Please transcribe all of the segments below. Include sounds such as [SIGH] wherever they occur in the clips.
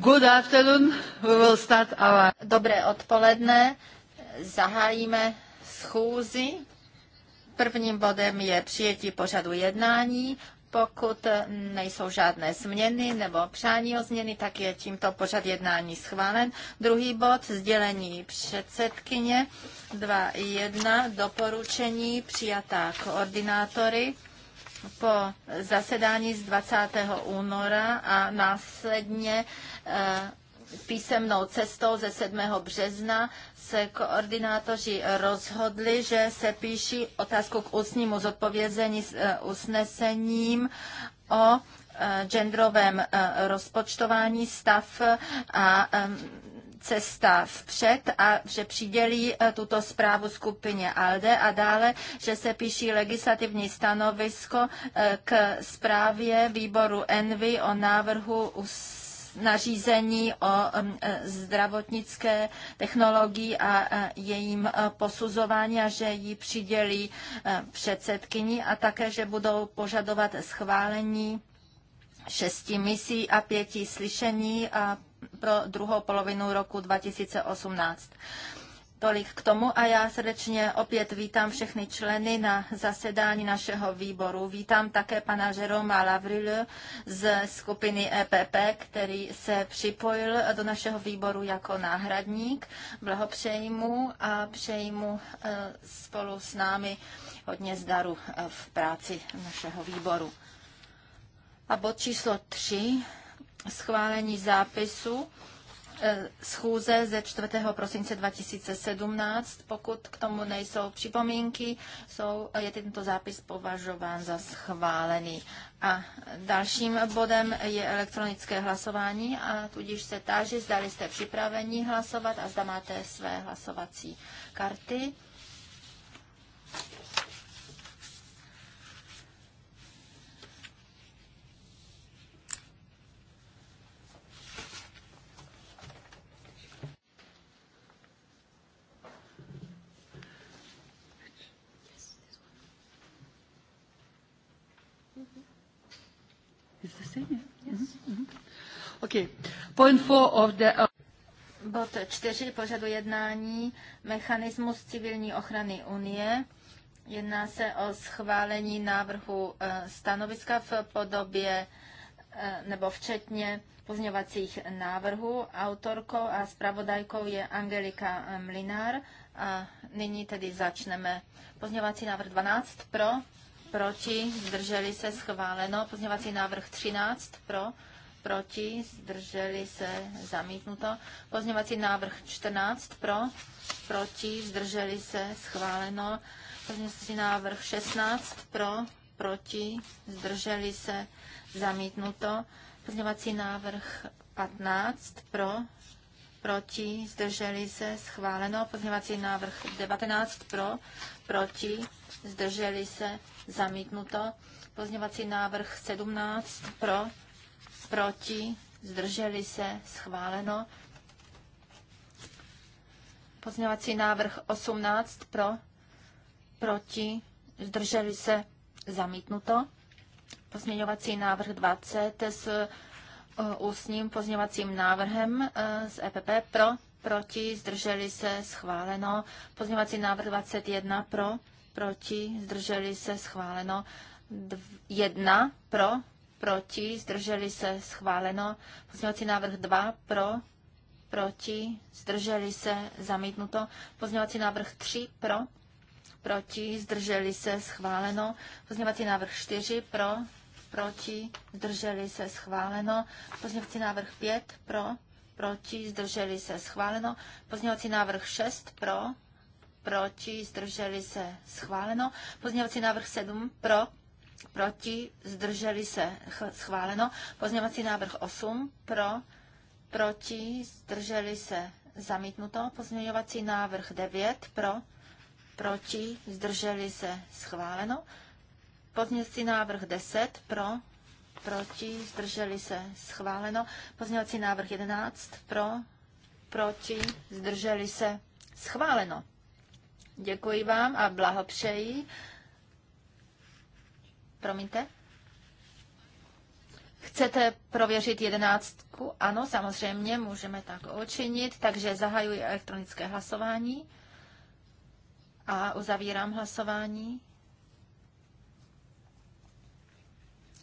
Good afternoon. We will start our... Dobré odpoledne. Zahájíme schůzi. Prvním bodem je přijetí pořadu jednání. Pokud nejsou žádné změny nebo přání o změny, tak je tímto pořad jednání schválen. Druhý bod, sdělení předsedkyně 2.1, doporučení přijatá koordinátory po zasedání z 20. února a následně eh, písemnou cestou ze 7. března se koordinátoři rozhodli, že se píší otázku k ústnímu zodpovězení s eh, usnesením o eh, genderovém rozpočtování stav a cesta vpřed a že přidělí e, tuto zprávu skupině ALDE a dále, že se píší legislativní stanovisko e, k zprávě výboru ENVY o návrhu nařízení o e, zdravotnické technologii a jejím posuzování a že ji přidělí předsedkyni a také, že budou požadovat schválení šesti misí a pěti slyšení a pro druhou polovinu roku 2018. Tolik k tomu a já srdečně opět vítám všechny členy na zasedání našeho výboru. Vítám také pana Jeroma Lavril z skupiny EPP, který se připojil do našeho výboru jako náhradník. Blahopřeji mu a přeji mu e, spolu s námi hodně zdaru e, v práci našeho výboru. A bod číslo 3 schválení zápisu eh, schůze ze 4. prosince 2017. Pokud k tomu nejsou připomínky, jsou, je tento zápis považován za schválený. A dalším bodem je elektronické hlasování a tudíž se táži, zdali jste připraveni hlasovat a zda máte své hlasovací karty. Okay. Point four of the... Uh, Bod 4 pořadu jednání mechanismus civilní ochrany Unie. Jedná se o schválení návrhu uh, stanoviska v podobě uh, nebo včetně pozměňovacích návrhů. Autorkou a zpravodajkou je Angelika Mlinár. A nyní tedy začneme. Pozměňovací návrh 12 pro, proti, zdrželi se, schváleno. Pozměňovací návrh 13 pro, proti, zdrželi se, zamítnuto. Pozměňovací návrh 14 pro, proti, zdrželi se, schváleno. Pozměňovací návrh 16 pro, proti, zdrželi se, zamítnuto. Pozměňovací návrh 15 pro, proti, zdrželi se, schváleno. Pozměňovací návrh 19 pro, proti, zdrželi se, zamítnuto. Pozměňovací návrh 17 pro, proti, zdrželi se, schváleno. Pozměňovací návrh 18 pro, proti, zdrželi se, zamítnuto. Pozměňovací návrh 20 s eh, ústním pozměňovacím návrhem eh, z EPP pro, proti, zdrželi se, schváleno. Pozměňovací návrh 21 pro, proti, zdrželi se, schváleno. 1 pro, proti, zdrželi se, schváleno. Pozměňovací návrh 2 pro, proti, zdrželi se, zamítnuto. Pozměňovací návrh 3 pro, proti, zdrželi se, schváleno. Pozměňovací návrh 4 pro, proti, zdrželi se, schváleno. Pozměňovací návrh 5 pro, proti, zdrželi se, schváleno. Pozměňovací návrh 6 pro, proti, zdrželi se, schváleno. Pozměňovací návrh 7 pro, proti, zdrželi se, schváleno. Pozměňovací návrh 8, pro, proti, zdrželi se, zamítnuto. Pozměňovací návrh 9, pro, proti, zdrželi se, schváleno. Pozměňovací návrh 10, pro, proti, zdrželi se, schváleno. Pozměňovací návrh 11, pro, proti, zdrželi se, schváleno. Děkuji vám a blahopřeji Promiňte. Chcete prověřit jedenáctku? Ano, samozřejmě, můžeme tak učinit, takže zahajuji elektronické hlasování a uzavírám hlasování.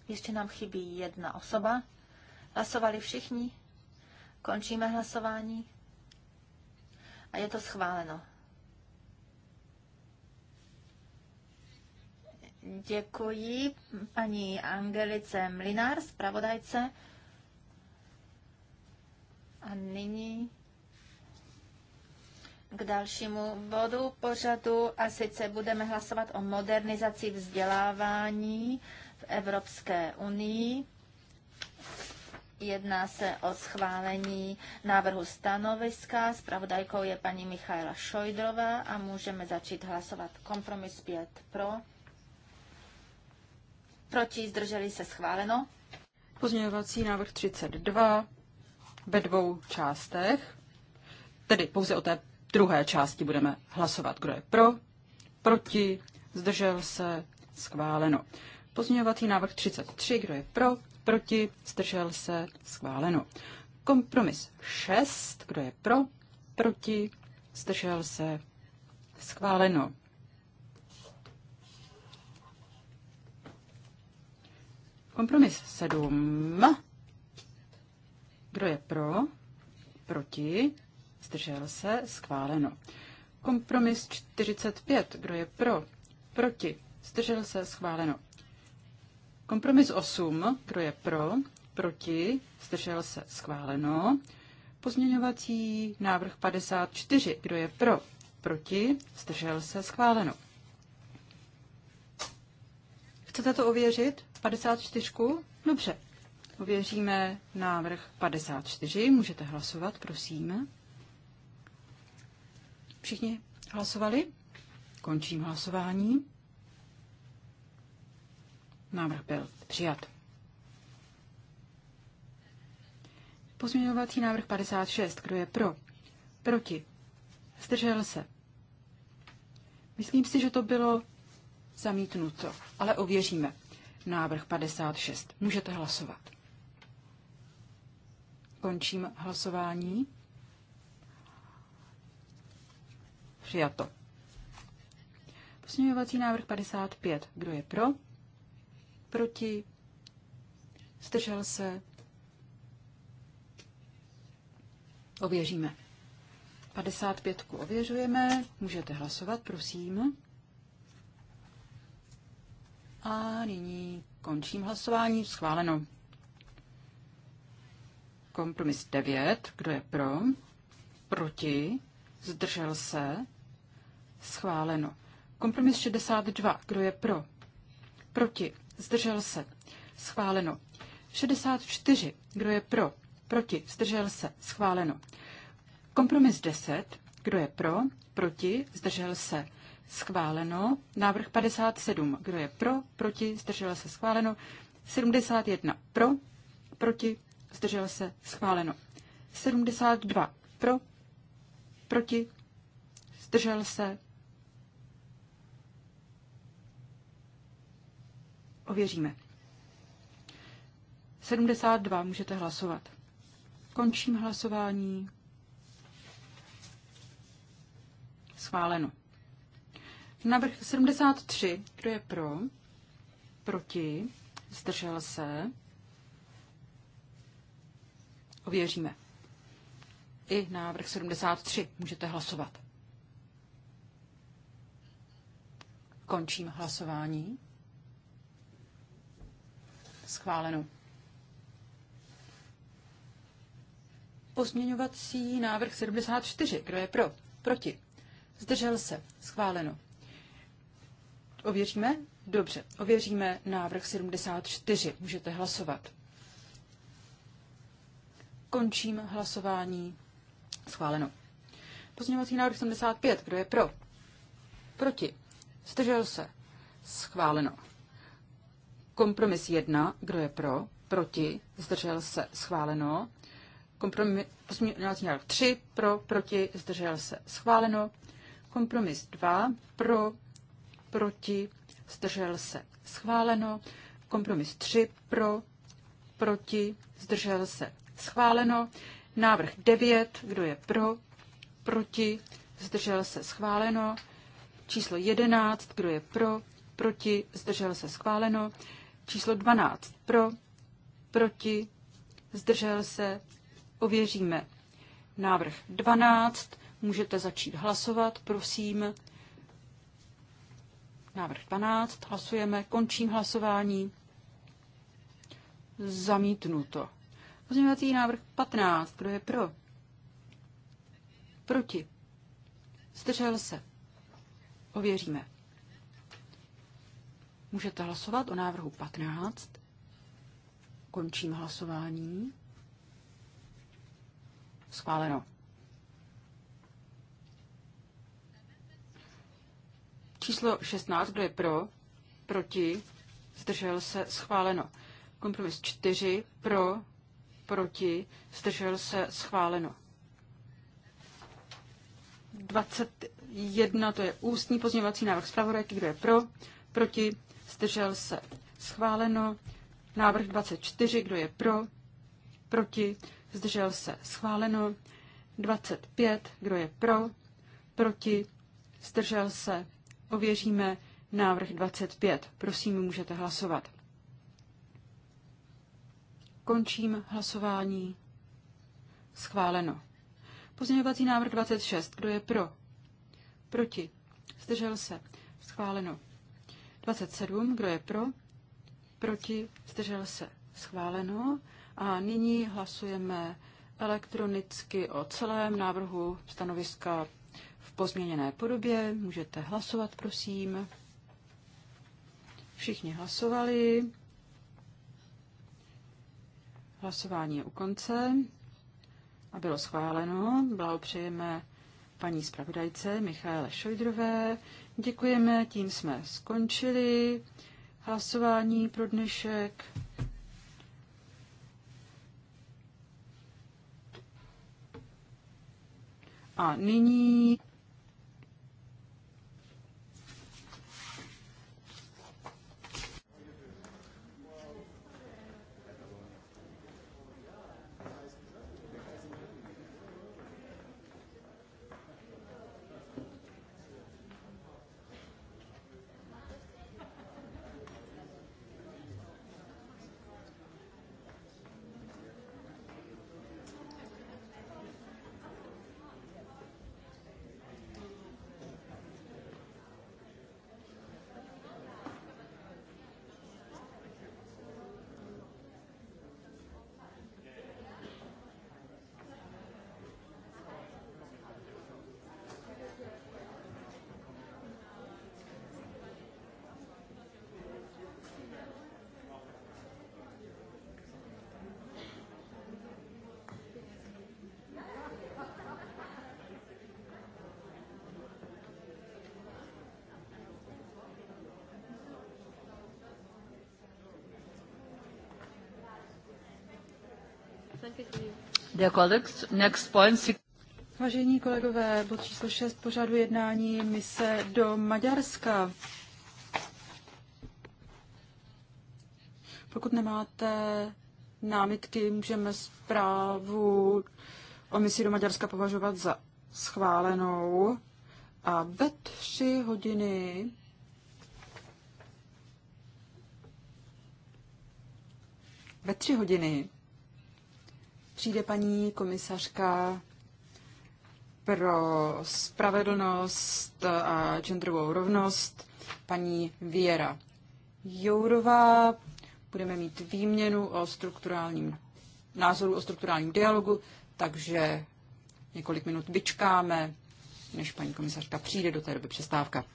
Ještě nám chybí jedna osoba. Hlasovali všichni? Končíme hlasování? A je to schváleno. Děkuji paní Angelice Mlinár, zpravodajce. A nyní k dalšímu bodu pořadu a sice budeme hlasovat o modernizaci vzdělávání v Evropské unii. Jedná se o schválení návrhu stanoviska. Spravodajkou je paní Michaela Šojdrová a můžeme začít hlasovat. Kompromis 5 pro, proti, zdrželi se schváleno. Pozměňovací návrh 32 ve dvou částech. Tedy pouze o té druhé části budeme hlasovat, kdo je pro, proti, zdržel se, schváleno. Pozměňovací návrh 33, kdo je pro, proti, zdržel se, schváleno. Kompromis 6, kdo je pro, proti, zdržel se, schváleno. Kompromis 7. Kdo je pro? Proti? Zdržel se? Schváleno. Kompromis 45. Kdo je pro? Proti? Zdržel se? Schváleno. Kompromis 8. Kdo je pro? Proti? Zdržel se? Schváleno. Pozměňovací návrh 54. Kdo je pro? Proti? Zdržel se? Schváleno. Chcete to ověřit? 54? Dobře. Ověříme návrh 54. Můžete hlasovat, prosím. Všichni hlasovali? Končím hlasování. Návrh byl přijat. Pozměňovací návrh 56. Kdo je pro? Proti? Zdržel se? Myslím si, že to bylo Zamítnuto, ale ověříme. Návrh 56. Můžete hlasovat. Končím hlasování. Přijato. Posměňovací návrh 55. Kdo je pro? Proti? Zdržel se? Ověříme. 55 ověřujeme. Můžete hlasovat, prosím. A nyní končím hlasování. Schváleno. Kompromis 9. Kdo je pro? Proti? Zdržel se? Schváleno. Kompromis 62. Kdo je pro? Proti? Zdržel se? Schváleno. 64. Kdo je pro? Proti? Zdržel se? Schváleno. Kompromis 10. Kdo je pro? Proti? Zdržel se? schváleno. Návrh 57, kdo je pro, proti, zdržel se, schváleno. 71 pro, proti, zdržel se, schváleno. 72 pro, proti, zdržel se. Ověříme. 72 můžete hlasovat. Končím hlasování. Schváleno. Návrh 73. Kdo je pro? Proti? Zdržel se? Ověříme. I návrh 73. Můžete hlasovat. Končím hlasování. Schváleno. Pozměňovací návrh 74. Kdo je pro? Proti? Zdržel se. Schváleno. Ověříme? Dobře, ověříme návrh 74. Můžete hlasovat. Končím hlasování. Schváleno. Pozměňovací návrh 75. Kdo je pro? Proti. Zdržel se. Schváleno. Kompromis 1. Kdo je pro? Proti. Zdržel se. Schváleno. Kompromis, pozměňovací návrh 3. Pro. Proti. Zdržel se. Schváleno. Kompromis 2. Pro proti, zdržel se schváleno, kompromis 3 pro, proti, zdržel se schváleno, návrh 9, kdo je pro, proti, zdržel se schváleno, číslo 11, kdo je pro, proti, zdržel se schváleno, číslo 12 pro, proti, zdržel se, ověříme. Návrh 12, můžete začít hlasovat, prosím. Návrh 12. Hlasujeme. Končím hlasování. Zamítnuto. Pozměňovací návrh 15. Kdo je pro? Proti. Zdržel se. Ověříme. Můžete hlasovat o návrhu 15. Končím hlasování. Schváleno. Číslo 16, kdo je pro, proti, zdržel se, schváleno. Kompromis 4, pro, proti, zdržel se, schváleno. 21, to je ústní pozměňovací návrh zpravodajky, kdo je pro, proti, zdržel se, schváleno. Návrh 24, kdo je pro, proti, zdržel se, schváleno. 25, kdo je pro, proti, zdržel se, Ověříme návrh 25. Prosím, můžete hlasovat. Končím hlasování. Schváleno. Pozměňovací návrh 26. Kdo je pro? Proti. Zdržel se. Schváleno. 27. Kdo je pro? Proti. Zdržel se. Schváleno. A nyní hlasujeme elektronicky o celém návrhu stanoviska pozměněné podobě. Můžete hlasovat, prosím. Všichni hlasovali. Hlasování je u konce a bylo schváleno. Blahopřejeme paní zpravodajce Michaele Šojdrové. Děkujeme, tím jsme skončili hlasování pro dnešek. A nyní Vážení kolegové, bod číslo 6 pořadu jednání mise do Maďarska. Pokud nemáte námitky, můžeme zprávu o misi do Maďarska považovat za schválenou. A ve tři hodiny ve tři hodiny přijde paní komisařka pro spravedlnost a genderovou rovnost paní Věra Jourová. Budeme mít výměnu o strukturálním názoru o strukturálním dialogu, takže několik minut vyčkáme, než paní komisařka přijde, do té doby přestávka.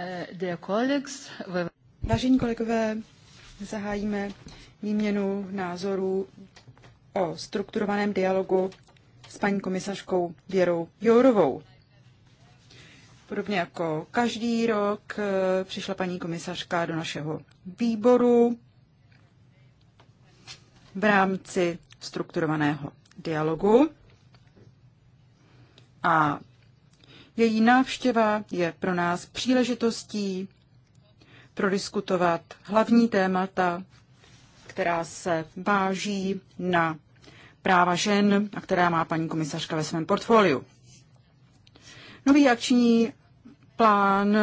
Eh, Vážení kolegové, zahájíme výměnu názorů o strukturovaném dialogu s paní komisařkou Věrou Jourovou. Podobně jako každý rok eh, přišla paní komisařka do našeho výboru v rámci strukturovaného dialogu. A její návštěva je pro nás příležitostí prodiskutovat hlavní témata, která se váží na práva žen a která má paní komisařka ve svém portfoliu. Nový akční plán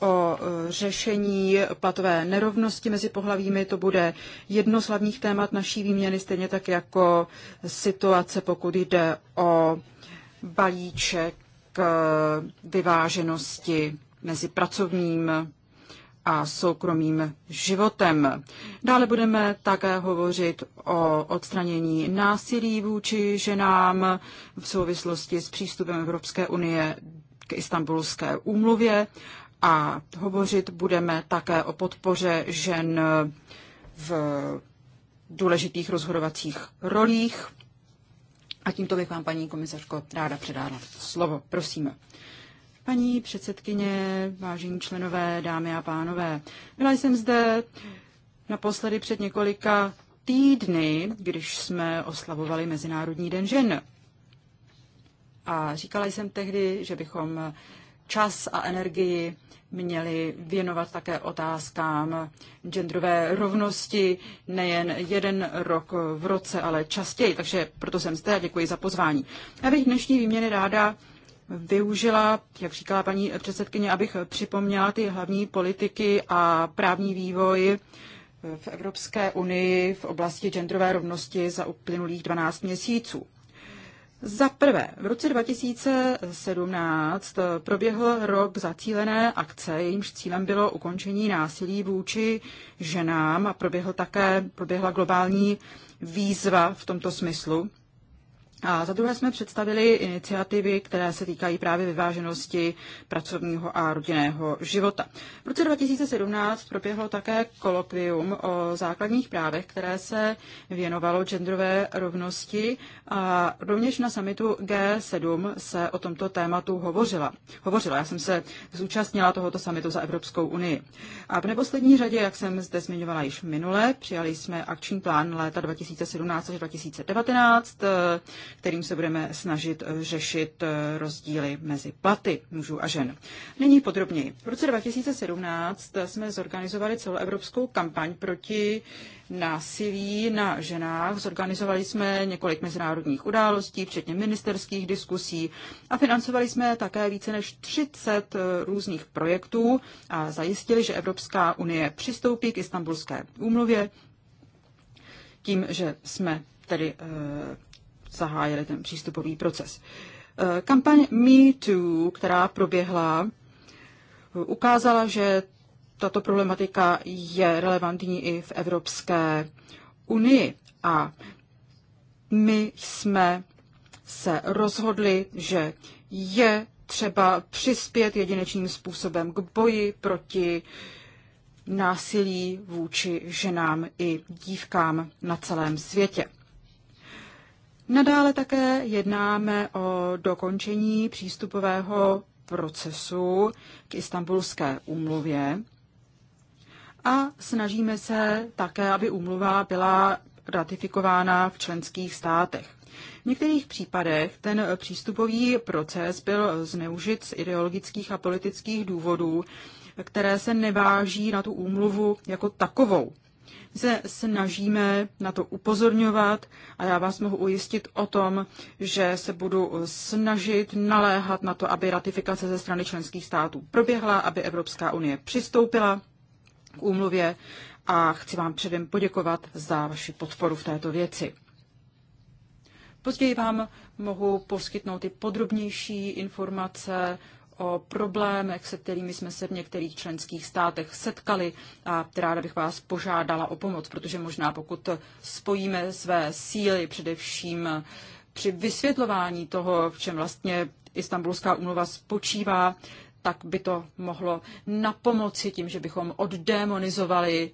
o e, řešení platové nerovnosti mezi pohlavími. To bude jedno z hlavních témat naší výměny, stejně tak jako situace, pokud jde o balíček k eh, vyváženosti mezi pracovním a soukromým životem. Dále budeme také hovořit o odstranění násilí vůči ženám v souvislosti s přístupem Evropské unie k Istanbulské úmluvě a hovořit budeme také o podpoře žen v důležitých rozhodovacích rolích. A tímto bych vám, paní komisařko, ráda předala slovo. Prosím. Paní předsedkyně, vážení členové, dámy a pánové, byla jsem zde naposledy před několika týdny, když jsme oslavovali Mezinárodní den žen. A říkala jsem tehdy, že bychom čas a energii měli věnovat také otázkám genderové rovnosti nejen jeden rok v roce, ale častěji. Takže proto jsem zde a děkuji za pozvání. Já bych dnešní výměny ráda využila, jak říkala paní předsedkyně, abych připomněla ty hlavní politiky a právní vývoj v Evropské unii v oblasti genderové rovnosti za uplynulých 12 měsíců. Za prvé, v roce 2017 proběhl rok zacílené akce, jejímž cílem bylo ukončení násilí vůči ženám a proběhl také, proběhla globální výzva v tomto smyslu. A za druhé jsme představili iniciativy, které se týkají právě vyváženosti pracovního a rodinného života. V roce 2017 proběhlo také kolokvium o základních právech, které se věnovalo genderové rovnosti a rovněž na samitu G7 se o tomto tématu hovořila. Hovořila, já jsem se zúčastnila tohoto samitu za Evropskou unii. A v neposlední řadě, jak jsem zde zmiňovala již minule, přijali jsme akční plán léta 2017 až 2019, kterým se budeme snažit eh, řešit eh, rozdíly mezi platy mužů a žen. Nyní podrobněji. V roce 2017 eh, jsme zorganizovali celoevropskou kampaň proti násilí na ženách. Zorganizovali jsme několik mezinárodních událostí, včetně ministerských diskusí a financovali jsme také více než 30 různých projektů a zajistili, že Evropská unie přistoupí k Istanbulské úmluvě tím, že jsme tedy zahájili ten přístupový proces. E, kampaň Me Too, která proběhla, ukázala, že tato problematika je relevantní i v Evropské unii. A my jsme se rozhodli, že je třeba přispět jedinečným způsobem k boji proti násilí vůči ženám i dívkám na celém světě. Nadále také jednáme o dokončení přístupového procesu k istambulské úmluvě a snažíme se také, aby úmluva byla ratifikována v členských státech. V některých případech ten přístupový proces byl zneužit z ideologických a politických důvodů, které se neváží na tu úmluvu jako takovou se snažíme na to upozorňovat a já vás mohu ujistit o tom, že se budu snažit naléhat na to, aby ratifikace ze strany členských států proběhla, aby Evropská unie přistoupila k úmluvě a chci vám předem poděkovat za vaši podporu v této věci. Později vám mohu poskytnout i podrobnější informace o problémech, se kterými jsme se v některých členských státech setkali a ráda bych vás požádala o pomoc, protože možná pokud spojíme své síly především při vysvětlování toho, v čem vlastně Istanbulská úmluva spočívá, tak by to mohlo napomoci tím, že bychom oddemonizovali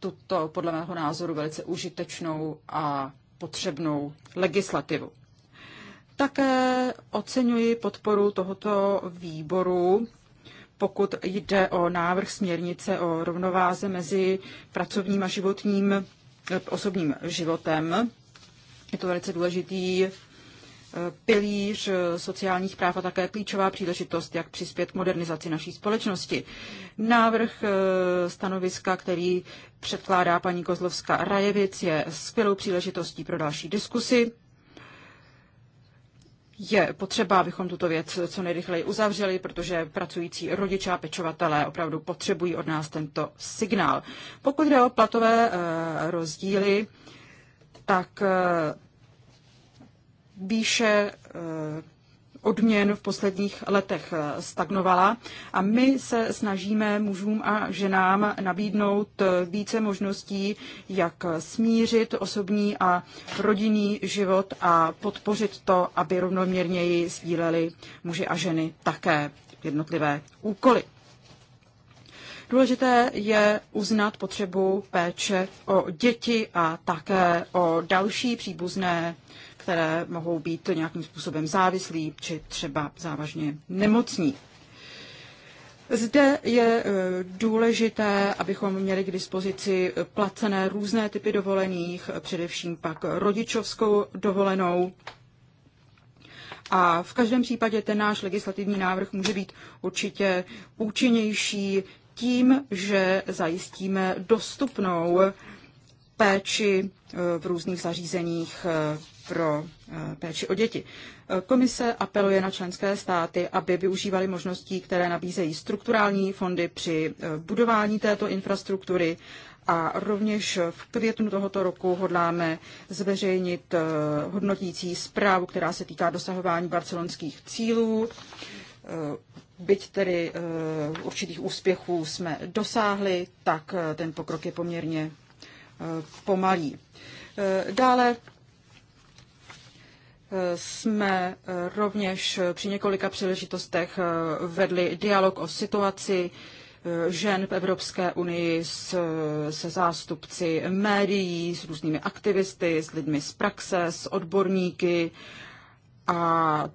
tuto, podle mého názoru, velice užitečnou a potřebnou legislativu. Také oceňuji podporu tohoto výboru, pokud jde o návrh směrnice o rovnováze mezi pracovním a životním osobním životem. Je to velice důležitý eh, pilíř sociálních práv a také klíčová příležitost, jak přispět k modernizaci naší společnosti. Návrh eh, stanoviska, který předkládá paní Kozlovská Rajevic, je skvělou příležitostí pro další diskusy je potřeba, abychom tuto věc co nejrychleji uzavřeli, protože pracující rodiče a pečovatelé opravdu potřebují od nás tento signál. Pokud jde o platové eh, rozdíly, tak eh, výše eh, odměn v posledních letech eh, stagnovala a my se snažíme mužům a ženám nabídnout eh, více možností, jak smířit osobní a rodinný život a podpořit to, aby rovnoměrněji sdíleli muži a ženy také jednotlivé úkoly. Důležité je uznat potřebu péče o děti a také o další příbuzné které mohou být nějakým způsobem závislí či třeba závažně nemocní. Zde je e, důležité, abychom měli k dispozici placené různé typy dovolených, především pak rodičovskou dovolenou. A v každém případě ten náš legislativní návrh může být určitě účinnější tím, že zajistíme dostupnou péči eh, v různých zařízeních eh, pro eh, péči o děti. Komise apeluje na členské státy, aby využívali možností, které nabízejí strukturální fondy při budování této infrastruktury a rovněž v květnu tohoto roku hodláme zveřejnit hodnotící zprávu, která se týká dosahování barcelonských cílů. Byť tedy určitých úspěchů jsme dosáhli, tak ten pokrok je poměrně Eh, pomalí. Eh, dále eh, jsme rovněž při několika příležitostech vedli dialog o situaci žen v Evropské unii s, se zástupci médií, s různými aktivisty, s lidmi z praxe, s odborníky a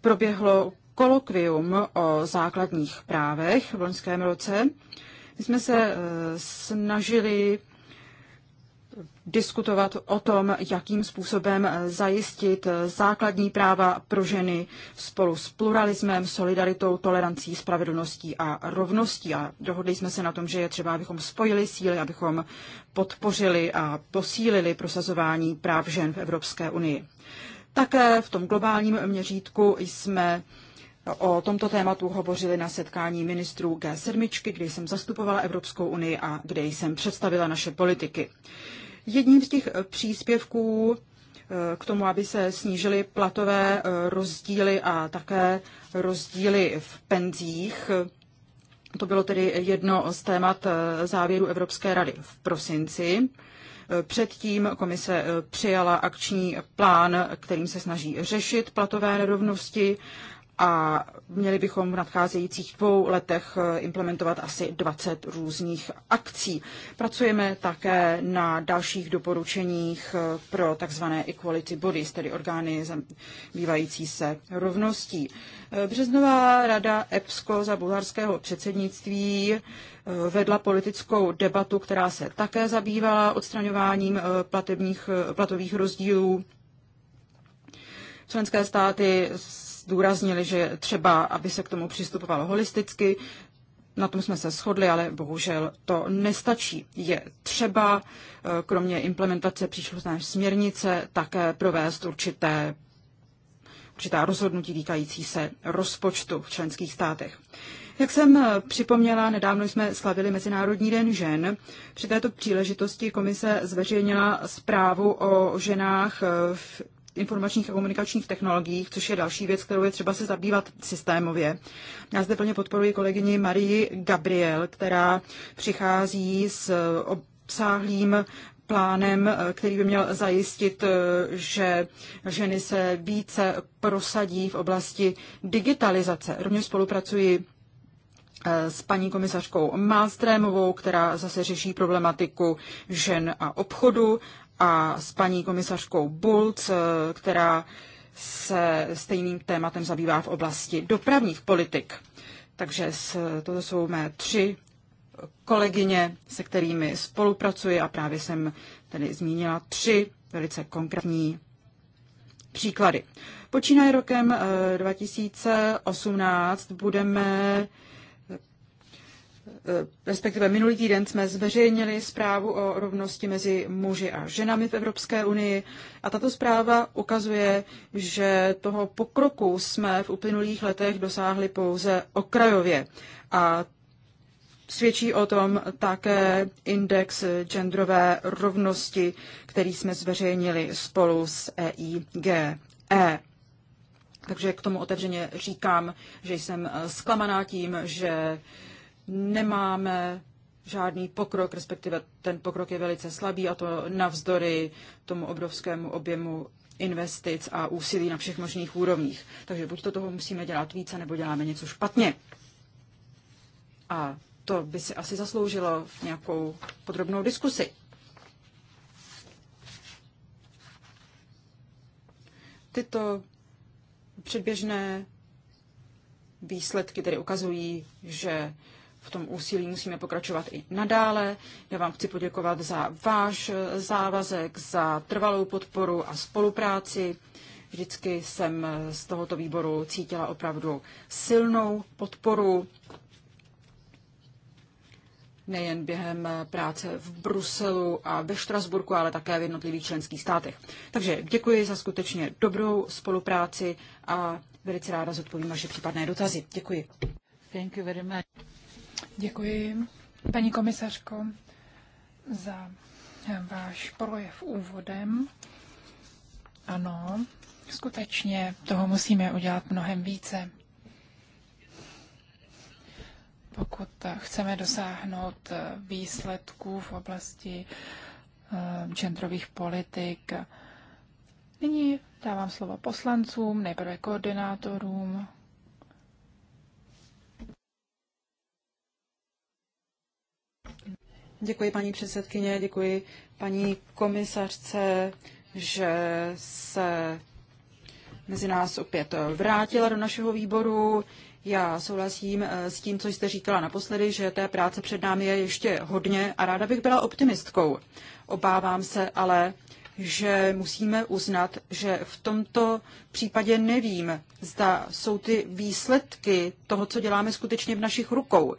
proběhlo kolokvium o základních právech v loňském roce. My jsme se snažili diskutovat o tom, jakým způsobem zajistit základní práva pro ženy spolu s pluralismem, solidaritou, tolerancí, spravedlností a rovností. A dohodli jsme se na tom, že je třeba, abychom spojili síly, abychom podpořili a posílili prosazování práv žen v Evropské unii. Také v tom globálním měřítku jsme o tomto tématu hovořili na setkání ministrů G7, kde jsem zastupovala Evropskou unii a kde jsem představila naše politiky. Jedním z těch eh, příspěvků eh, k tomu, aby se snížily platové eh, rozdíly a také rozdíly v penzích. To bylo tedy jedno z témat závěru Evropské rady v prosinci. Předtím komise přijala akční plán, kterým se snaží řešit platové nerovnosti a měli bychom v nadcházejících dvou letech eh, implementovat asi 20 různých akcí. Pracujeme také na dalších doporučeních eh, pro tzv. equality bodies, tedy orgány zabývající se rovností. Eh, Březnová rada EPSCO za bulharského předsednictví vedla politickou debatu, která se také zabývala odstraňováním platebních, platových rozdílů. Členské státy zdůraznili, že třeba, aby se k tomu přistupovalo holisticky, na tom jsme se shodli, ale bohužel to nestačí. Je třeba, eh, kromě implementace příslušné směrnice, také provést určité, určitá rozhodnutí týkající se rozpočtu v členských státech. Jak jsem eh, připomněla, nedávno jsme slavili Mezinárodní den žen. Při této příležitosti komise zveřejnila zprávu o ženách eh, v informačních a komunikačních technologiích, což je další věc, kterou je třeba se zabývat systémově. Já zde plně podporuji kolegyni Marii Gabriel, která přichází s obsáhlým plánem, který by měl zajistit, že ženy se více prosadí v oblasti digitalizace. Rovněž spolupracuji eh, s paní komisařkou Malstrémovou, která zase řeší problematiku žen a obchodu a s paní komisařkou Bulc, eh, která se stejným tématem zabývá v oblasti dopravních politik. Takže toto jsou mé tři kolegyně, se kterými spolupracuji a právě jsem tady zmínila tři velice konkrétní příklady. Počínaje rokem 2018 eh, budeme Eh, respektive minulý týden jsme zveřejnili zprávu o rovnosti mezi muži a ženami v Evropské unii a tato zpráva ukazuje, že toho pokroku jsme v uplynulých letech dosáhli pouze okrajově a Svědčí o tom také index genderové rovnosti, který jsme zveřejnili spolu s EIGE. E. Takže k tomu otevřeně říkám, že jsem eh, zklamaná tím, že nemáme žádný pokrok, respektive ten pokrok je velice slabý a to navzdory tomu obrovskému objemu investic a úsilí na všech možných úrovních. Takže buď to toho musíme dělat více, nebo děláme něco špatně. A to by si asi zasloužilo nějakou podrobnou diskusi. Tyto předběžné výsledky tedy ukazují, že v tom úsilí musíme pokračovat i nadále. Já vám chci poděkovat za váš eh, závazek, za trvalou podporu a spolupráci. Vždycky jsem eh, z tohoto výboru cítila opravdu silnou podporu, nejen během eh, práce v Bruselu a ve Štrasburku, ale také v jednotlivých členských státech. Takže děkuji za skutečně dobrou spolupráci a velice ráda zodpovím vaše případné dotazy. Děkuji. Thank you very much. Děkuji, paní komisařko, za váš projev úvodem. Ano, skutečně toho musíme udělat mnohem více. Pokud chceme dosáhnout výsledků v oblasti eh, genderových politik, nyní dávám slovo poslancům, nejprve koordinátorům, Děkuji paní předsedkyně, děkuji paní komisařce, že se mezi nás opět vrátila do našeho výboru. Já souhlasím eh, s tím, co jste říkala naposledy, že té práce před námi je ještě hodně a ráda bych byla optimistkou. Obávám se ale, že musíme uznat, že v tomto případě nevím, zda jsou ty výsledky toho, co děláme skutečně v našich rukou,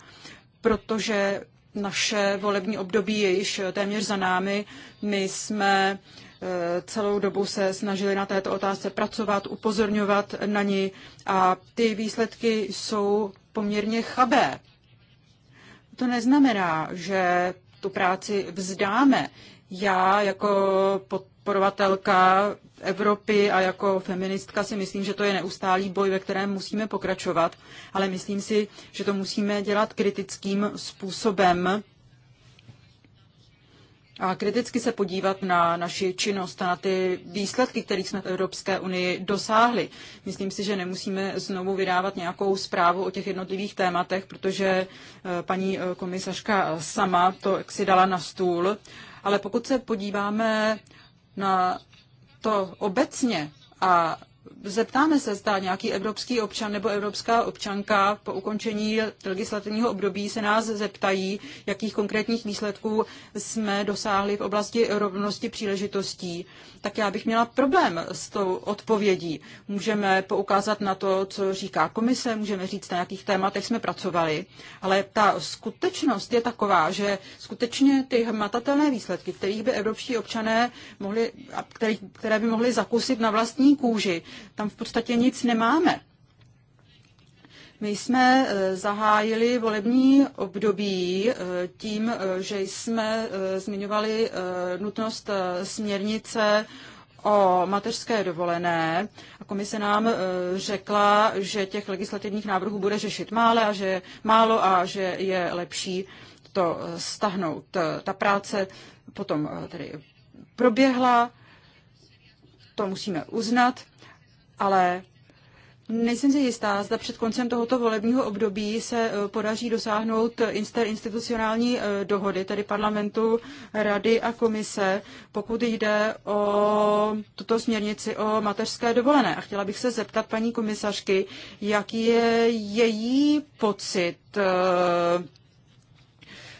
protože naše volební období je již téměř za námi. My jsme eh, celou dobu se snažili na této otázce pracovat, upozorňovat na ní a ty výsledky jsou poměrně chabé. To neznamená, že tu práci vzdáme. Já jako podporovatelka Evropy a jako feministka si myslím, že to je neustálý boj, ve kterém musíme pokračovat, ale myslím si, že to musíme dělat kritickým způsobem a kriticky se podívat na naši činnost a na ty výsledky, kterých jsme v Evropské unii dosáhli. Myslím si, že nemusíme znovu vydávat nějakou zprávu o těch jednotlivých tématech, protože eh, paní eh, komisařka sama to si dala na stůl. Ale pokud se podíváme na to obecně a zeptáme se, zda nějaký evropský občan nebo evropská občanka po ukončení legislativního období se nás zeptají, jakých konkrétních výsledků jsme dosáhli v oblasti rovnosti příležitostí, tak já bych měla problém s tou odpovědí. Můžeme poukázat na to, co říká komise, můžeme říct, na jakých tématech jsme pracovali, ale ta skutečnost je taková, že skutečně ty hmatatelné výsledky, kterých by evropští občané mohli, které by mohli zakusit na vlastní kůži, tam v podstatě nic nemáme. My jsme eh, zahájili volební období eh, tím, eh, že jsme zmiňovali nutnost směrnice o mateřské dovolené a komise nám řekla, že těch legislativních návrhů bude řešit málo a že, málo a že je lepší to stahnout. Ta práce potom tedy proběhla, to musíme uznat ale Nejsem si jistá, zda před koncem tohoto volebního období se eh, podaří dosáhnout institucionální eh, dohody, tedy parlamentu, rady a komise, pokud jde o tuto směrnici o mateřské dovolené. A chtěla bych se zeptat paní komisařky, jaký je její pocit eh,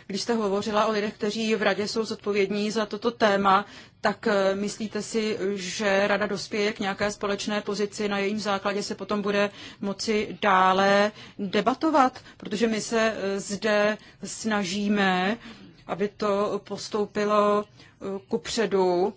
když jste hovořila o lidech, kteří v radě jsou zodpovědní za toto téma, tak eh, myslíte si, že rada dospěje k nějaké společné pozici, na jejím základě se potom bude moci dále debatovat, protože my se eh, zde snažíme, aby to postoupilo eh, ku předu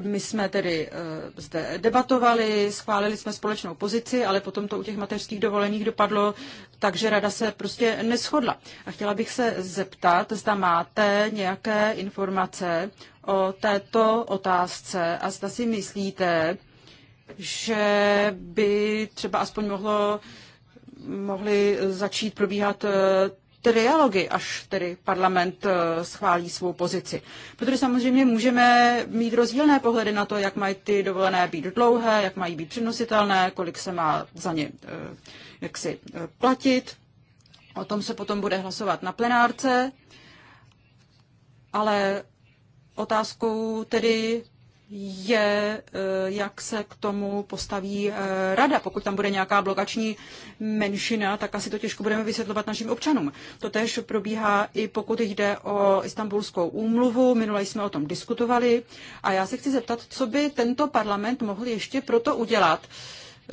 my jsme tedy eh, zde debatovali, schválili jsme společnou pozici, ale potom to u těch mateřských dovolených dopadlo, takže rada se prostě neschodla. A chtěla bych se zeptat, zda máte nějaké informace o této otázce a zda si myslíte, že by třeba aspoň mohlo, mohly začít probíhat eh, trialogy, až tedy parlament eh, schválí svou pozici. Protože samozřejmě můžeme mít rozdílné pohledy na to, jak mají ty dovolené být dlouhé, jak mají být přenositelné, kolik se má za ně eh, jak si eh, platit. O tom se potom bude hlasovat na plenárce. Ale otázkou tedy je, eh, jak se k tomu postaví eh, rada. Pokud tam bude nějaká blokační menšina, tak asi to těžko budeme vysvětlovat našim občanům. To tež probíhá i pokud jde o istambulskou úmluvu. Minule jsme o tom diskutovali a já se chci zeptat, co by tento parlament mohl ještě proto udělat,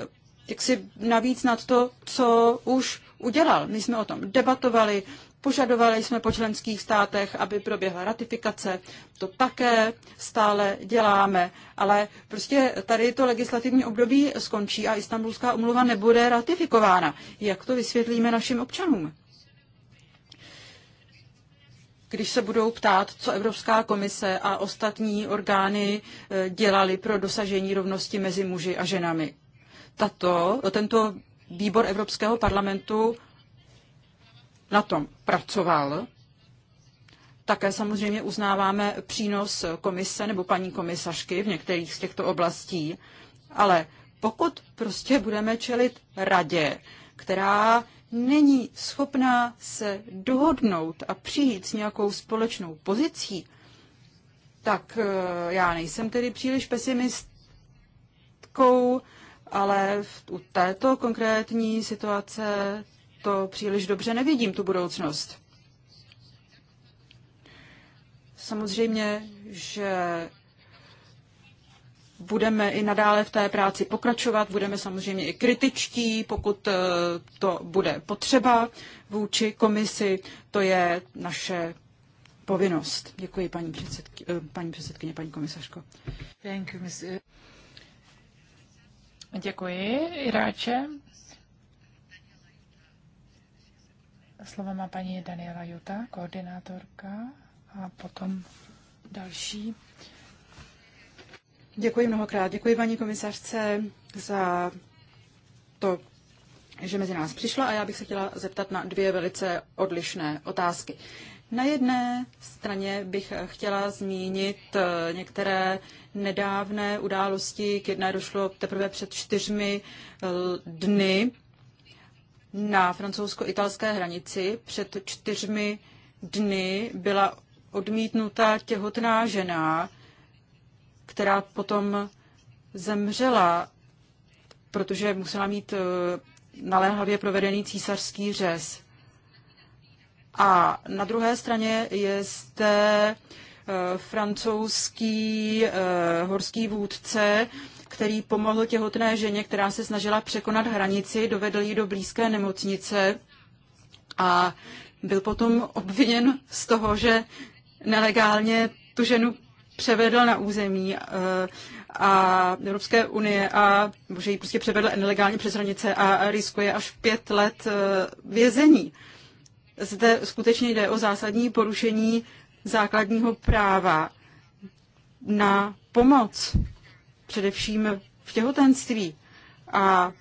eh, jak si navíc nad to, co už udělal. My jsme o tom debatovali, Požadovali jsme po členských státech, aby proběhla ratifikace. To také stále děláme. Ale prostě tady to legislativní období skončí a Istanbulská umluva nebude ratifikována. Jak to vysvětlíme našim občanům? když se budou ptát, co Evropská komise a ostatní orgány eh, dělali pro dosažení rovnosti mezi muži a ženami. Tato, tento výbor Evropského parlamentu na tom pracoval. Také samozřejmě uznáváme přínos komise nebo paní komisařky v některých z těchto oblastí, ale pokud prostě budeme čelit radě, která není schopná se dohodnout a přijít s nějakou společnou pozicí, tak eh, já nejsem tedy příliš pesimistkou, ale u této konkrétní situace to příliš dobře nevidím, tu budoucnost. Samozřejmě, že budeme i nadále v té práci pokračovat, budeme samozřejmě i kritičtí, pokud eh, to bude potřeba vůči komisi, to je naše povinnost. Děkuji, paní, předsedky, eh, paní předsedkyně, paní komisařko. Děkuji, Iráče. Slovo má paní Daniela Juta, koordinátorka a potom další. Děkuji mnohokrát. Děkuji paní komisařce za to, že mezi nás přišla a já bych se chtěla zeptat na dvě velice odlišné otázky. Na jedné straně bych chtěla zmínit eh, některé nedávné události, k jedné došlo teprve před čtyřmi eh, dny na francouzsko-italské hranici před čtyřmi dny byla odmítnuta těhotná žena, která potom zemřela, protože musela mít eh, naléhavě provedený císařský řez. A na druhé straně je zde eh, francouzský eh, horský vůdce, který pomohl těhotné ženě, která se snažila překonat hranici, dovedl ji do blízké nemocnice a byl potom obviněn z toho, že nelegálně tu ženu převedl na území eh, a Evropské unie a že ji prostě převedl nelegálně přes hranice a riskuje až pět let eh, vězení. Zde skutečně jde o zásadní porušení základního práva na pomoc především v těhotenství. A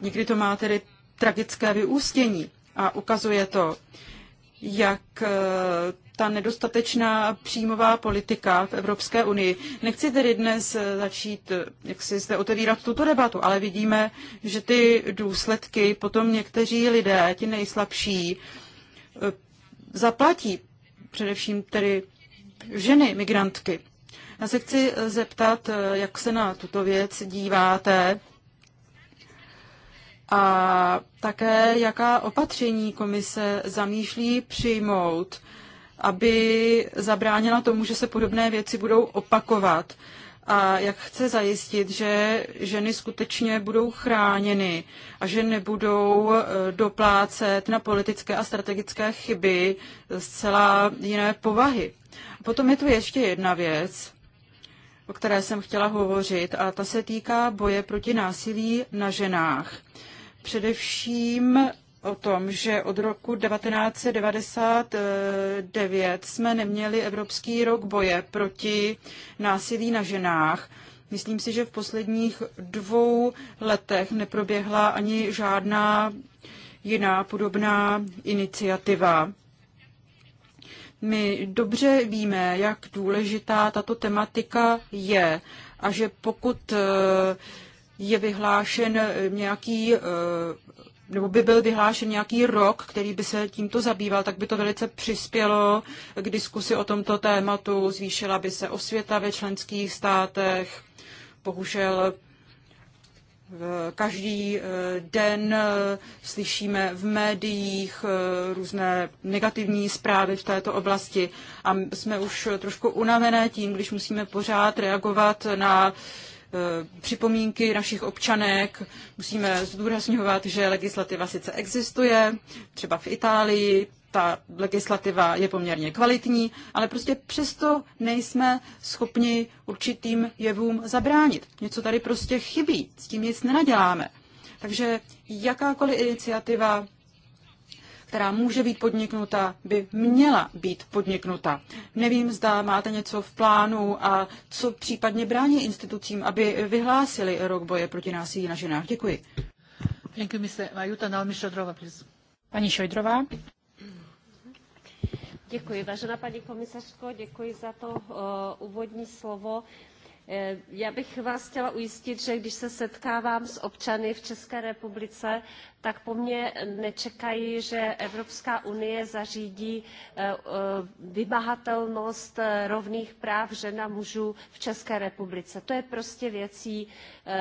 někdy to má tedy tragické vyústění a ukazuje to, jak eh, ta nedostatečná příjmová politika v Evropské unii. Nechci tedy dnes eh, začít, eh, jak si zde otevírat tuto debatu, ale vidíme, že ty důsledky potom někteří lidé, ti nejslabší, zaplatí především tedy ženy migrantky. Já se chci eh, zeptat, eh, jak se na tuto věc díváte a také jaká opatření komise zamýšlí přijmout, aby zabránila tomu, že se podobné věci budou opakovat a jak chce zajistit, že ženy skutečně budou chráněny a že nebudou eh, doplácet na politické a strategické chyby zcela jiné povahy. Potom je tu ještě jedna věc, o které jsem chtěla hovořit, a ta se týká boje proti násilí na ženách. Především o tom, že od roku 1999 jsme neměli Evropský rok boje proti násilí na ženách. Myslím si, že v posledních dvou letech neproběhla ani žádná jiná podobná iniciativa. My dobře víme, jak důležitá tato tematika je a že pokud eh, je vyhlášen eh, nějaký eh, nebo by byl vyhlášen nějaký rok, který by se tímto zabýval, tak by to velice přispělo k diskusi o tomto tématu, zvýšila by se osvěta ve členských státech. Bohužel Eh, každý eh, den eh, slyšíme v médiích různé negativní zprávy v této oblasti a jsme už trošku unavené tím, když musíme pořád reagovat na připomínky našich občanek. Musíme zdůrazňovat, že legislativa sice existuje, třeba v Itálii, ta legislativa je poměrně kvalitní, ale prostě přesto nejsme schopni určitým jevům zabránit. Něco tady prostě chybí, s tím nic nenaděláme. Takže jakákoliv iniciativa, která může být podniknuta, by měla být podniknuta. Nevím, zda máte něco v plánu a co případně brání institucím, aby vyhlásili rok boje proti násilí na ženách. Děkuji. Děkuji, Majuta Nalmi Šodrova, please. Paní Šojdrová. Děkuji, vážená paní komisařko, děkuji za to uh, úvodní slovo. Uh, Eh, já bych vás chtěla ujistit, že když se setkávám s občany v České republice, tak po mně nečekají, že Evropská unie zařídí eh, eh, vymahatelnost rovných práv žen a mužů v České republice. To je prostě věcí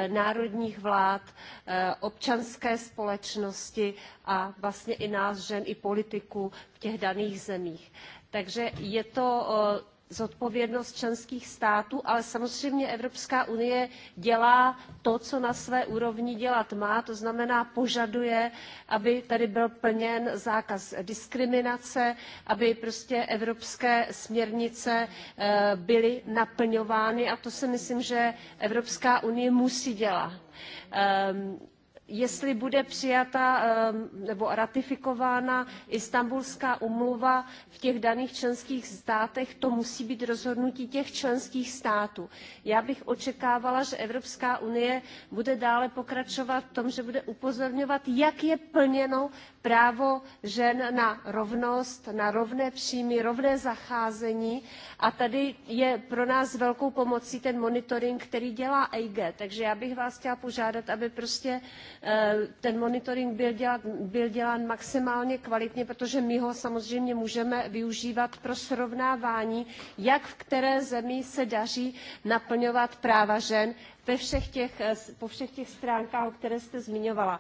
národních vlád, občanské společnosti a vlastně i nás žen, i politiků v těch daných zemích. Takže je to zodpovědnost členských států, ale samozřejmě Evropská unie dělá to, co na své úrovni dělat má, to znamená požaduje, aby tady byl plněn zákaz diskriminace, aby prostě evropské směrnice eh, byly naplňovány a to si myslím, že Evropská unie musí dělat. Ehm, jestli bude přijata ehm, nebo ratifikována Istanbulská umluva v těch daných členských státech, to musí být rozhodnutí těch členských států. Já bych očekávala, že Evropská unie bude dále pokračovat v tom, že bude upozorňovat, jak je plněno právo žen na rovnost, na rovné příjmy, rovné zacházení a tady je pro nás velkou pomocí ten monitoring, který dělá EIG. Takže já bych vás chtěla požádat, aby prostě eh, ten monitoring byl, dělat, byl dělán maximálně kvalitně, protože my ho samozřejmě můžeme využívat pro srovnávání, jak v které zemi se daří naplňovat práva žen ve všech těch, eh, po všech těch stránkách, o které jste zmiňovala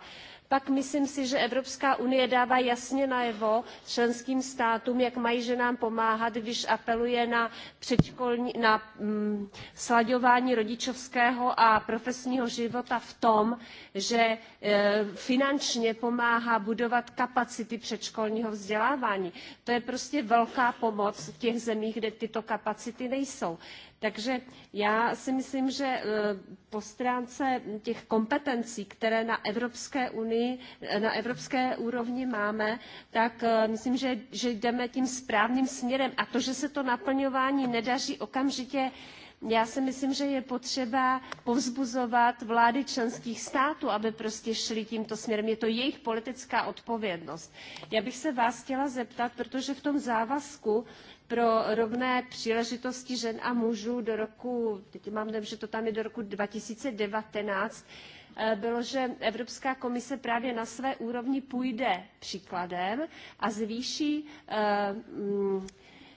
pak myslím si, že Evropská unie dává jasně najevo členským státům, jak mají ženám pomáhat, když apeluje na, předškolní, na mm, slaďování rodičovského a profesního života v tom, že e, finančně pomáhá budovat kapacity předškolního vzdělávání. To je prostě velká pomoc v těch zemích, kde tyto kapacity nejsou. Takže já si myslím, že eh, po stránce těch kompetencí, které na Evropské unii, eh, na evropské úrovni máme, tak eh, myslím, že, že jdeme tím správným směrem. A to, že se to naplňování nedaří okamžitě, já si myslím, že je potřeba povzbuzovat vlády členských států, aby prostě šly tímto směrem. Je to jejich politická odpovědnost. Já bych se vás chtěla zeptat, protože v tom závazku pro rovné příležitosti žen a mužů do roku, teď mám nevím, že to tam je do roku 2019, eh, bylo, že Evropská komise právě na své úrovni půjde příkladem a zvýší uh,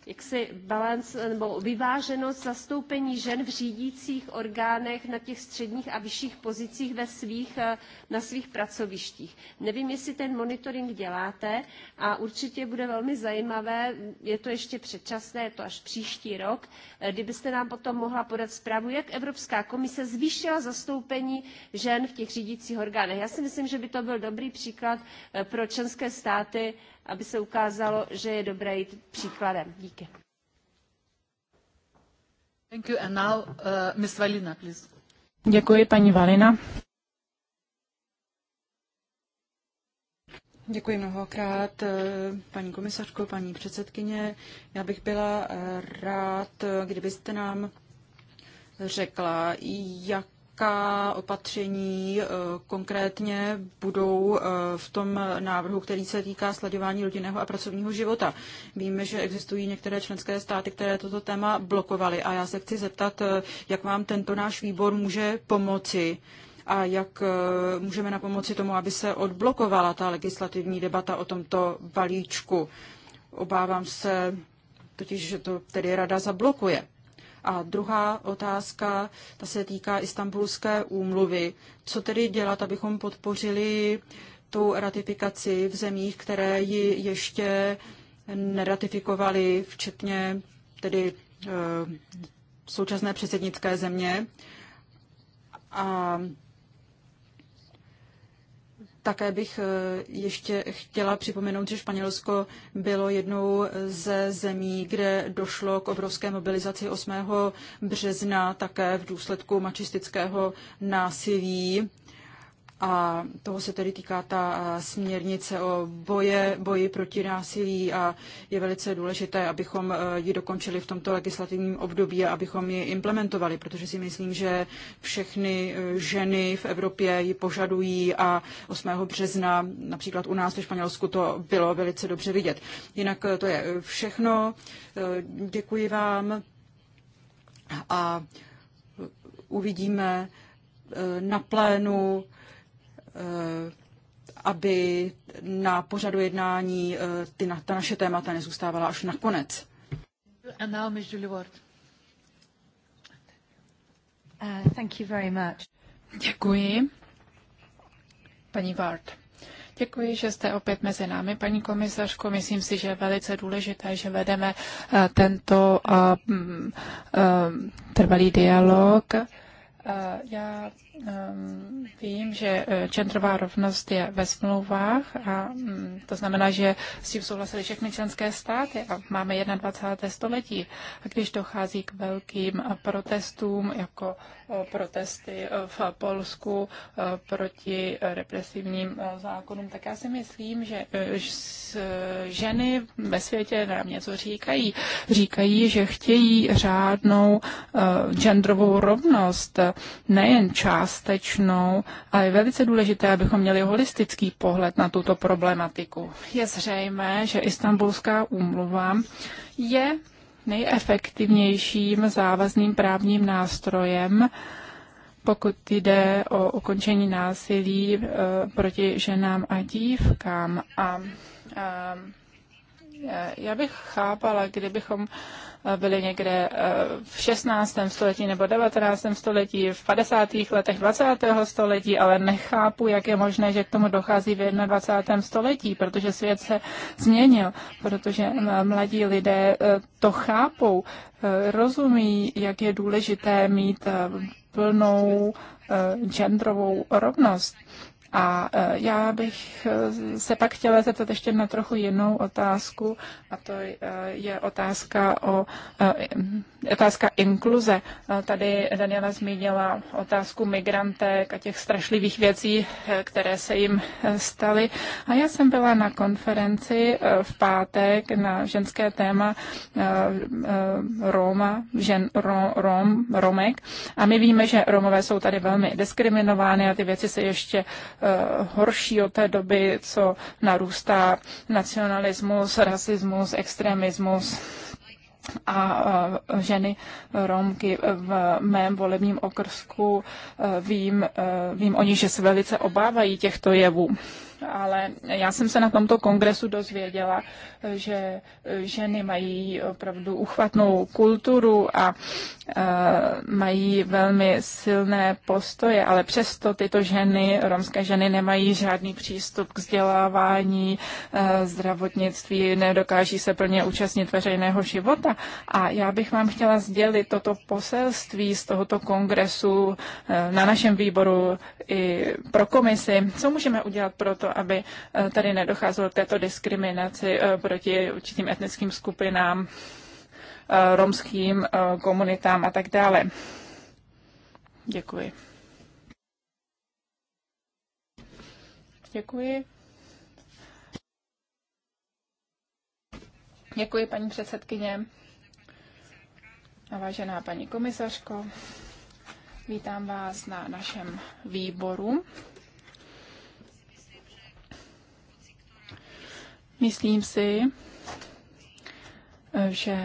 jaksi balance eh, nebo vyváženost zastoupení žen v řídících orgánech na těch středních a vyšších pozicích ve svých, eh, na svých pracovištích. Nevím, jestli ten monitoring děláte a určitě bude velmi zajímavé, je to ještě předčasné, je to až příští rok, eh, kdybyste nám potom mohla podat zprávu, jak Evropská komise zvýšila zastoupení žen v těch řídících orgánech. Já si myslím, že by to byl dobrý příklad pro členské státy, aby se ukázalo, že je dobré jít příkladem. Díky. Thank you. And now, uh, Ms. Valina, please. Děkuji, paní Valina. Děkuji mnohokrát, eh, paní komisařko, paní předsedkyně. Já bych byla eh, rád, kdybyste nám řekla, jak jaká opatření eh, konkrétně budou eh, v tom návrhu, který se týká sladěvání rodinného a pracovního života. Víme, že existují některé členské státy, které toto téma blokovaly a já se chci zeptat, eh, jak vám tento náš výbor může pomoci a jak můžeme na pomoci tomu, aby se odblokovala ta legislativní debata o tomto balíčku. Obávám se totiž, že to tedy rada zablokuje. A druhá otázka, ta se týká istambulské úmluvy. Co tedy dělat, abychom podpořili tu ratifikaci v zemích, které ji ještě neratifikovali, včetně tedy e, současné předsednické země. A také bych eh, ještě chtěla připomenout, že Španělsko bylo jednou ze zemí, kde došlo k obrovské mobilizaci 8. března také v důsledku mačistického násilí a toho se tedy týká ta směrnice o boje, boji proti násilí a je velice důležité, abychom e, ji dokončili v tomto legislativním období a abychom ji implementovali, protože si myslím, že všechny e, ženy v Evropě ji požadují a 8. března například u nás ve Španělsku to bylo velice dobře vidět. Jinak e, to je všechno. Děkuji vám a uvidíme na plénu Eh, aby na pořadu jednání eh, ty, na, ta naše témata nezůstávala až na konec. Uh, thank you very much. Děkuji. Paní Ward. Děkuji, že jste opět mezi námi, paní komisařko. Myslím si, že je velice důležité, že vedeme eh, tento mm, trvalý dialog. Já Ehm, vím, že eh, čentrová rovnost je ve smlouvách a mm, to znamená, že s tím souhlasili všechny členské státy a máme 21. století. A když dochází k velkým eh, protestům, jako eh, protesty v Polsku proti represivním zákonům, tak já si myslím, že ženy ve světě nám něco říkají. Říkají, že chtějí řádnou genderovou rovnost, nejen část částečnou, ale je velice důležité, abychom měli holistický pohled na tuto problematiku. Je zřejmé, že Istanbulská úmluva je nejefektivnějším závazným právním nástrojem, pokud jde o ukončení násilí e, proti ženám a dívkám. A, a e, já bych chápala, kdybychom byly někde eh, v 16. století nebo 19. století, v 50. letech 20. století, ale nechápu, jak je možné, že k tomu dochází v 21. století, protože svět se změnil, protože mladí lidé eh, to chápou, eh, rozumí, jak je důležité mít plnou genderovou rovnost. A e, já bych e, se pak chtěla zeptat ještě na trochu jinou otázku, a to e, je otázka o otázka inkluze. Eh, tady Daniela zmínila otázku migrantek a těch strašlivých věcí, eh, které se jim eh, staly. A já jsem byla na konferenci v pátek na ženské téma Roma, žen, Rom, Romek. A my víme, že Romové jsou tady velmi diskriminovány a ty věci se ještě horší od té doby, co narůstá nacionalismus, rasismus, extremismus a ženy Romky v mém volebním okrsku e, vím, e, vím o nich, že se velice obávají těchto jevů ale já jsem se na tomto kongresu dozvěděla, že ženy mají opravdu uchvatnou kulturu a e, mají velmi silné postoje, ale přesto tyto ženy, romské ženy, nemají žádný přístup k vzdělávání, e, zdravotnictví, nedokáží se plně účastnit veřejného života. A já bych vám chtěla sdělit toto poselství z tohoto kongresu e, na našem výboru i pro komisi. Co můžeme udělat pro to, aby eh, tady nedocházelo k této diskriminaci eh, proti určitým etnickým skupinám, eh, romským komunitám a tak dále. Děkuji. Děkuji. Děkuji, paní předsedkyně. A vážená paní komisařko, vítám vás na našem výboru. Myslím si, že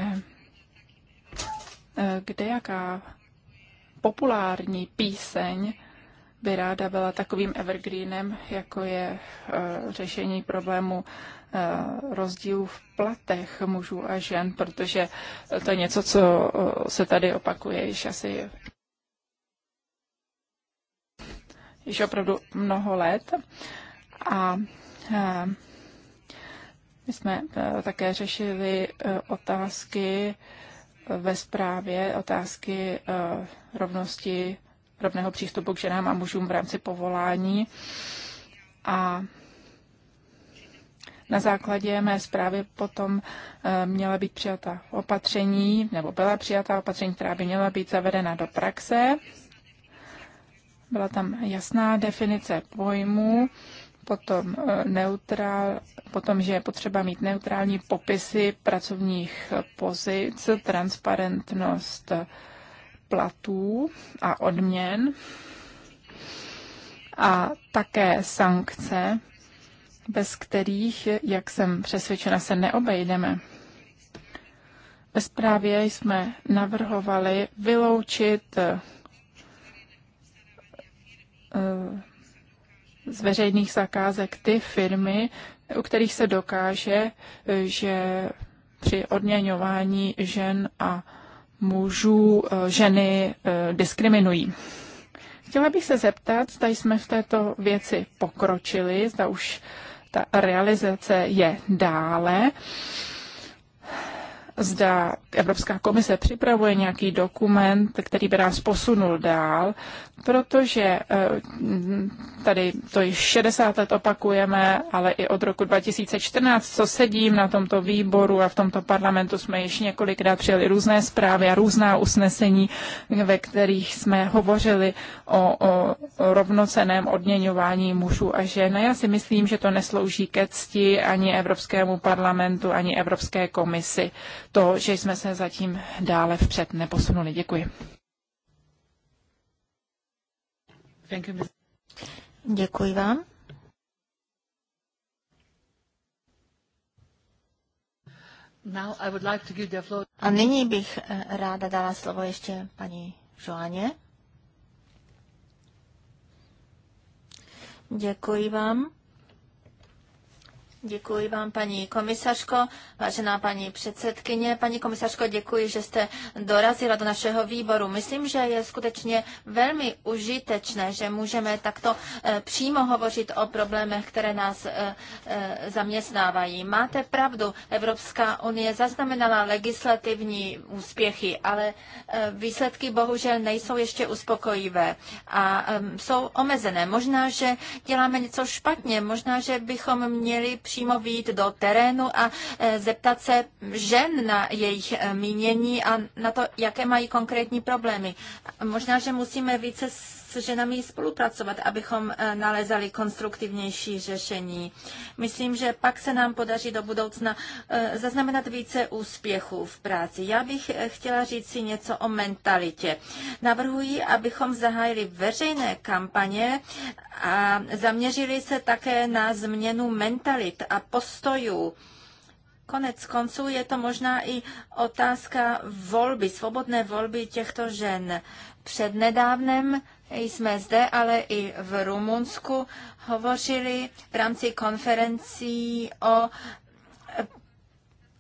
eh, kde jaká populární píseň by ráda byla takovým evergreenem, jako je eh, řešení problému eh, rozdílů v platech mužů a žen, protože to je něco, co se tady opakuje již asi již opravdu mnoho let. a my jsme eh, také řešili eh, otázky eh, ve zprávě, otázky rovnosti, rovného přístupu k ženám a mužům v rámci povolání. A na základě mé zprávy potom měla být přijata opatření, nebo byla přijata opatření, která by měla být zavedena do praxe. Byla tam jasná definice pojmů potom, eh, neutrál, potom, že je potřeba mít neutrální popisy pracovních pozic, transparentnost platů a odměn a také sankce, bez kterých, jak jsem přesvědčena, se neobejdeme. Ve zprávě jsme navrhovali vyloučit eh, z veřejných zakázek ty firmy, u kterých se dokáže, že při odměňování žen a mužů eh, ženy eh, diskriminují. Chtěla bych se zeptat, zda jsme v této věci pokročili, zda už ta realizace je dále zda Evropská komise připravuje nějaký dokument, který by nás posunul dál, protože eh, tady to již 60 let opakujeme, ale i od roku 2014, co sedím na tomto výboru a v tomto parlamentu, jsme již několikrát přijeli různé zprávy a různá usnesení, ve kterých jsme hovořili o, o rovnoceném odměňování mužů a žen. já si myslím, že to neslouží ke cti ani Evropskému parlamentu, ani Evropské komisi to, že jsme se zatím dále vpřed neposunuli. Děkuji. Děkuji vám. A nyní bych eh, ráda dala slovo ještě paní Joáně. Děkuji vám. Děkuji vám, paní komisařko, vážená paní předsedkyně. Paní komisařko, děkuji, že jste dorazila do našeho výboru. Myslím, že je skutečně velmi užitečné, že můžeme takto e, přímo hovořit o problémech, které nás e, e, zaměstnávají. Máte pravdu, Evropská unie zaznamenala legislativní úspěchy, ale výsledky bohužel nejsou ještě uspokojivé a jsou omezené. Možná, že děláme něco špatně, možná, že bychom měli přímo výjít do terénu a e, zeptat se žen na jejich e, mínění a na to, jaké mají konkrétní problémy. Možná, že musíme více s ženami spolupracovat, abychom eh, nalezali konstruktivnější řešení. Myslím, že pak se nám podaří do budoucna eh, zaznamenat více úspěchů v práci. Já bych eh, chtěla říct si něco o mentalitě. Navrhuji, abychom zahájili veřejné kampaně a zaměřili se také na změnu mentalit a postojů. Konec konců je to možná i otázka volby, svobodné volby těchto žen. Před nedávnem jsme zde, ale i v Rumunsku hovořili v rámci konferencí o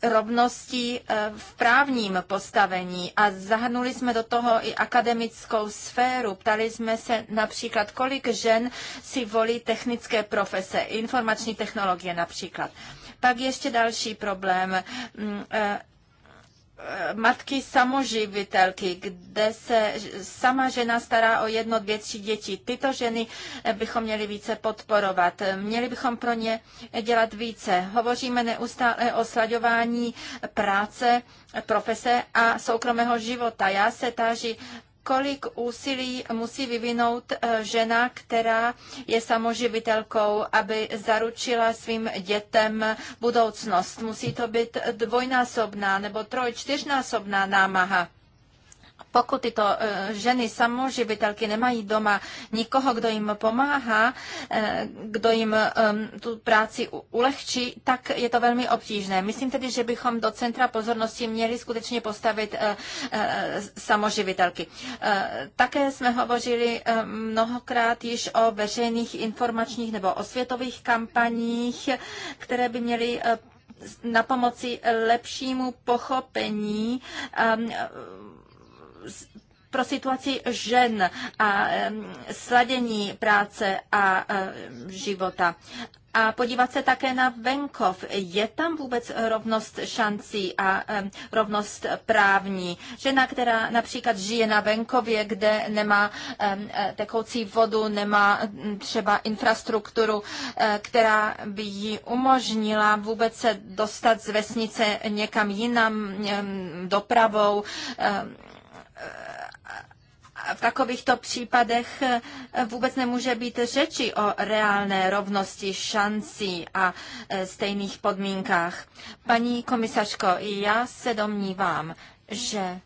rovnosti e, v právním postavení a zahrnuli jsme do toho i akademickou sféru. Ptali jsme se například, kolik žen si volí technické profese, informační technologie například. Pak ještě další problém, mm, e, matky samoživitelky, kde se sama žena stará o jedno, dvě, tři děti. Tyto ženy bychom měli více podporovat. Měli bychom pro ně dělat více. Hovoříme neustále o slaďování práce, profese a soukromého života. Já se táži kolik úsilí musí vyvinout eh, žena, která je samoživitelkou, aby zaručila svým dětem budoucnost. Musí to být dvojnásobná nebo troj, čtyřnásobná námaha. Pokud tyto e, ženy samoživitelky nemají doma nikoho, kdo jim pomáhá, e, kdo jim e, tu práci ulehčí, tak je to velmi obtížné. Myslím tedy, že bychom do centra pozornosti měli skutečně postavit samoživitelky. Také jsme hovořili mnohokrát již o veřejných informačních nebo osvětových kampaních, které by měly na pomoci lepšímu pochopení pro situaci žen a sladění práce a života. A podívat se také na venkov. Je tam vůbec rovnost šancí a rovnost právní? Žena, která například žije na venkově, kde nemá e, tekoucí vodu, nemá třeba infrastrukturu, e, která by ji umožnila vůbec se dostat z vesnice někam jinam dopravou, v takovýchto případech eh, vůbec nemůže být řeči o reálné rovnosti šancí a eh, stejných podmínkách. Paní komisařko, já se domnívám, že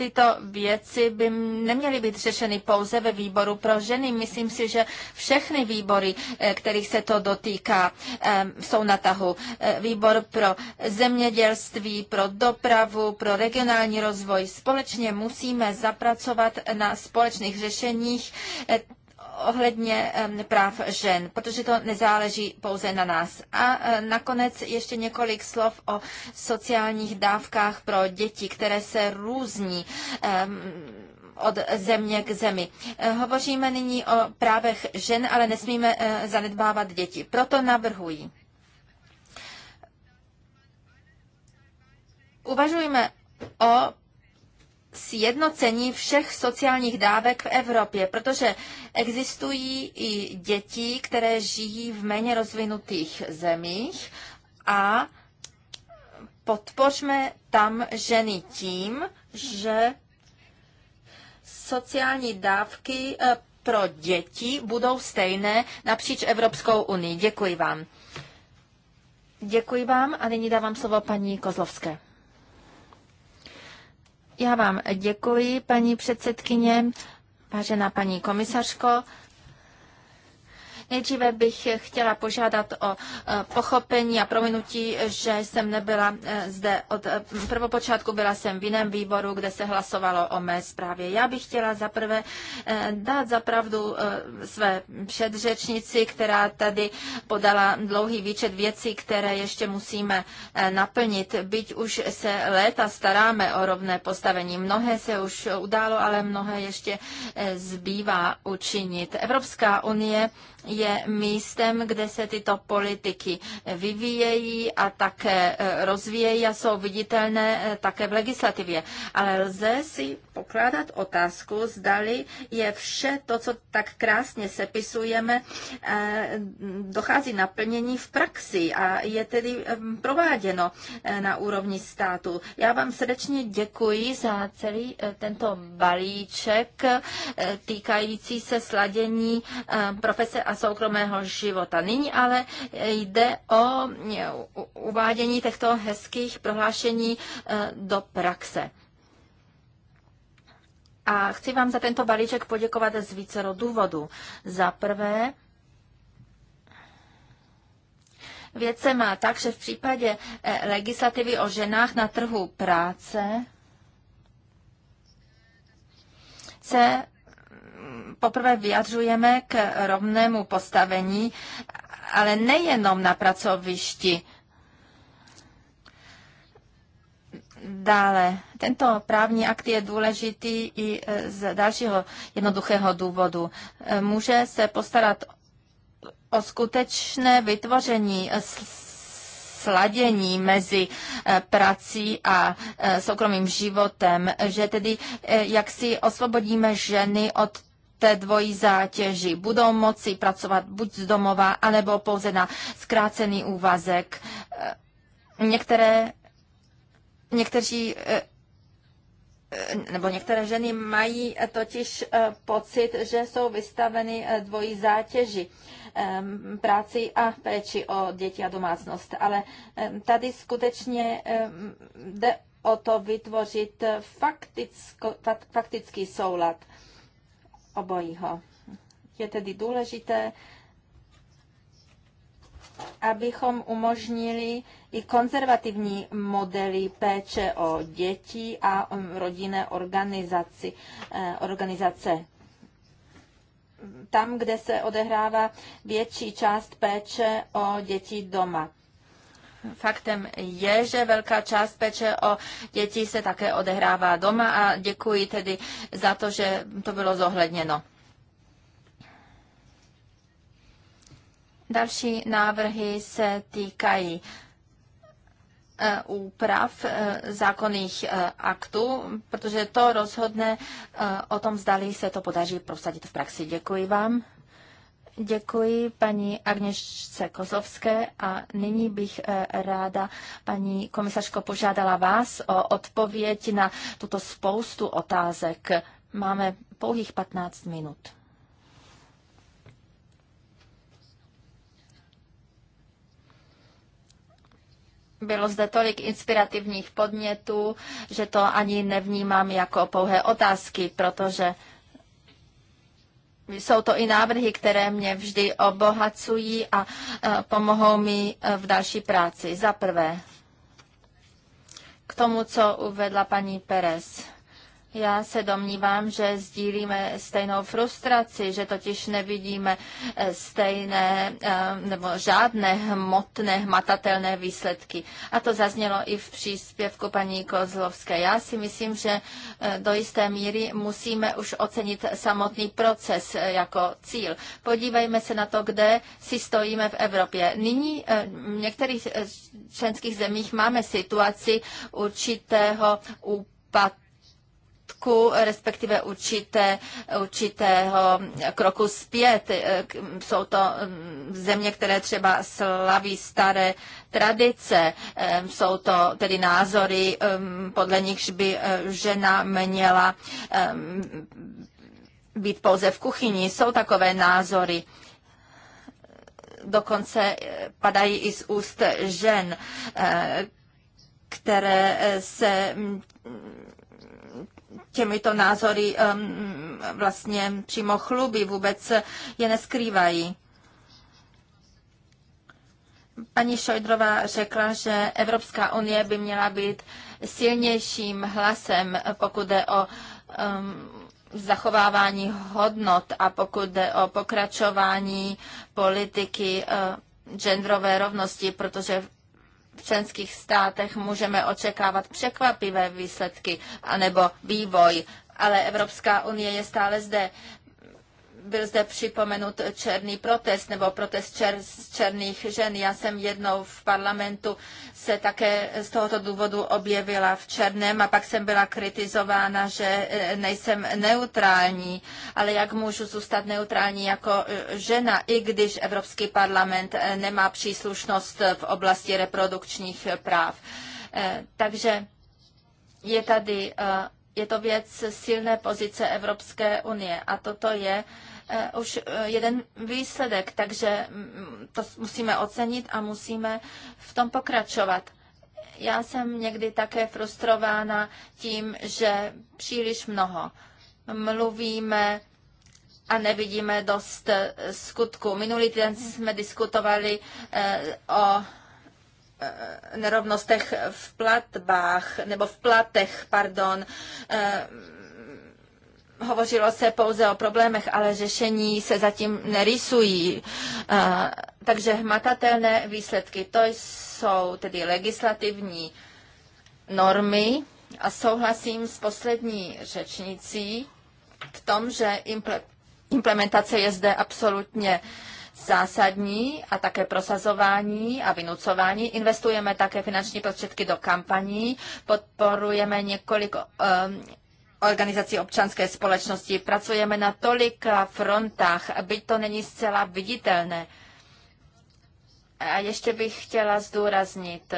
tyto věci by neměly být řešeny pouze ve výboru pro ženy. Myslím si, že všechny výbory, eh, kterých se to dotýká, eh, jsou na tahu. Eh, výbor pro zemědělství, pro dopravu, pro regionální rozvoj. Společně musíme zapracovat na společných řešeních ohledně práv žen, protože to nezáleží pouze na nás. A e, nakonec ještě několik slov o sociálních dávkách pro děti, které se různí od země k zemi. E, hovoříme nyní o právech žen, ale nesmíme e, zanedbávat děti. Proto navrhuji. Uvažujme o sjednocení všech sociálních dávek v Evropě, protože existují i děti, které žijí v méně rozvinutých zemích a podpořme tam ženy tím, že sociální dávky eh, pro děti budou stejné napříč Evropskou unii. Děkuji vám. Děkuji vám a nyní dávám slovo paní Kozlovské. Já vám děkuji, paní předsedkyně, vážená paní komisařko. Nejdříve bych chtěla požádat o e, pochopení a prominutí, že jsem nebyla e, zde od e, prvopočátku, byla jsem v jiném výboru, kde se hlasovalo o mé zprávě. Já bych chtěla zaprvé dát zapravdu své předřečnici, která tady podala dlouhý výčet věcí, které ještě musíme naplnit. Byť už se léta staráme o rovné postavení. Mnohé se už událo, ale mnohé ještě zbývá učinit. Evropská unie je je místem, kde se tyto politiky vyvíjejí a také e, rozvíjejí a jsou viditelné e, také v legislativě. Ale lze si pokládat otázku, zdali je vše to, co tak krásně sepisujeme, e, dochází naplnění v praxi a je tedy prováděno na úrovni státu. Já vám srdečně děkuji za celý tento balíček týkající se sladění profese a soukromého života. Nyní ale jde o uvádění těchto hezkých prohlášení eh, do praxe. A chci vám za tento balíček poděkovat z vícero důvodů. Za prvé, věc se má tak, že v případě eh, legislativy o ženách na trhu práce se poprvé vyjadřujeme k rovnému postavení, ale nejenom na pracovišti. Dále, tento právní akt je důležitý i e, z dalšího jednoduchého důvodu. E, může se postarat o skutečné vytvoření e, sladění mezi prací a soukromým životem, že tedy jak si osvobodíme ženy od té dvojí zátěži. Budou moci pracovat buď z domova, anebo pouze na zkrácený úvazek. Eh, některé, někteří eh, eh, nebo některé ženy mají totiž pocit, že jsou vystaveny dvojí zátěži práci a péči o děti a domácnost. Ale tady skutečně jde o to vytvořit faktický soulad obojího. Je tedy důležité, abychom umožnili i konzervativní modely péče o děti a rodinné organizaci, eh, organizace. Tam, kde se odehrává větší část péče o děti doma. Faktem je, že velká část péče o děti se také odehrává doma a děkuji tedy za to, že to bylo zohledněno. Další návrhy se týkají eh, úprav eh, zákonných eh, aktů, protože to rozhodne o tom, zdali se to podaří prosadit v praxi. Děkuji vám. Děkuji paní Agněšce Kozlovské a nyní bych eh, ráda paní komisařko požádala vás o odpověď na tuto spoustu otázek. Máme pouhých 15 minut. Bylo zde tolik inspirativních podnětů, že to ani nevnímám jako pouhé otázky, protože jsou to i návrhy, které mě vždy obohacují a e, pomohou mi e, v další práci. Za prvé, k tomu, co uvedla paní Perez já se domnívám, že sdílíme stejnou frustraci, že totiž nevidíme eh, stejné eh, nebo žádné hmotné, hmatatelné výsledky. A to zaznělo i v příspěvku paní Kozlovské. Já si myslím, že eh, do jisté míry musíme už ocenit samotný proces jako cíl. Podívejme se na to, kde si stojíme v Evropě. Nyní v některých členských zemích máme situaci určitého úpadu zmatku, respektive určité, určitého kroku zpět. Jsou to mm, země, které třeba slaví staré tradice, jsou to tedy názory, podle nichž by eh, žena měla být pouze v kuchyni. Jsou takové názory dokonce eh, padají i z úst žen, eh, které se těmito názory um, vlastně přímo chlubí, vůbec je neskrývají. Paní Šojdrová řekla, že Evropská unie by měla být silnějším hlasem, pokud jde o um, zachovávání hodnot a pokud jde o pokračování politiky uh, genderové rovnosti, protože členských státech můžeme očekávat překvapivé výsledky anebo vývoj ale Evropská unie je stále zde byl zde připomenut černý protest nebo protest čer, černých žen. Já jsem jednou v parlamentu se také z tohoto důvodu objevila v černém a pak jsem byla kritizována, že e, nejsem neutrální, ale jak můžu zůstat neutrální jako e, žena, i když Evropský parlament e, nemá příslušnost v oblasti reprodukčních práv. Takže je tady je to věc silné pozice Evropské unie a toto je Eh, už eh, jeden výsledek, takže mm, to musíme ocenit a musíme v tom pokračovat. Já jsem někdy také frustrována tím, že příliš mnoho mluvíme a nevidíme dost eh, skutku. Minulý týden jsme diskutovali o nerovnostech v platbách, nebo v platech, pardon hovořilo se pouze o problémech, ale řešení se zatím nerysují. Eh, takže hmatatelné výsledky, to jsou tedy legislativní normy a souhlasím s poslední řečnicí v tom, že implementace je zde absolutně zásadní a také prosazování a vynucování. Investujeme také finanční prostředky do kampaní, podporujeme několik um, organizací občanské společnosti. Pracujeme na tolika frontách, byť to není zcela viditelné. A ještě bych chtěla zdůraznit,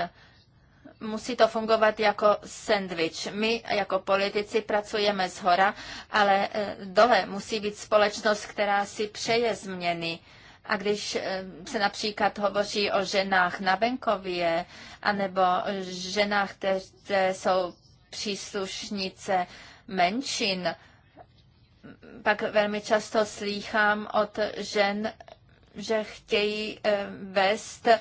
musí to fungovat jako sandwich. My jako politici pracujeme z hora, ale eh, dole musí být společnost, která si přeje změny. A když eh, se například hovoří o ženách na venkově, anebo ženách, které jsou příslušnice menšin. Pak velmi často slýchám od žen, že chtějí eh, vést eh,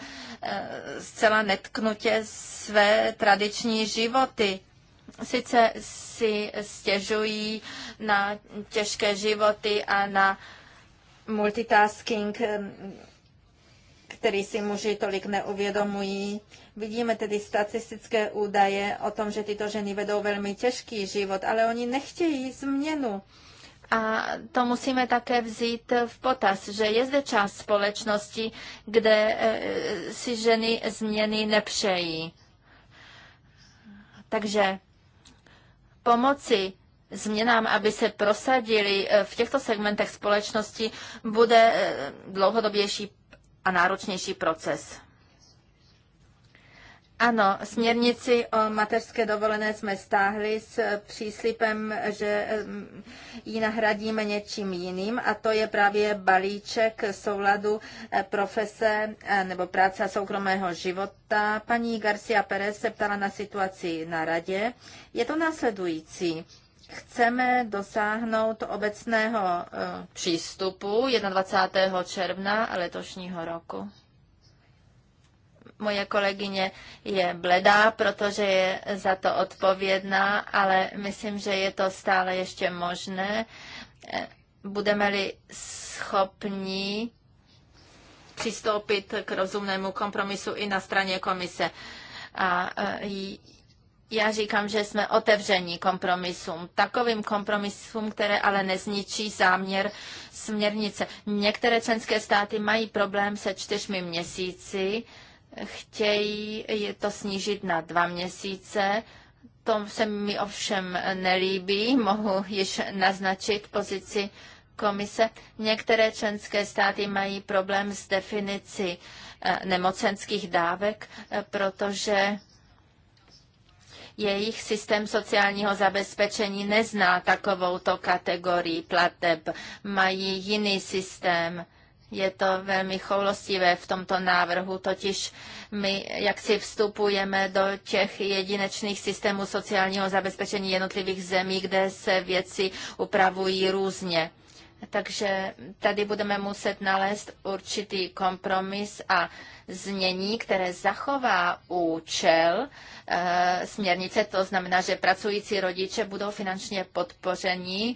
zcela netknutě své tradiční životy. Sice si stěžují na těžké životy a na multitasking eh, který si muži tolik neuvědomují. Vidíme tedy statistické údaje o tom, že tyto ženy vedou velmi těžký život, ale oni nechtějí změnu. A to musíme také vzít v potaz, že je zde část společnosti, kde eh, si ženy změny nepřejí. Takže pomoci změnám, aby se prosadili eh, v těchto segmentech společnosti, bude eh, dlouhodobější a náročnější proces. Ano, směrnici o mateřské dovolené jsme stáhli s příslipem, že mm, ji nahradíme něčím jiným a to je právě balíček souladu eh, profese eh, nebo práce a soukromého života. Paní Garcia Perez se ptala na situaci na radě. Je to následující chceme dosáhnout obecného eh, přístupu 21. června letošního roku. Moje kolegyně je bledá, protože je za to odpovědná, ale myslím, že je to stále ještě možné. Eh, budeme-li schopni přistoupit k rozumnému kompromisu i na straně komise. A eh, já říkám, že jsme otevření kompromisům, takovým kompromisům, které ale nezničí záměr směrnice. Některé členské státy mají problém se čtyřmi měsíci, chtějí to snížit na dva měsíce. To se mi ovšem nelíbí, mohu již naznačit pozici komise. Některé členské státy mají problém s definicí eh, nemocenských dávek, eh, protože jejich systém sociálního zabezpečení nezná takovouto kategorii plateb. Mají jiný systém. Je to velmi choulostivé v tomto návrhu, totiž my jak si vstupujeme do těch jedinečných systémů sociálního zabezpečení jednotlivých zemí, kde se věci upravují různě. Takže tady budeme muset nalézt určitý kompromis a znění, které zachová účel e, směrnice, to znamená, že pracující rodiče budou finančně podpořeni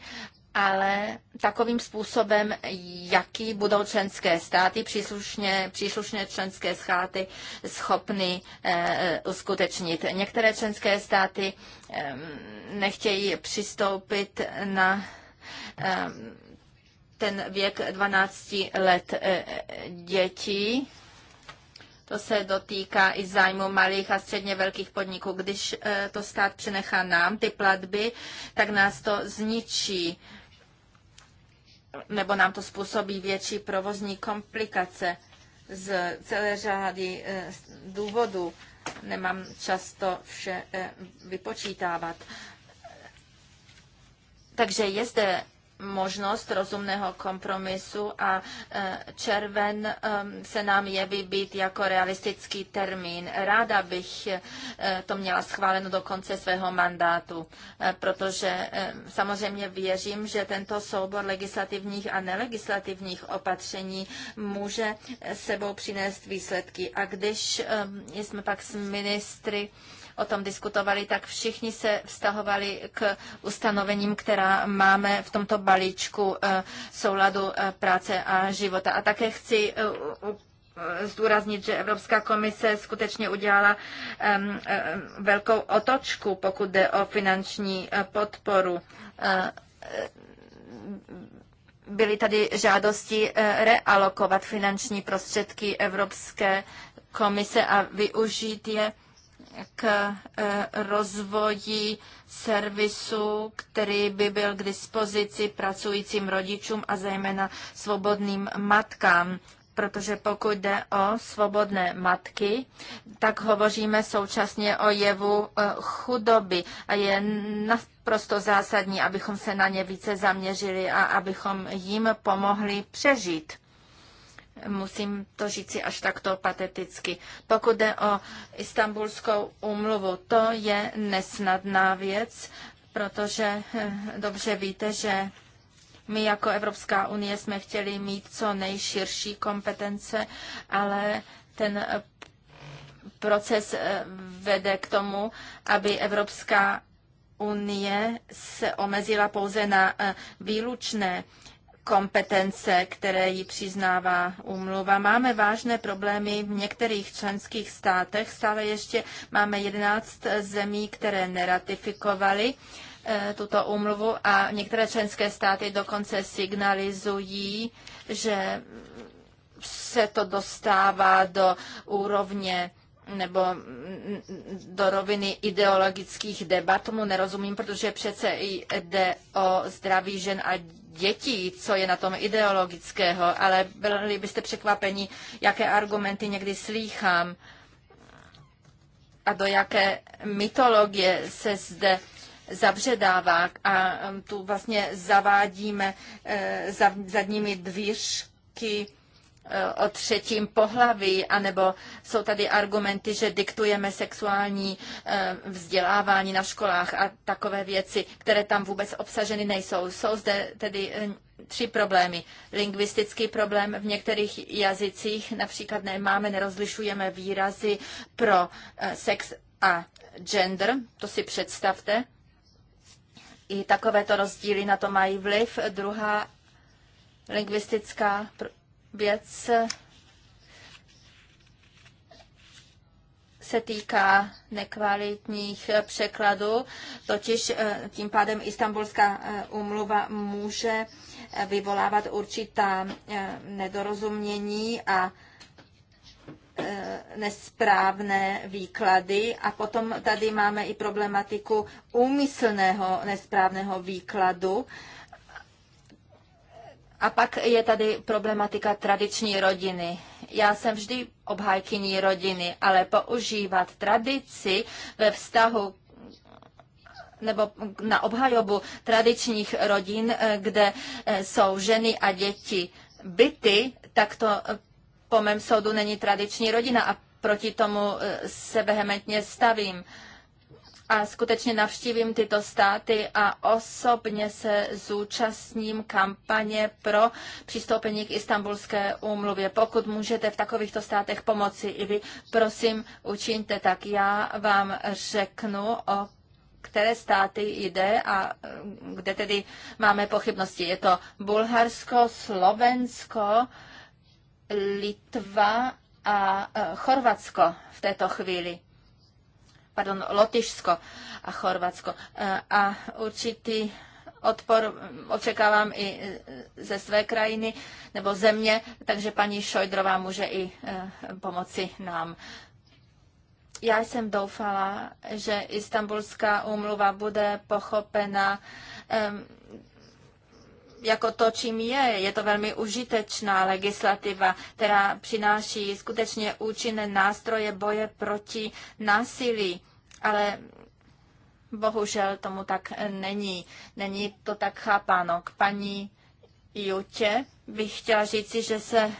ale takovým způsobem, jaký budou členské státy, příslušně, příslušné členské státy schopny e, uskutečnit. Některé členské státy e, nechtějí přistoupit na e, ten věk 12 let dětí to se dotýká i zájmu malých a středně velkých podniků. Když eh, to stát přenechá nám, ty platby, tak nás to zničí nebo nám to způsobí větší provozní komplikace z celé řady eh, důvodů. Nemám často vše eh, vypočítávat. Takže je zde možnost rozumného kompromisu a e, červen e, se nám jeví být jako realistický termín. Ráda bych e, to měla schváleno do konce svého mandátu, protože samozřejmě věřím, že tento soubor legislativních a nelegislativních opatření může sebou přinést výsledky. A když jsme pak s ministry o tom diskutovali, tak všichni se vztahovali k ustanovením, která máme v tomto balíčku eh, souladu eh, práce a života. A také chci eh, zdůraznit, že Evropská komise skutečně udělala velkou otočku, pokud jde o finanční podporu. Byly tady žádosti realokovat finanční prostředky Evropské komise a využít je k e, rozvoji servisu, který by byl k dispozici pracujícím rodičům a zejména svobodným matkám. Protože pokud jde o svobodné matky, tak hovoříme současně o jevu e, chudoby a je naprosto zásadní, abychom se na ně více zaměřili a abychom jim pomohli přežít musím to říci až takto pateticky. Pokud jde o istambulskou úmluvu, to je nesnadná věc, protože eh, dobře víte, že my jako Evropská unie jsme chtěli mít co nejširší kompetence, ale ten eh, proces eh, vede k tomu, aby Evropská unie se omezila pouze na výlučné kompetence, které ji přiznává úmluva. Máme vážné problémy v některých členských státech. Stále ještě máme 11 zemí, které neratifikovaly eh, tuto úmluvu a některé členské státy dokonce signalizují, že se to dostává do úrovně nebo do roviny ideologických debat. Tomu nerozumím, protože přece jde o zdraví žen a dětí, co je na tom ideologického, ale byli byste překvapeni, jaké argumenty někdy slýchám a do jaké mytologie se zde zavředává a um, tu vlastně zavádíme eh, zadními dvířky Eh, o třetím pohlaví, anebo jsou tady argumenty, že diktujeme sexuální eh, vzdělávání na školách a takové věci, které tam vůbec obsaženy nejsou. Jsou zde tedy eh, tři problémy. Lingvistický problém v některých jazycích, například nemáme, nerozlišujeme výrazy pro sex a gender, to si představte. I takovéto rozdíly na to mají vliv. Druhá lingvistická věc se týká nekvalitních překladů, totiž eh, tím pádem Istanbulská umluva eh, může vyvolávat určitá eh, nedorozumění a nesprávné výklady a potom tady máme i problematiku úmyslného nesprávného výkladu a pak je tady problematika tradiční rodiny. Já jsem vždy obhájkyní rodiny, ale používat tradici ve vztahu nebo na obhajobu tradičních rodin, eh, kde eh, jsou ženy a děti byty, tak to eh, po mém soudu není tradiční rodina a proti tomu se vehementně stavím a skutečně navštívím tyto státy a osobně se zúčastním kampaně pro přistoupení k istambulské úmluvě. Pokud můžete v takovýchto státech pomoci i vy, prosím, učiňte tak. Já vám řeknu o které státy jde a eh, kde tedy máme pochybnosti. Je to Bulharsko, Slovensko, Litva a eh, Chorvatsko v této chvíli pardon, Lotyšsko a Chorvatsko. E, a určitý odpor e, očekávám i e, ze své krajiny nebo země, takže paní Šojdrová může i pomoci nám. Já jsem doufala, že Istanbulská úmluva bude pochopena jako to, čím je. Je to velmi užitečná legislativa, která přináší skutečně účinné nástroje boje proti násilí, ale bohužel tomu tak není. Není to tak chápáno. K paní Jutě bych chtěla říci, že se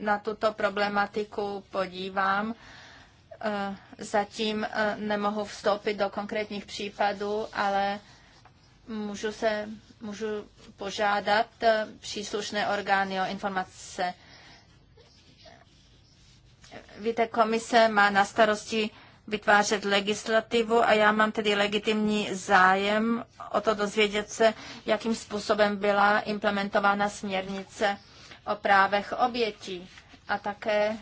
na tuto problematiku podívám. Eh, zatím eh, nemohu vstoupit do konkrétních případů, ale můžu, se, můžu požádat eh, příslušné orgány o informace. Víte, komise má na starosti vytvářet legislativu a já mám tedy legitimní zájem o to dozvědět se, jakým způsobem byla implementována směrnice o právech obětí a také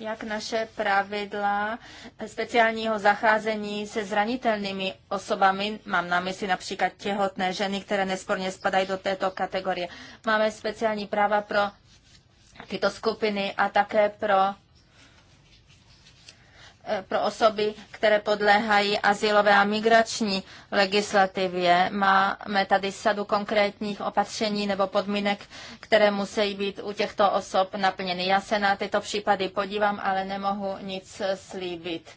jak naše pravidla speciálního zacházení se zranitelnými osobami, mám na mysli například těhotné ženy, které nesporně spadají do této kategorie. Máme speciální práva pro tyto skupiny a také pro Eh, pro osoby, které podléhají asilové a migrační legislativě. Máme tady sadu konkrétních opatření nebo podmínek, které musí být u těchto osob naplněny. Já se na tyto případy podívám, ale nemohu nic slíbit.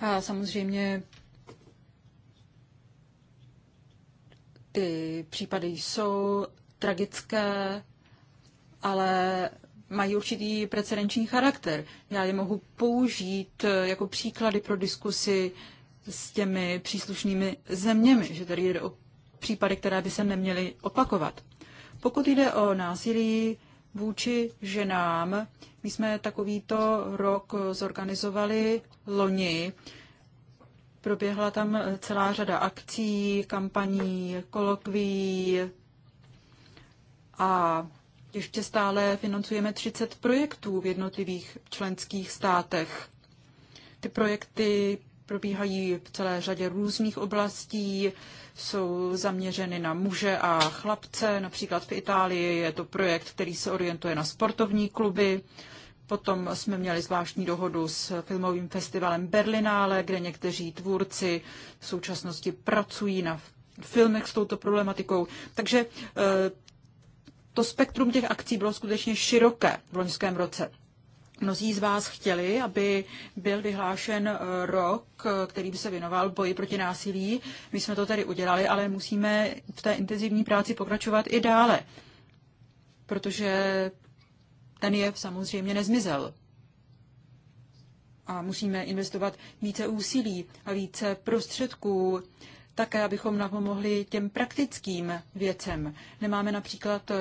A samozřejmě ty případy jsou tragické, ale mají určitý precedenční charakter. Já je mohu použít eh, jako příklady pro diskusy s těmi příslušnými zeměmi, že tady jde o případy, které by se neměly opakovat. Pokud jde o násilí vůči ženám, my jsme takovýto rok zorganizovali loni. Proběhla tam celá řada akcí, kampaní, kolokví a ještě stále financujeme 30 projektů v jednotlivých členských státech. Ty projekty probíhají v celé řadě různých oblastí, jsou zaměřeny na muže a chlapce. Například v Itálii je to projekt, který se orientuje na sportovní kluby. Potom jsme měli zvláštní dohodu s filmovým festivalem Berlinále, kde někteří tvůrci v současnosti pracují na filmech s touto problematikou. Takže eh, to spektrum těch akcí bylo skutečně široké v loňském roce. Mnozí z vás chtěli, aby byl vyhlášen eh, rok, eh, který by se věnoval boji proti násilí. My jsme to tady udělali, ale musíme v té intenzivní práci pokračovat i dále, protože ten jev samozřejmě nezmizel. A musíme investovat více úsilí a více prostředků také abychom napomohli těm praktickým věcem. Nemáme například eh,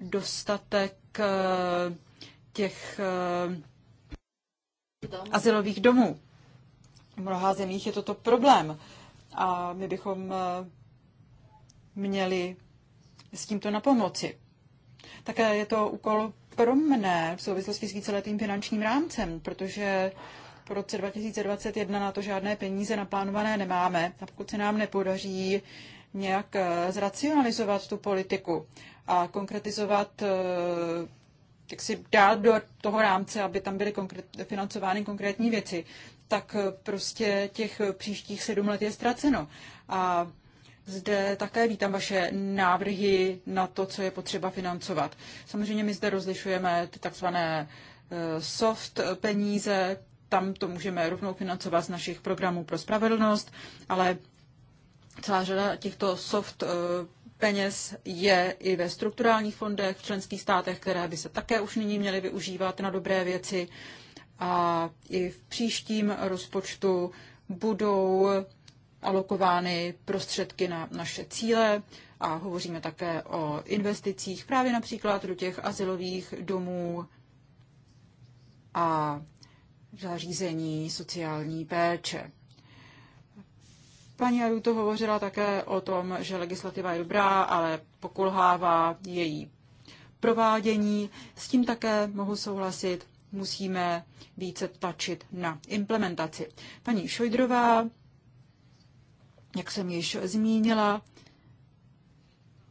dostatek eh, těch eh, asilových domů. V mnoha zemích je toto problém a my bychom měli s tímto na pomoci. Také je to úkol pro mne v souvislosti s víceletým finančním rámcem, protože po roce 2021 na to žádné peníze naplánované nemáme. A pokud se nám nepodaří nějak eh, zracionalizovat tu politiku a konkretizovat, eh, jak si dát do toho rámce, aby tam byly konkrét, financovány konkrétní věci, tak eh, prostě těch příštích sedm let je ztraceno. A zde také vítám vaše návrhy na to, co je potřeba financovat. Samozřejmě my zde rozlišujeme ty takzvané soft peníze, tam to můžeme rovnou financovat z našich programů pro spravedlnost, ale celá řada těchto soft eh, peněz je i ve strukturálních fondech v členských státech, které by se také už nyní měly využívat na dobré věci. A i v příštím rozpočtu budou alokovány prostředky na naše cíle a hovoříme také o investicích právě například do těch asilových domů a zařízení sociální péče. Paní Aruto hovořila také o tom, že legislativa je dobrá, ale pokulhává její provádění. S tím také mohu souhlasit, musíme více tlačit na implementaci. Paní Šojdrová, jak jsem již zmínila,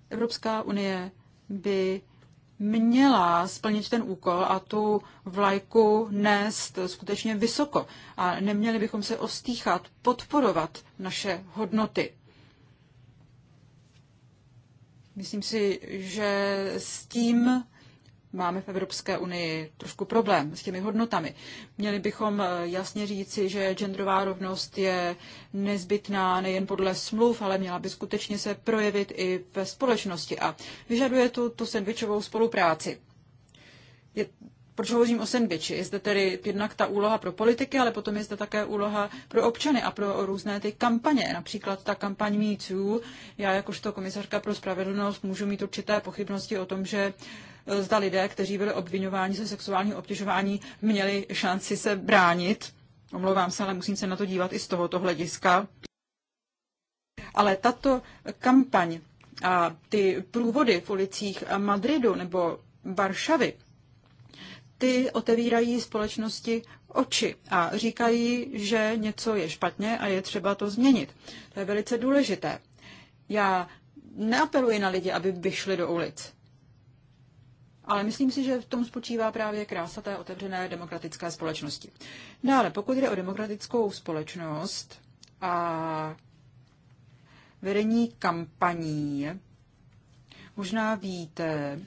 Evropská unie by měla splnit ten úkol a tu vlajku nést skutečně vysoko. A neměli bychom se ostýchat, podporovat naše hodnoty. Myslím si, že s tím máme v Evropské unii trošku problém s těmi hodnotami. Měli bychom eh, jasně říci, že genderová rovnost je nezbytná nejen podle smluv, ale měla by skutečně se projevit i ve společnosti a vyžaduje tu, tu sendvičovou spolupráci. Je, proč hovořím o sendviči? Je zde tedy jednak ta úloha pro politiky, ale potom je zde také úloha pro občany a pro různé ty kampaně. Například ta kampaň MeToo. Já jakožto komisařka pro spravedlnost můžu mít určité pochybnosti o tom, že uh, E, zda lidé, kteří byli obvinováni ze sexuálního obtěžování, měli šanci se bránit. Omlouvám se, ale musím se na to dívat i z tohoto hlediska. Ale tato kampaň a ty průvody v ulicích Madridu nebo Varšavy, ty otevírají společnosti oči a říkají, že něco je špatně a je třeba to změnit. To je velice důležité. Já neapeluji na lidi, aby vyšli do ulic ale myslím si, že v tom spočívá právě krása té otevřené demokratické společnosti. Dále, pokud jde o demokratickou společnost a vedení kampaní, možná víte,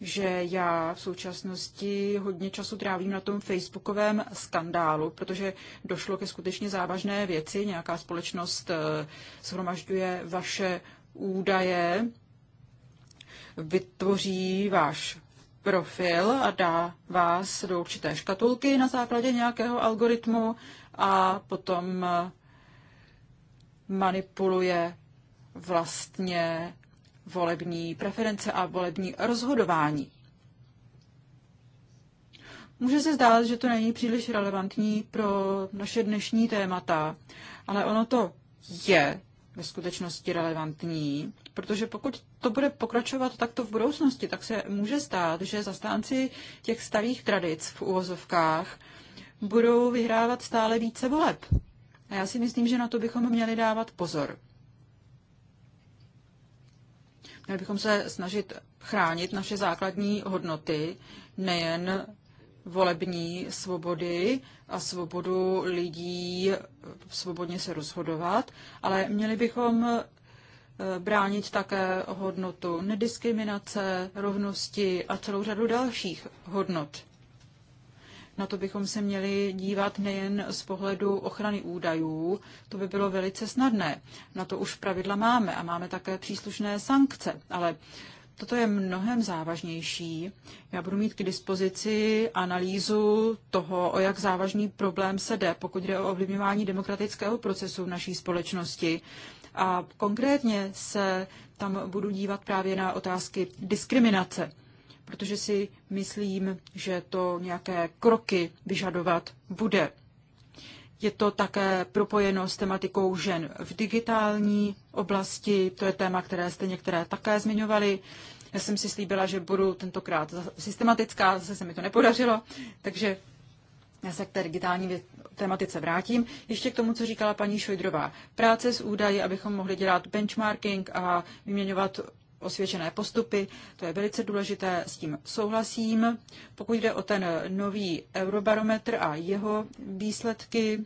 že já v současnosti hodně času trávím na tom facebookovém skandálu, protože došlo ke skutečně závažné věci. Nějaká společnost eh, shromažďuje vaše údaje vytvoří váš profil a dá vás do určité škatulky na základě nějakého algoritmu a potom eh, manipuluje vlastně volební preference a volební rozhodování. Může se zdát, že to není příliš relevantní pro naše dnešní témata, ale ono to je ve skutečnosti relevantní, protože pokud to bude pokračovat takto v budoucnosti, tak se může stát, že zastánci těch starých tradic v uvozovkách budou vyhrávat stále více voleb. A já si myslím, že na to bychom měli dávat pozor. Měli bychom se snažit chránit naše základní hodnoty, nejen volební svobody a svobodu lidí svobodně se rozhodovat, ale měli bychom eh, bránit také hodnotu nediskriminace, rovnosti a celou řadu dalších hodnot. Na to bychom se měli dívat nejen z pohledu ochrany údajů, to by bylo velice snadné. Na to už pravidla máme a máme také příslušné sankce, ale Toto je mnohem závažnější. Já budu mít k dispozici analýzu toho, o jak závažný problém se jde, pokud jde o ovlivňování demokratického procesu v naší společnosti. A konkrétně se tam budu dívat právě na otázky diskriminace, protože si myslím, že to nějaké kroky vyžadovat bude. Je to také propojeno s tematikou žen v digitální oblasti. To je téma, které jste některé také zmiňovali. Já jsem si slíbila, že budu tentokrát systematická, zase se mi to nepodařilo, takže já se k té digitální tematice vrátím. Ještě k tomu, co říkala paní Šojdrová. Práce s údaji, abychom mohli dělat benchmarking a vyměňovat osvědčené postupy. To je velice důležité, s tím souhlasím. Pokud jde o ten nový eurobarometr a jeho výsledky,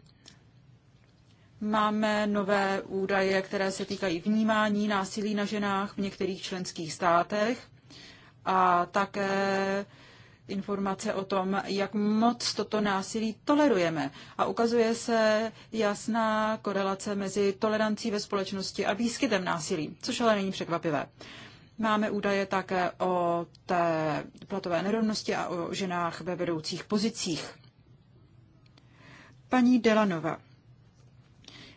máme nové údaje, které se týkají vnímání násilí na ženách v některých členských státech a také informace o tom, jak moc toto násilí tolerujeme. A ukazuje se jasná korelace mezi tolerancí ve společnosti a výskytem násilí, což ale není překvapivé. Máme údaje také o té platové nerovnosti a o ženách ve vedoucích pozicích. Paní Delanova.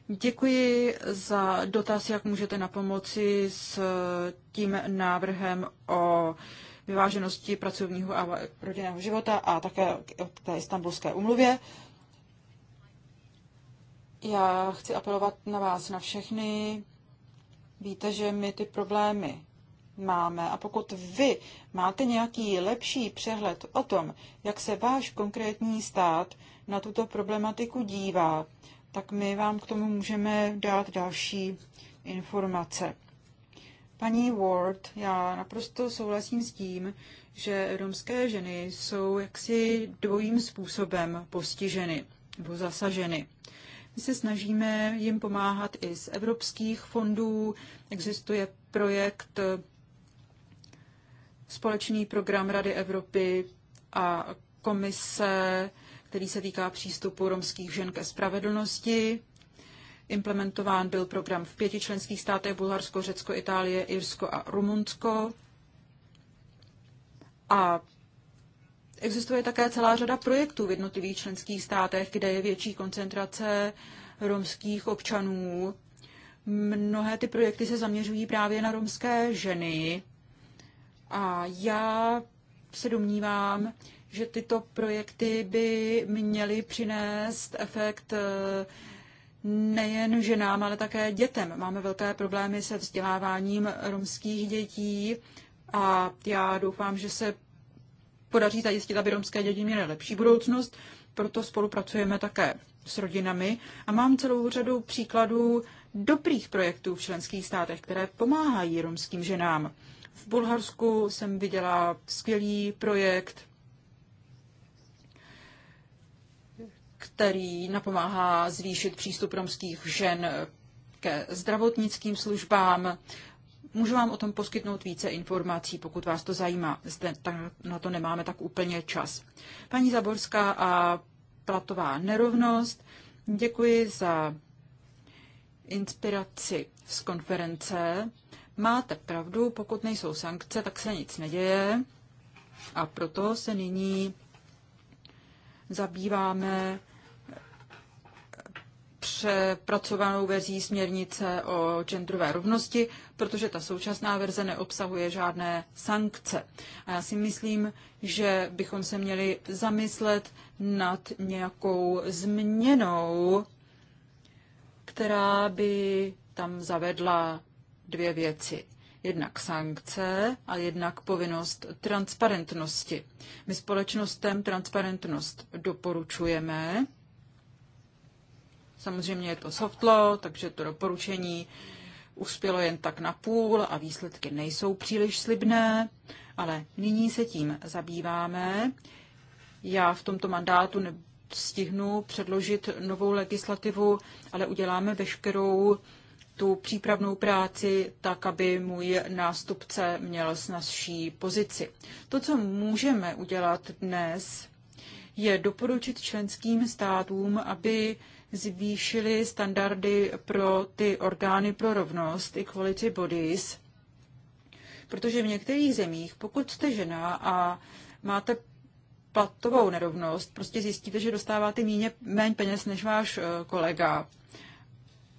Děkuji za dotaz, jak můžete na pomoci s tím návrhem o vyváženosti pracovního a rodinného života a také o té istambulské umluvě. Já chci apelovat na vás, na všechny. Víte, že my ty problémy máme. A pokud vy máte nějaký lepší přehled o tom, jak se váš konkrétní stát na tuto problematiku dívá, tak my vám k tomu můžeme dát další informace. Paní Ward, já naprosto souhlasím s tím, že romské ženy jsou jaksi dvojím způsobem postiženy nebo zasaženy. My se snažíme jim pomáhat i z evropských fondů. Existuje projekt společný program Rady Evropy a komise, který se týká přístupu romských žen ke spravedlnosti. Implementován byl program v pěti členských státech Bulharsko, Řecko, Itálie, Irsko a Rumunsko. A existuje také celá řada projektů v jednotlivých členských státech, kde je větší koncentrace romských občanů. Mnohé ty projekty se zaměřují právě na romské ženy, a já se domnívám, že tyto projekty by měly přinést efekt eh, nejen ženám, ale také dětem. Máme velké problémy se vzděláváním romských dětí a já doufám, že se podaří zajistit, aby romské děti měly lepší budoucnost. Proto spolupracujeme také s rodinami a mám celou řadu příkladů dobrých projektů v členských státech, které pomáhají romským ženám. V Bulharsku jsem viděla skvělý projekt, který napomáhá zvýšit přístup romských žen ke zdravotnickým službám. Můžu vám o tom poskytnout více informací, pokud vás to zajímá. Zde na to nemáme tak úplně čas. Paní Zaborská a platová nerovnost. Děkuji za inspiraci z konference máte pravdu, pokud nejsou sankce, tak se nic neděje. A proto se nyní zabýváme přepracovanou verzí směrnice o genderové rovnosti, protože ta současná verze neobsahuje žádné sankce. A já si myslím, že bychom se měli zamyslet nad nějakou změnou, která by tam zavedla dvě věci. Jednak sankce a jednak povinnost transparentnosti. My společnostem transparentnost doporučujeme. Samozřejmě je to soft law, takže to doporučení uspělo jen tak na půl a výsledky nejsou příliš slibné, ale nyní se tím zabýváme. Já v tomto mandátu nestihnu předložit novou legislativu, ale uděláme veškerou tu přípravnou práci tak, aby můj nástupce měl snazší pozici. To, co můžeme udělat dnes, je doporučit členským státům, aby zvýšili standardy pro ty orgány pro rovnost, i quality bodies, protože v některých zemích, pokud jste žena a máte platovou nerovnost, prostě zjistíte, že dostáváte méně peněz než váš eh, kolega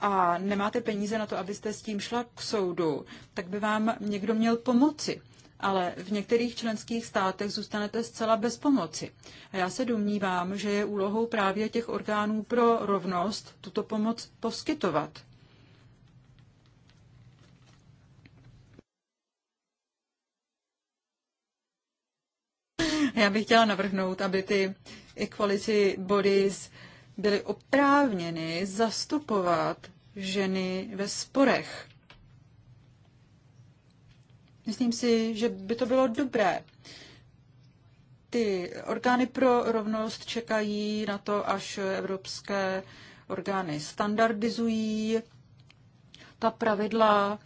a nemáte peníze na to, abyste s tím šla k soudu, tak by vám někdo měl pomoci. Ale v některých členských státech zůstanete zcela bez pomoci. A já se domnívám, že je úlohou právě těch orgánů pro rovnost tuto pomoc poskytovat. Já bych chtěla navrhnout, aby ty equality bodies uh, byly oprávněny zastupovat ženy ve sporech. Myslím si, že by to bylo dobré. Ty orgány pro rovnost čekají na to, až evropské orgány standardizují ta pravidla,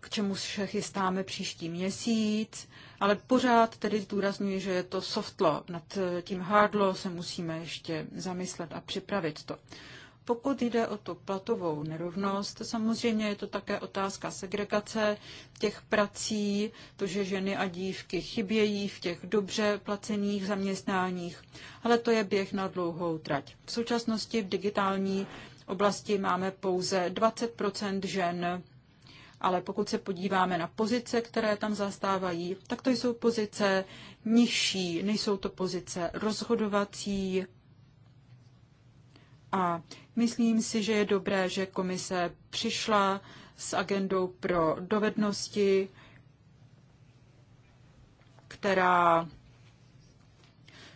k čemu se chystáme příští měsíc. Ale pořád tedy zdůraznuju, že je to soft law. Nad eh, tím hard law se musíme ještě zamyslet a připravit to. Pokud jde o tu platovou nerovnost, samozřejmě je to také otázka segregace těch prací, to, že ženy a dívky chybějí v těch dobře placených zaměstnáních, ale to je běh na dlouhou trať. V současnosti v digitální oblasti máme pouze 20 žen ale pokud se podíváme na pozice, které tam zastávají, tak to jsou pozice nižší, nejsou to pozice rozhodovací. A myslím si, že je dobré, že komise přišla s agendou pro dovednosti, která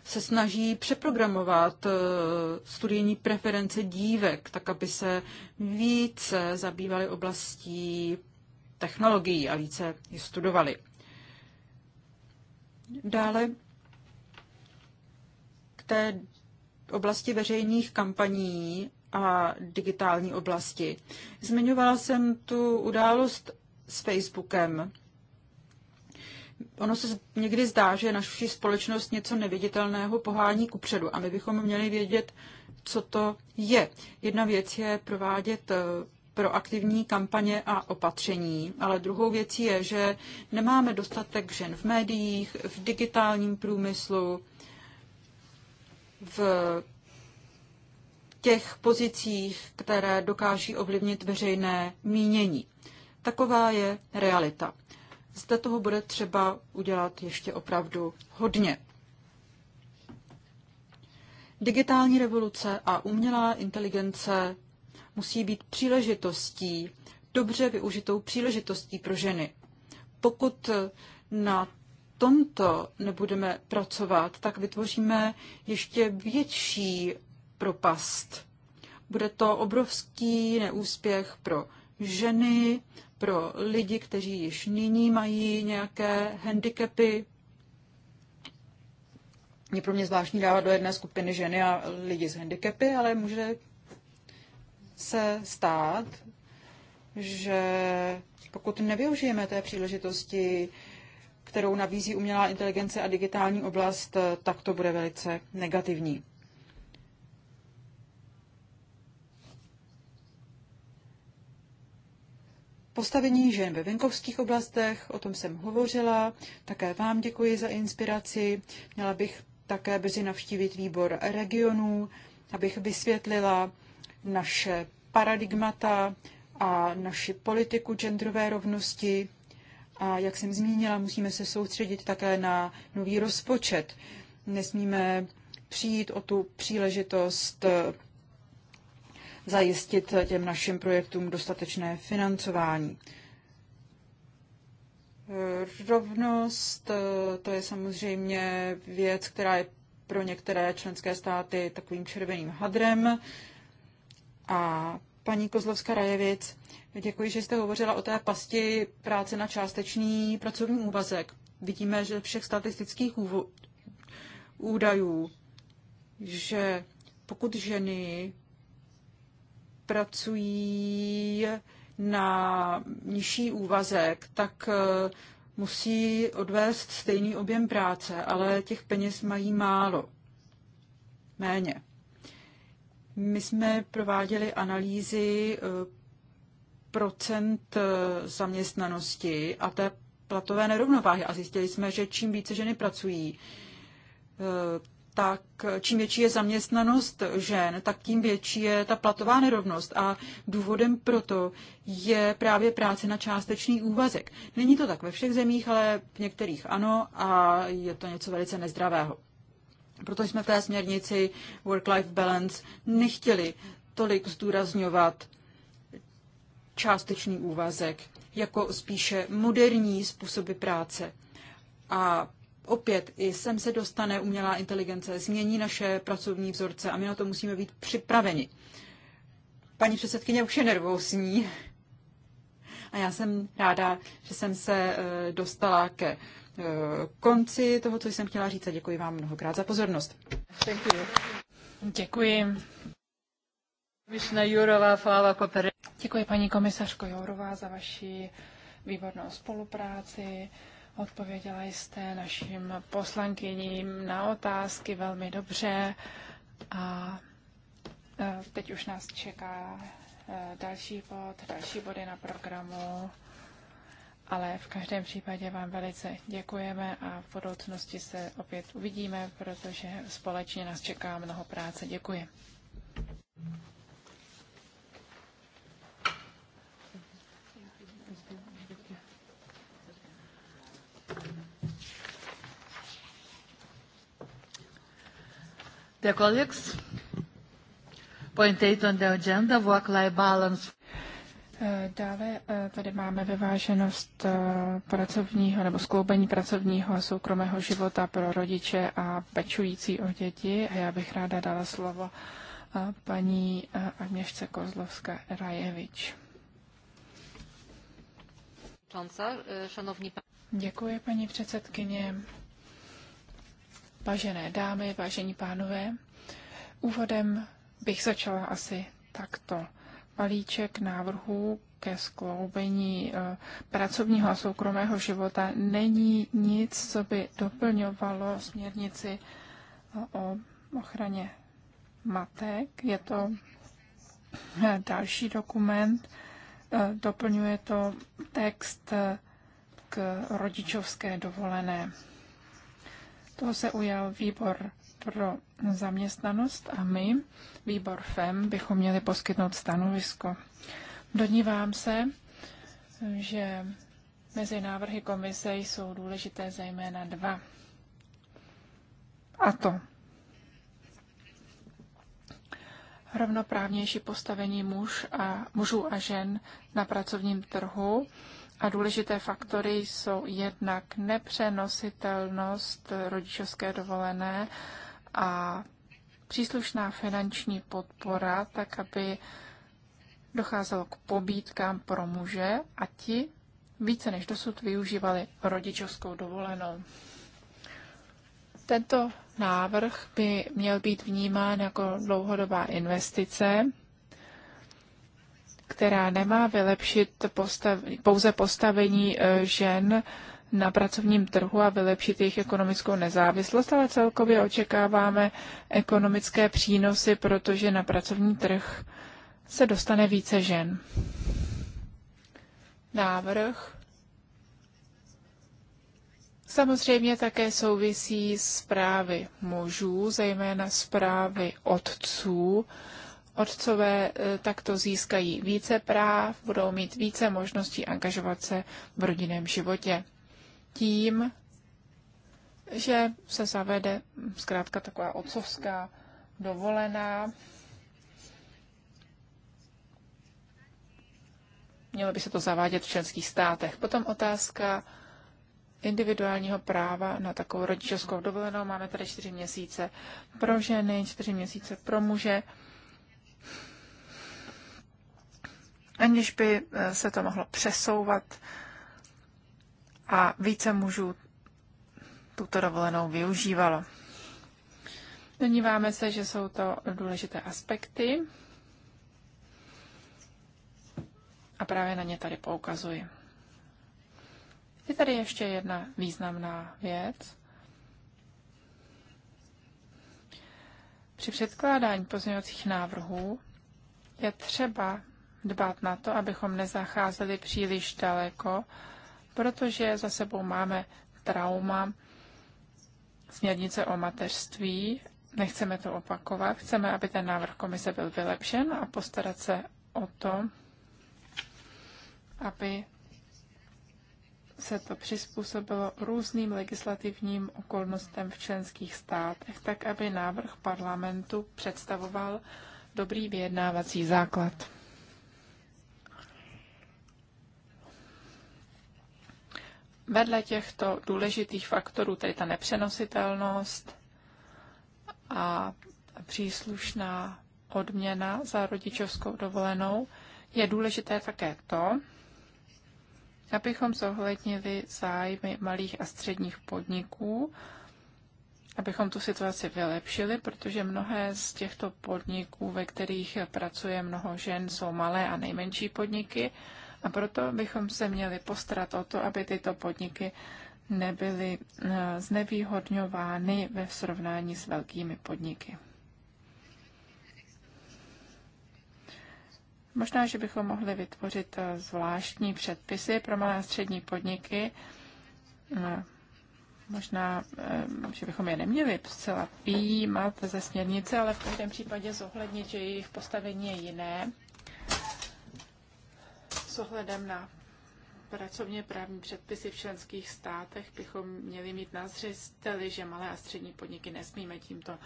se snaží přeprogramovat eh, studijní preference dívek, tak aby se více zabývaly oblastí technologií a více ji studovali. Dále k té oblasti veřejných kampaní a digitální oblasti. Zmiňovala jsem tu událost s Facebookem. Ono se někdy zdá, že naši společnost něco neviditelného pohání kupředu a my bychom měli vědět, co to je. Jedna věc je provádět eh, proaktivní kampaně a opatření, ale druhou věcí je, že nemáme dostatek žen v médiích, v digitálním průmyslu, v těch pozicích, které dokáží ovlivnit veřejné mínění. Taková je realita. Zde toho bude třeba udělat ještě opravdu hodně. Digitální revoluce a umělá inteligence musí být příležitostí, dobře využitou příležitostí pro ženy. Pokud na tomto nebudeme pracovat, tak vytvoříme ještě větší propast. Bude to obrovský neúspěch pro ženy, pro lidi, kteří již nyní mají nějaké handicapy. Je pro mě zvláštní dávat do jedné skupiny ženy a lidi s handicapy, ale může se stát, že pokud nevyužijeme té příležitosti, kterou nabízí umělá inteligence a digitální oblast, tak to bude velice negativní. Postavení žen ve venkovských oblastech, o tom jsem hovořila. Také vám děkuji za inspiraci. Měla bych také brzy navštívit výbor regionů, abych vysvětlila, naše paradigmata a naši politiku genderové rovnosti. A jak jsem zmínila, musíme se soustředit také na nový rozpočet. Nesmíme přijít o tu příležitost eh, zajistit těm našim projektům dostatečné financování. Eh, rovnost, eh, to je samozřejmě věc, která je pro některé členské státy takovým červeným hadrem. A paní Kozlovská Rajevic, děkuji, že jste hovořila o té pasti práce na částečný pracovní úvazek. Vidíme, že všech statistických údajů, že pokud ženy pracují na nižší úvazek, tak eh, musí odvést stejný objem práce, ale těch peněz mají málo. Méně. My jsme prováděli analýzy eh, procent eh, zaměstnanosti a té platové nerovnováhy a zjistili jsme, že čím více ženy pracují, eh, tak čím větší je zaměstnanost žen, tak tím větší je ta platová nerovnost a důvodem proto je právě práce na částečný úvazek. Není to tak ve všech zemích, ale v některých ano a je to něco velice nezdravého. Proto jsme v té směrnici Work-Life Balance nechtěli tolik zdůrazňovat částečný úvazek jako spíše moderní způsoby práce. A opět i sem se dostane umělá inteligence, změní naše pracovní vzorce a my na to musíme být připraveni. Paní předsedkyně už je nervózní [LAUGHS] a já jsem ráda, že jsem se eh, dostala ke Eh, konci toho, co jsem chtěla říct a děkuji vám mnohokrát za pozornost. Děkuji. Děkuji. Děkuji paní komisařko Jourová za vaši výbornou spolupráci. Odpověděla jste našim poslankyním na otázky velmi dobře a eh, teď už nás čeká eh, další bod, další body na programu ale v každém případě vám velice děkujeme a v budoucnosti se opět uvidíme, protože společně nás čeká mnoho práce. Děkuji. Dear colleagues, point eight on the agenda, work-life balance. Dále eh, tady máme vyváženost eh, pracovního nebo skloubení pracovního a soukromého života pro rodiče a pečující o děti. A já bych ráda dala slovo eh, paní Agněšce Kozlovské-Rajevič. Děkuji, paní předsedkyně. Vážené dámy, vážení pánové, úvodem bych začala asi takto balíček návrhů ke skloubení eh, pracovního a soukromého života není nic, co by doplňovalo směrnici eh, o ochraně matek. Je to eh, další dokument, doplňuje to text k rodičovské dovolené. Toho se ujal výbor pro zaměstnanost a my, výbor FEM, bychom měli poskytnout stanovisko. Dodnívám se, že mezi návrhy komise jsou důležité zejména dva. A to rovnoprávnější postavení muž a, mužů a žen na pracovním trhu. A důležité faktory jsou jednak nepřenositelnost rodičovské dovolené a příslušná finanční podpora, tak aby docházelo k pobídkám pro muže a ti více než dosud využívali rodičovskou dovolenou. Tento návrh by měl být vnímán jako dlouhodobá investice, která nemá vylepšit postav, pouze postavení e, žen na pracovním trhu a vylepšit jejich ekonomickou nezávislost, ale celkově očekáváme ekonomické přínosy, protože na pracovní trh se dostane více žen. Návrh samozřejmě také souvisí s právy mužů, zejména s právy otců, Otcové eh, takto získají více práv, budou mít více možností angažovat se v rodinném životě tím, že se zavede zkrátka taková otcovská dovolená. Mělo by se to zavádět v členských státech. Potom otázka individuálního práva na takovou rodičovskou dovolenou. Máme tady čtyři měsíce pro ženy, čtyři měsíce pro muže. Aniž by eh, se to mohlo přesouvat a více mužů tuto dovolenou využívalo. Domníváme se, že jsou to důležité aspekty a právě na ně tady poukazuji. Je tady ještě jedna významná věc. Při předkládání pozměňovacích návrhů je třeba dbát na to, abychom nezacházeli příliš daleko protože za sebou máme trauma směrnice o mateřství. Nechceme to opakovat, chceme, aby ten návrh komise byl vylepšen a postarat se o to, aby se to přizpůsobilo různým legislativním okolnostem v členských státech, tak aby návrh parlamentu představoval dobrý vyjednávací základ. Vedle těchto důležitých faktorů, tedy ta nepřenositelnost a příslušná odměna za rodičovskou dovolenou, je důležité také to, abychom zohlednili zájmy malých a středních podniků, abychom tu situaci vylepšili, protože mnohé z těchto podniků, ve kterých pracuje mnoho žen, jsou malé a nejmenší podniky a proto bychom se měli postarat o to, aby tyto podniky nebyly eh, znevýhodňovány ve srovnání s velkými podniky. Možná, že bychom mohli vytvořit eh, zvláštní předpisy pro malé a střední podniky. No, možná, eh, že bychom je neměli zcela výjímat ze směrnice, ale v každém případě zohlednit, že jejich postavení je jiné s ohledem na pracovně právní předpisy v členských státech bychom měli mít na zřeteli, že malé a střední podniky nesmíme tímto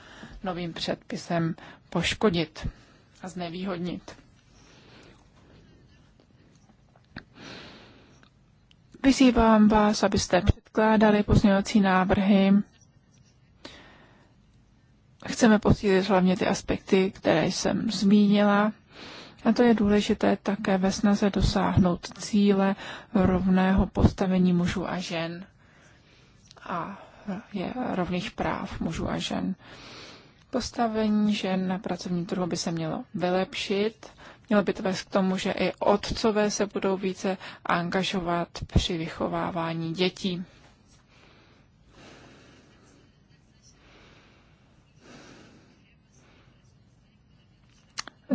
novým předpisem poškodit a znevýhodnit. Vyzývám vás, abyste předkládali pozměňovací návrhy. Chceme posílit hlavně ty aspekty, které jsem zmínila a to je důležité také ve snaze dosáhnout cíle rovného postavení mužů a žen a je rovných práv mužů a žen. Postavení žen na pracovním trhu by se mělo vylepšit, mělo by to vést k tomu, že i otcové se budou více angažovat při vychovávání dětí.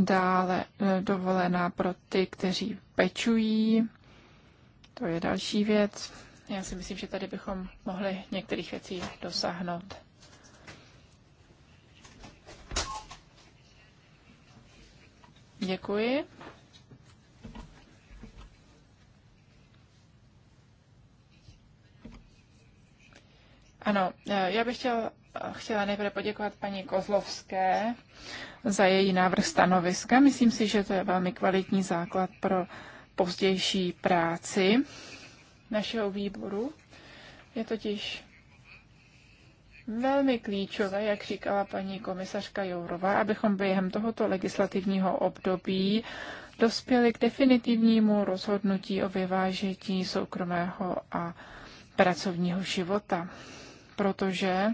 dále e, dovolená pro ty, kteří pečují. To je další věc. Já si myslím, že tady bychom mohli některých věcí dosáhnout. Děkuji. Ano, e, já bych chtěla chtěla nejprve poděkovat paní Kozlovské za její návrh stanoviska. Myslím si, že to je velmi kvalitní základ pro pozdější práci našeho výboru. Je totiž velmi klíčové, jak říkala paní komisařka Jourová, abychom během tohoto legislativního období dospěli k definitivnímu rozhodnutí o vyvážení soukromého a pracovního života. Protože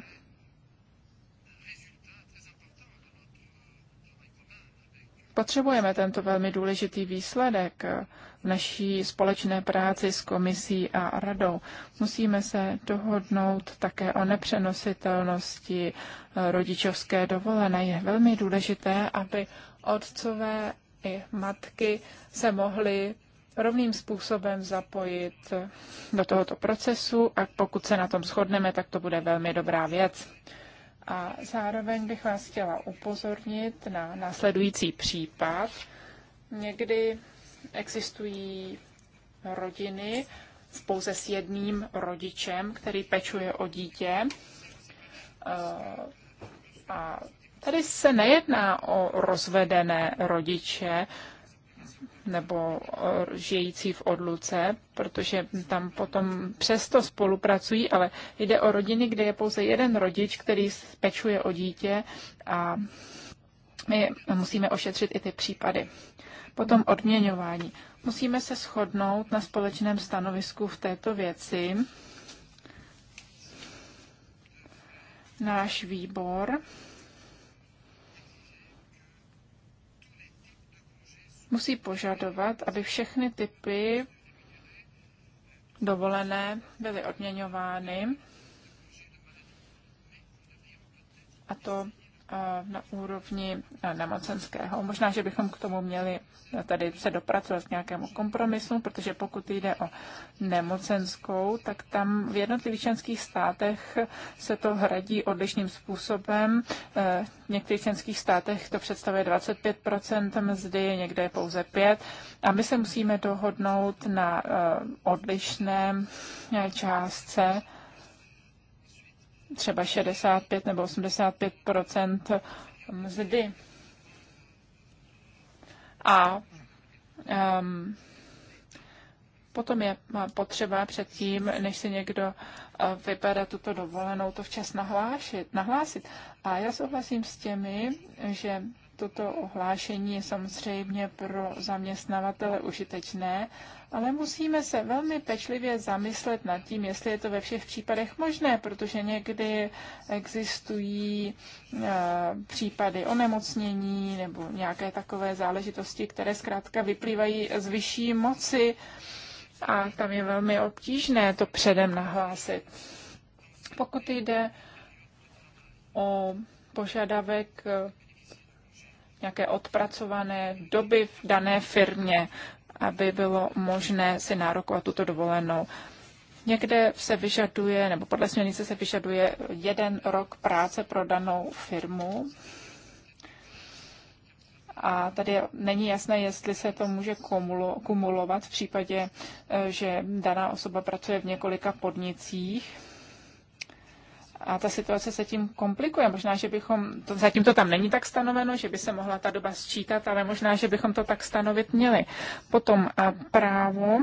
Potřebujeme tento velmi důležitý výsledek v naší společné práci s komisí a radou. Musíme se dohodnout také o nepřenositelnosti eh, rodičovské dovolené. Je velmi důležité, aby otcové i matky se mohly rovným způsobem zapojit do tohoto procesu a pokud se na tom shodneme, tak to bude velmi dobrá věc. A zároveň bych vás chtěla upozornit na následující případ. Někdy existují rodiny pouze s jedním rodičem, který pečuje o dítě. Eh, a tady se nejedná o rozvedené rodiče, nebo žijící v odluce, protože tam potom přesto spolupracují, ale jde o rodiny, kde je pouze jeden rodič, který pečuje o dítě a my musíme ošetřit i ty případy. Potom odměňování. Musíme se shodnout na společném stanovisku v této věci. Náš výbor musí požadovat, aby všechny typy dovolené byly odměňovány a to Eh, na úrovni eh, nemocenského. Možná, že bychom k tomu měli eh, tady se dopracovat k nějakému kompromisu, protože pokud jde o nemocenskou, tak tam v jednotlivých členských státech se to hradí odlišným způsobem. V některých členských státech to představuje 25 mzdy, někde je pouze 5. A my se musíme dohodnout na odlišném částce třeba 65 nebo 85 mzdy. A um, potom je potřeba předtím, než si někdo uh, vypadá tuto dovolenou, to včas nahlásit. nahlásit. A já souhlasím s těmi, že Toto ohlášení je samozřejmě pro zaměstnavatele užitečné, ale musíme se velmi pečlivě zamyslet nad tím, jestli je to ve všech případech možné, protože někdy existují e, případy onemocnění nebo nějaké takové záležitosti, které zkrátka vyplývají z vyšší moci a tam je velmi obtížné to předem nahlásit. Pokud jde o požadavek nějaké odpracované doby v dané firmě, aby bylo možné si nárokovat tuto dovolenou. Někde se vyžaduje, nebo podle směrnice se vyžaduje jeden rok práce pro danou firmu. A tady není jasné, jestli se to může kumulo, kumulovat v případě, eh, že daná osoba pracuje v několika podnicích a ta situace se tím komplikuje. Možná, že bychom, to, zatím to tam není tak stanoveno, že by se mohla ta doba sčítat, ale možná, že bychom to tak stanovit měli. Potom a právo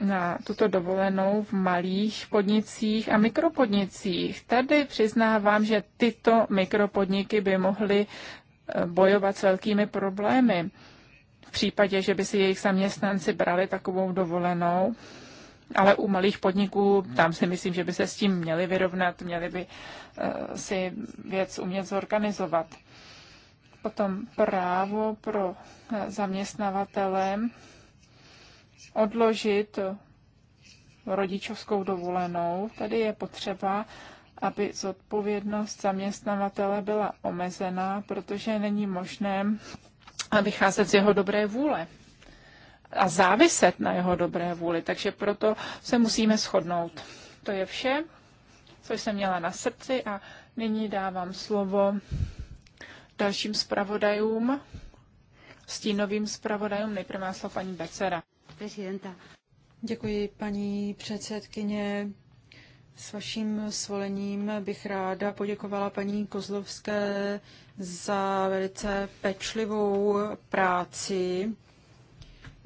na tuto dovolenou v malých podnicích a mikropodnicích. Tady přiznávám, že tyto mikropodniky by mohly e, bojovat s velkými problémy v případě, že by si jejich zaměstnanci brali takovou dovolenou ale u malých podniků, tam si myslím, že by se s tím měli vyrovnat, měli by eh, si věc umět zorganizovat. Potom právo pro eh, zaměstnavatele odložit rodičovskou dovolenou. Tady je potřeba, aby zodpovědnost zaměstnavatele byla omezená, protože není možné eh, vycházet z jeho dobré vůle a záviset na jeho dobré vůli. Takže proto se musíme shodnout. To je vše, co jsem měla na srdci a nyní dávám slovo dalším zpravodajům, stínovým zpravodajům. Nejprve má slovo paní Becera. Prezidenta. Děkuji, paní předsedkyně. S vaším svolením bych ráda poděkovala paní Kozlovské za velice pečlivou práci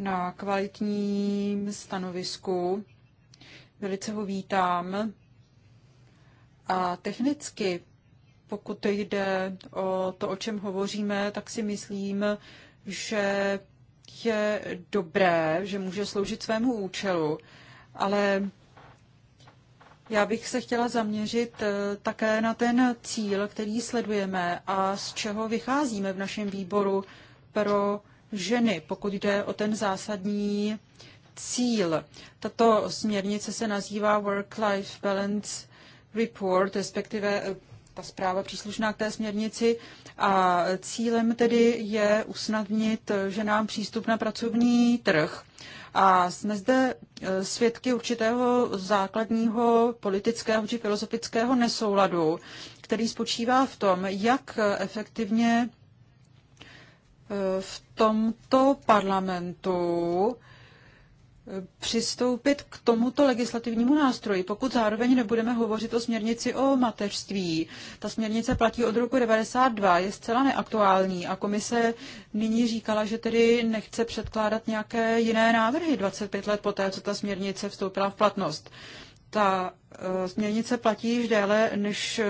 na kvalitním stanovisku. Velice ho vítám. A technicky, pokud jde o to, o čem hovoříme, tak si myslím, že je dobré, že může sloužit svému účelu, ale já bych se chtěla zaměřit eh, také na ten cíl, který sledujeme a z čeho vycházíme v našem výboru pro ženy, pokud jde o ten zásadní cíl. Tato směrnice se nazývá Work-Life Balance Report, respektive eh, ta zpráva příslušná k té směrnici a cílem tedy je usnadnit ženám přístup na pracovní trh. A jsme zde eh, svědky určitého základního politického či filozofického nesouladu, který spočívá v tom, jak eh, efektivně v tomto parlamentu přistoupit k tomuto legislativnímu nástroji, pokud zároveň nebudeme hovořit o směrnici o mateřství. Ta směrnice platí od roku 92, je zcela neaktuální a komise nyní říkala, že tedy nechce předkládat nějaké jiné návrhy 25 let poté, co ta směrnice vstoupila v platnost. Ta eh, směrnice platí již déle než eh,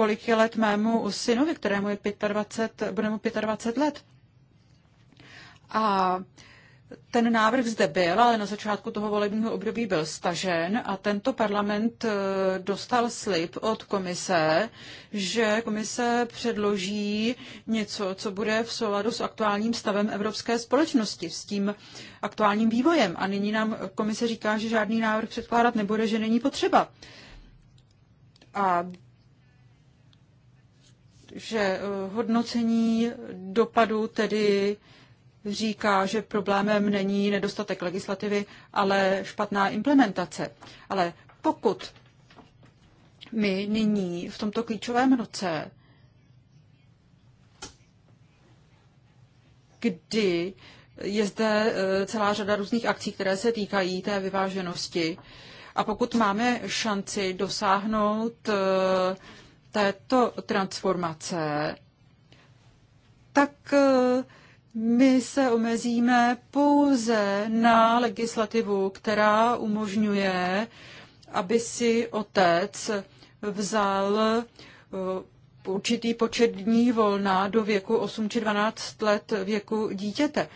kolik je let mému synovi, kterému je 25, bude mu 25 let. A ten návrh zde byl, ale na začátku toho volebního období byl stažen a tento parlament eh, dostal slib od komise, že komise předloží něco, co bude v souladu s aktuálním stavem evropské společnosti, s tím aktuálním vývojem. A nyní nám komise říká, že žádný návrh předkládat nebude, že není potřeba. A že eh, hodnocení dopadu tedy říká, že problémem není nedostatek legislativy, ale špatná implementace. Ale pokud my nyní v tomto klíčovém roce, kdy je zde eh, celá řada různých akcí, které se týkají té vyváženosti, a pokud máme šanci dosáhnout eh, této transformace, tak eh, my se omezíme pouze na legislativu, která umožňuje, aby si otec vzal eh, určitý počet dní volna do věku 8 či 12 let věku dítěte.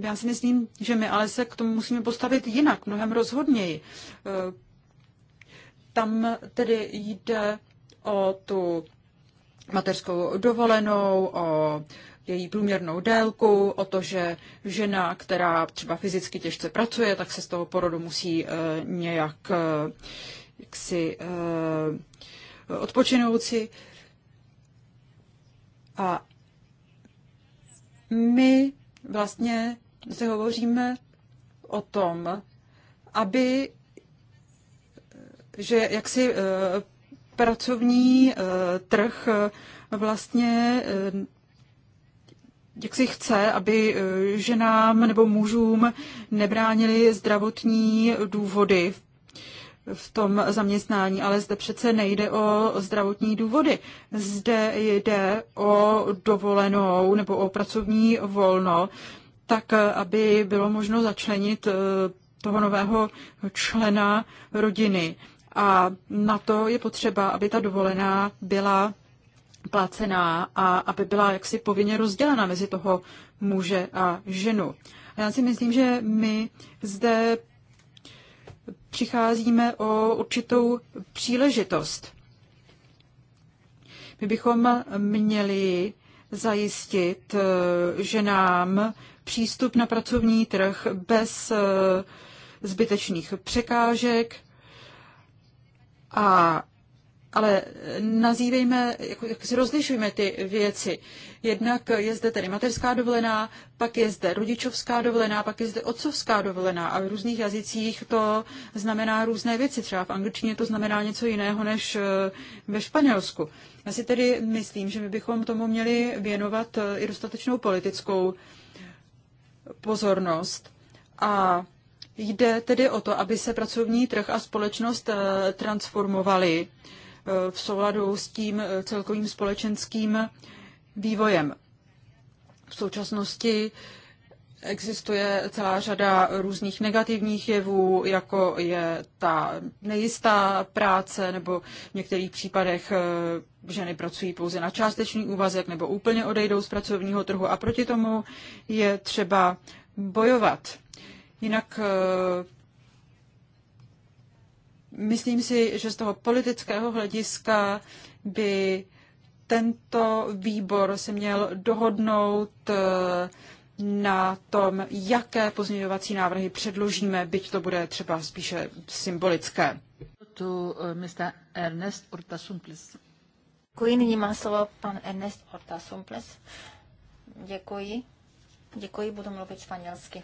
Já si myslím, že my ale se k tomu musíme postavit jinak, mnohem rozhodněji. Eh, tam tedy jde o tu mateřskou dovolenou, o její průměrnou délku, o to, že žena, která třeba fyzicky těžce pracuje, tak se z toho porodu musí e, nějak e, jaksi e, odpočinout si. A my vlastně se hovoříme o tom, aby že jaksi pracovní eh, trh eh, vlastně eh, jak si chce, aby ženám nebo mužům nebránili zdravotní důvody v tom zaměstnání, ale zde přece nejde o zdravotní důvody. Zde jde o dovolenou nebo o pracovní volno, tak aby bylo možno začlenit toho nového člena rodiny a na to je potřeba, aby ta dovolená byla placená a aby byla jaksi povinně rozdělena mezi toho muže a ženu. A já si myslím, že my zde přicházíme o určitou příležitost. My bychom měli zajistit eh, ženám přístup na pracovní trh bez eh, zbytečných překážek, a, ale nazývejme, jako, jak si rozlišujeme ty věci. Jednak je zde tedy materská dovolená, pak je zde rodičovská dovolená, pak je zde otcovská dovolená a v různých jazycích to znamená různé věci. Třeba v angličtině to znamená něco jiného než eh, ve Španělsku. Já si tedy myslím, že my bychom tomu měli věnovat eh, i dostatečnou politickou pozornost. A Jde tedy o to, aby se pracovní trh a společnost eh, transformovaly eh, v souladu s tím eh, celkovým společenským vývojem. V současnosti existuje celá řada různých negativních jevů, jako je ta nejistá práce, nebo v některých případech ženy pracují pouze na částečný úvazek, nebo úplně odejdou z pracovního trhu a proti tomu je třeba bojovat. Jinak eh, myslím si, že z toho politického hlediska by tento výbor se měl dohodnout eh, na tom, jaké pozměňovací návrhy předložíme, byť to bude třeba spíše symbolické. To uh, Ernest Ortasumples. Děkuji, nyní má slovo pan Ernest Ortasumples. Děkuji. Děkuji, budu mluvit španělsky.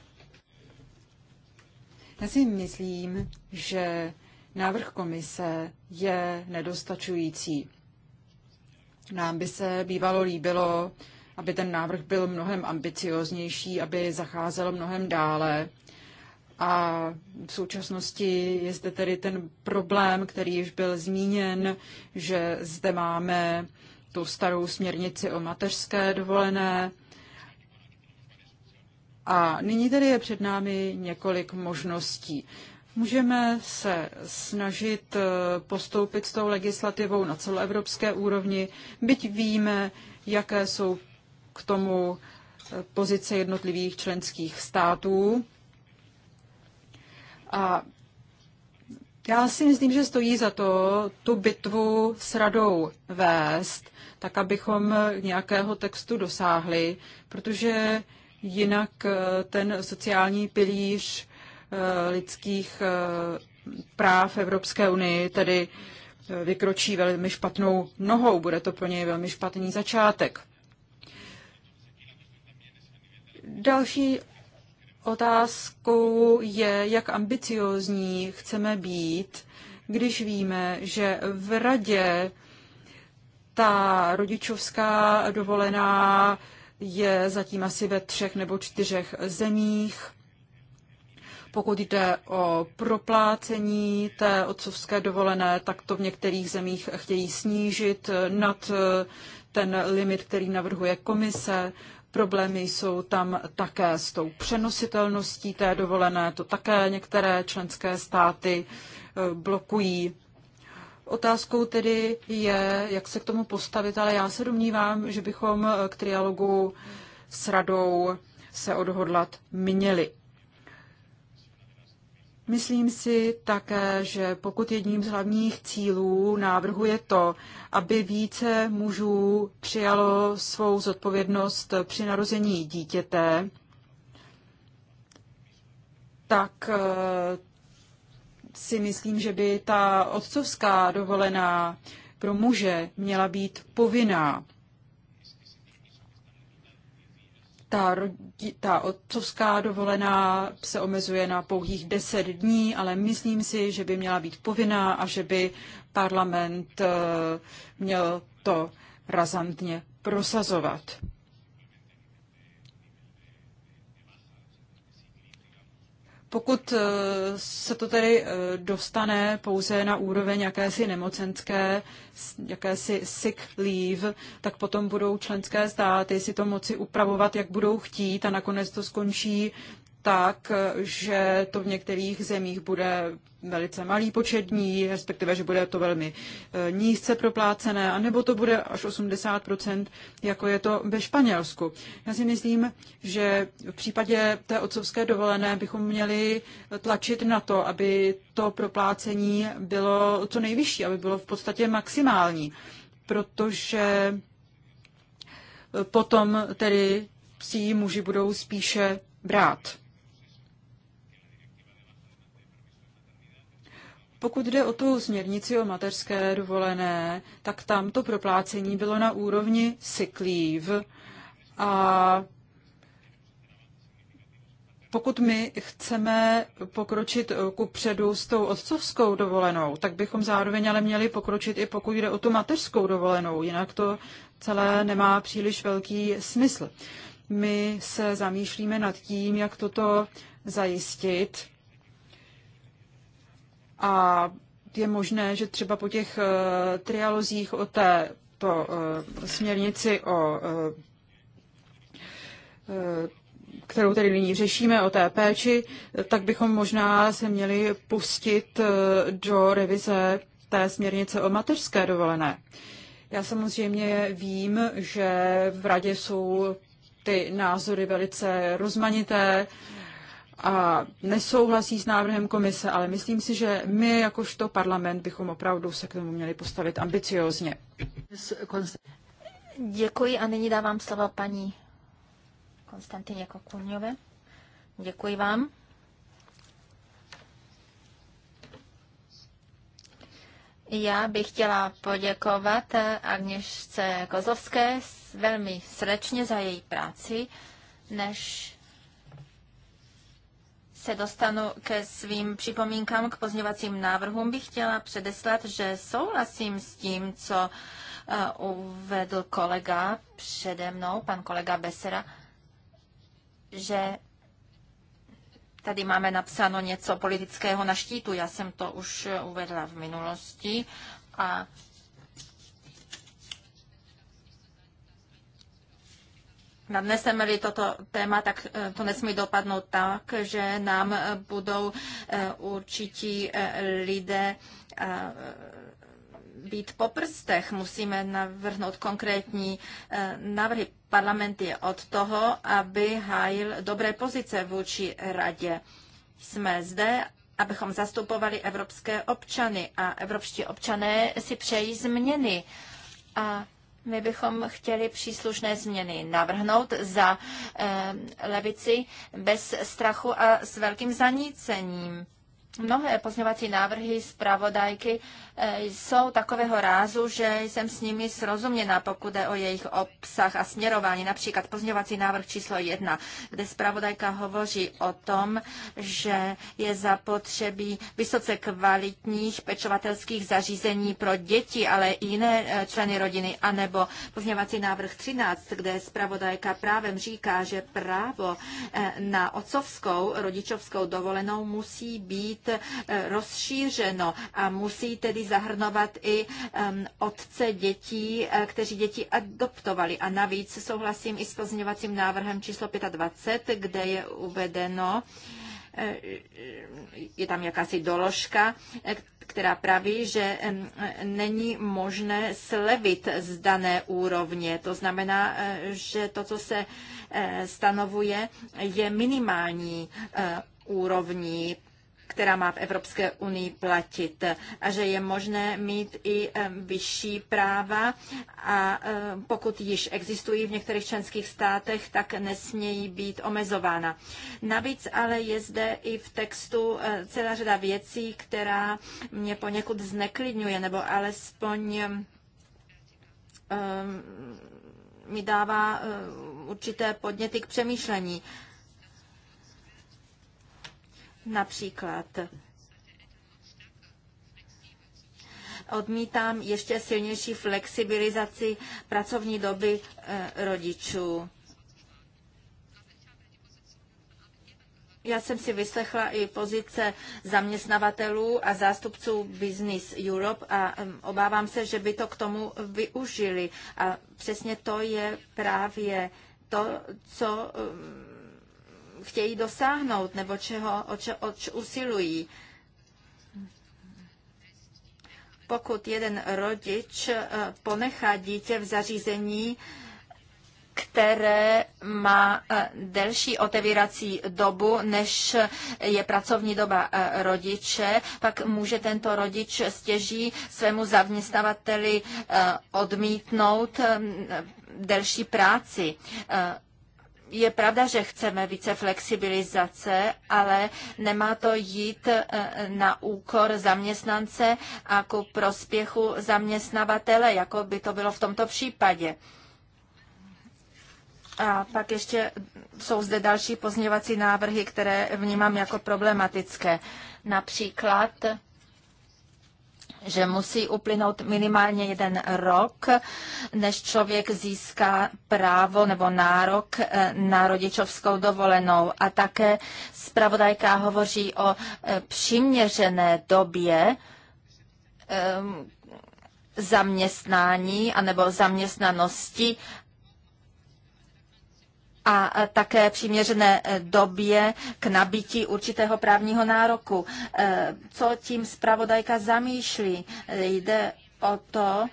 Já si myslím, že návrh komise je nedostačující. Nám by se bývalo líbilo, aby ten návrh byl mnohem ambicioznější, aby zacházel mnohem dále. A v současnosti je zde tedy ten problém, který již byl zmíněn, že zde máme tu starou směrnici o mateřské dovolené, a nyní tedy je před námi několik možností. Můžeme se snažit eh, postoupit s tou legislativou na celoevropské úrovni, byť víme, jaké jsou k tomu eh, pozice jednotlivých členských států. A já si myslím, že stojí za to tu bitvu s radou vést, tak abychom nějakého textu dosáhli, protože Jinak eh, ten sociální pilíř eh, lidských eh, práv Evropské unii tedy vykročí velmi špatnou nohou. Bude to pro něj velmi špatný začátek. Další otázkou je, jak ambiciozní chceme být, když víme, že v radě ta rodičovská dovolená je zatím asi ve třech nebo čtyřech zemích. Pokud jde o proplácení té otcovské dovolené, tak to v některých zemích chtějí snížit nad eh, ten limit, který navrhuje komise. Problémy jsou tam také s tou přenositelností té dovolené, to také některé členské státy eh, blokují. Otázkou tedy je, jak se k tomu postavit, ale já se domnívám, že bychom eh, k trialogu s radou se odhodlat měli. Myslím si také, že pokud jedním z hlavních cílů návrhu je to, aby více mužů přijalo svou zodpovědnost při narození dítěte, tak eh, si myslím, že by ta otcovská dovolená pro muže měla být povinná. Ta, rodi, ta otcovská dovolená se omezuje na pouhých deset dní, ale myslím si, že by měla být povinná a že by parlament eh, měl to razantně prosazovat. Pokud eh, se to tedy eh, dostane pouze na úroveň jakési nemocenské, jakési sick leave, tak potom budou členské státy si to moci upravovat, jak budou chtít a nakonec to skončí tak, že to v některých zemích bude velice malý početní, respektive, že bude to velmi eh, nízce proplácené, anebo to bude až 80%, jako je to ve Španělsku. Já si myslím, že v případě té otcovské dovolené bychom měli tlačit na to, aby to proplácení bylo co nejvyšší, aby bylo v podstatě maximální, protože eh, potom tedy si muži budou spíše brát. Pokud jde o tu směrnici o mateřské dovolené, tak tam to proplácení bylo na úrovni sick leave. A pokud my chceme pokročit ku předu s tou otcovskou dovolenou, tak bychom zároveň ale měli pokročit i pokud jde o tu mateřskou dovolenou, jinak to celé nemá příliš velký smysl. My se zamýšlíme nad tím, jak toto zajistit a je možné, že třeba po těch uh, trialozích o té po, uh, směrnici o uh, kterou tedy nyní řešíme o té péči, tak bychom možná se měli pustit do revize té směrnice o mateřské dovolené. Já samozřejmě vím, že v radě jsou ty názory velice rozmanité, a nesouhlasí s návrhem komise, ale myslím si, že my jakožto parlament bychom opravdu se k tomu měli postavit ambiciozně. Děkuji a nyní dávám slovo paní Konstantině Kokuňové. Děkuji vám. Já bych chtěla poděkovat Agněšce Kozlovské velmi srdečně za její práci, než se dostanu ke svým připomínkám k pozněvacím návrhům, bych chtěla předeslat, že souhlasím s tím, co eh, uvedl kolega přede mnou, pan kolega Besera, že tady máme napsáno něco politického na štítu. Já jsem to už eh, uvedla v minulosti a Nadneseme-li toto téma, tak eh, to nesmí dopadnout tak, že nám eh, budou eh, určití lidé být po prstech. Musíme navrhnout konkrétní návrhy. Parlament je od toho, aby hájil dobré pozice vůči radě. Jsme zde, abychom zastupovali evropské občany a evropští občané si přejí změny. A my bychom chtěli příslušné změny navrhnout za eh, levici bez strachu a s velkým zanícením. Mnohé pozňovací návrhy zpravodajky e, jsou takového rázu, že jsem s nimi srozuměna, pokud je o jejich obsah a směrování. Například pozňovací návrh číslo jedna, kde zpravodajka hovoří o tom, že je zapotřebí vysoce kvalitních pečovatelských zařízení pro děti, ale i jiné e, členy rodiny, anebo pozňovací návrh 13, kde zpravodajka právem říká, že právo e, na otcovskou rodičovskou dovolenou musí být být eh, rozšířeno a musí tedy zahrnovat i otce dětí, eh, kteří děti adoptovali. A navíc souhlasím i s pozměňovacím návrhem číslo 25, kde je uvedeno, eh, je tam jakási doložka, která praví, že není možné slevit z dané úrovně. To znamená, že to, co se stanovuje, je minimální úrovní která má v Evropské unii platit a že je možné mít i eh, vyšší práva a eh, pokud již existují v některých členských státech, tak nesmějí být omezována. Navíc ale je zde i v textu eh, celá řada věcí, která mě poněkud zneklidňuje, nebo alespoň mi dává určité podněty k přemýšlení. Například odmítám ještě silnější flexibilizaci pracovní doby eh, rodičů. Já jsem si vyslechla i pozice zaměstnavatelů a zástupců Business Europe a obávám se, že by to k tomu využili. A přesně to je právě to, co chtějí dosáhnout nebo čeho, o če, o č, usilují. Pokud jeden rodič eh, ponechá dítě v zařízení, které má eh, delší otevírací dobu, než je pracovní doba eh, rodiče, pak může tento rodič stěží svému zaměstnavateli odmítnout delší práci je pravda, že chceme více flexibilizace, ale nemá to jít eh, na úkor zaměstnance a ku prospěchu zaměstnavatele, jako by to bylo v tomto případě. A pak ještě jsou zde další pozměňovací návrhy, které vnímám jako problematické. Například že musí uplynout minimálně jeden rok, než člověk získá právo nebo nárok eh, na rodičovskou dovolenou. A také zpravodajka hovoří o eh, přiměřené době ehm, zaměstnání anebo zaměstnanosti a také přiměřené e, době k nabití určitého právního nároku. E, co tím zpravodajka zamýšlí? E, jde o to,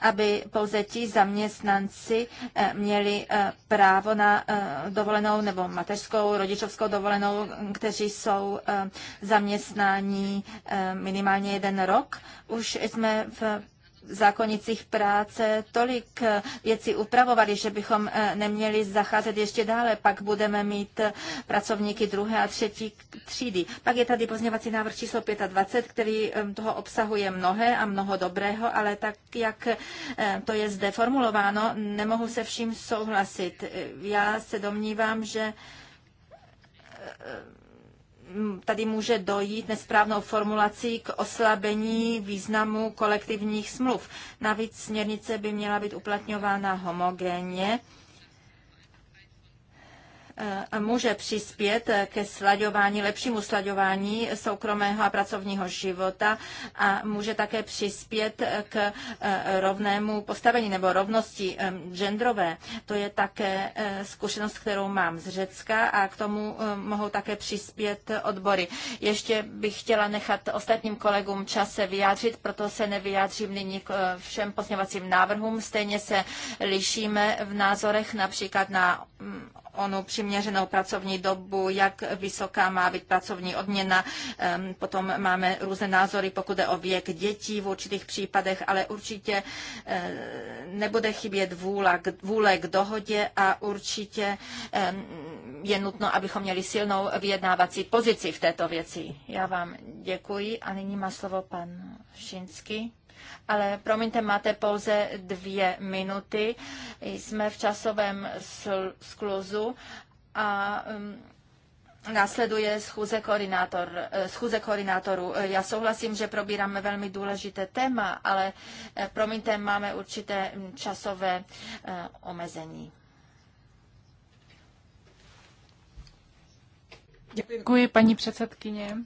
aby pouze ti zaměstnanci měli právo na dovolenou nebo mateřskou, rodičovskou dovolenou, kteří jsou zaměstnání minimálně jeden rok. Už jsme v zákonicích práce tolik eh, věcí upravovali, že bychom eh, neměli zacházet ještě dále. Pak budeme mít eh, pracovníky druhé a třetí třídy. Pak je tady pozněvací návrh číslo 25, který toho obsahuje mnohé a mnoho dobrého, ale tak, jak to je zde formulováno, nemohu se vším souhlasit. Já se domnívám, že tady může dojít nesprávnou formulací k oslabení významu kolektivních smluv. Navíc směrnice by měla být uplatňována homogénně Eh, může přispět ke slaďování, lepšímu slaďování soukromého a pracovního života a může také přispět k eh, rovnému postavení nebo rovnosti eh, genderové. To je také zkušenost, kterou mám z Řecka a k tomu mohou také přispět odbory. Ještě bych chtěla nechat ostatním kolegům čas se vyjádřit, proto se nevyjádřím nyní k všem posněvacím návrhům. Stejně se lišíme v názorech například na mm, onu přiměřenou pracovní dobu, jak vysoká má být pracovní odměna. Potom máme různé názory, pokud je o věk dětí v určitých případech, ale určitě eh, nebude chybět vůle, vůle k dohodě a určitě je nutno, abychom měli silnou vyjednávací pozici v této věci. Já vám děkuji a nyní má slovo pan Šinský. Ale promiňte, máte pouze dvě minuty. Jsme v časovém skluzu a um, Následuje schůze, koordinátor, eh, schůze koordinátorů. Eh, já souhlasím, že probíráme velmi důležité téma, ale eh, promiňte, máme určité hm, časové omezení. Děkuji, paní předsedkyně.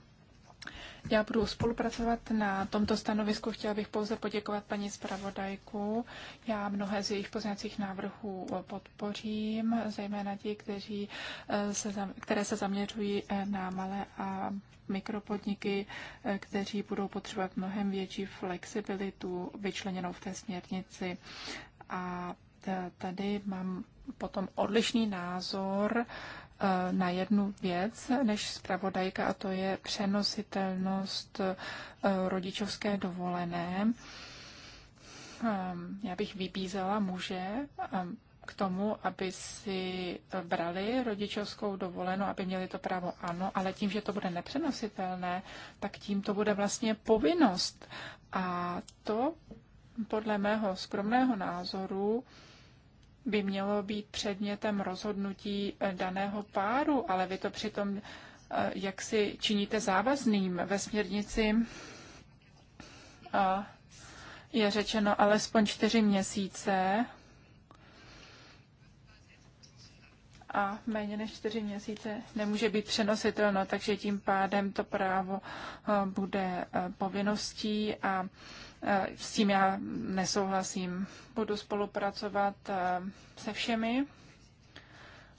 Já budu spolupracovat na tomto stanovisku. Chtěla bych pouze poděkovat paní zpravodajku. Já mnohé z jejich poznacích návrhů podpořím, zejména ti, kteří eh, se, které se zaměřují eh, na malé a mikropodniky, eh, kteří budou potřebovat mnohem větší flexibilitu vyčleněnou v té směrnici. A tady mám potom odlišný názor na jednu věc než zpravodajka, a to je přenositelnost eh, rodičovské dovolené. Ehm, já bych vybízela muže ehm, k tomu, aby si brali rodičovskou dovolenou, aby měli to právo ano, ale tím, že to bude nepřenositelné, tak tím to bude vlastně povinnost. A to podle mého skromného názoru by mělo být předmětem rozhodnutí eh, daného páru, ale vy to přitom eh, jak si činíte závazným ve směrnici je řečeno alespoň čtyři měsíce a méně než čtyři měsíce nemůže být přenositelno, takže tím pádem to právo eh, bude povinností a Eh, s tím já nesouhlasím. Budu spolupracovat eh, se všemi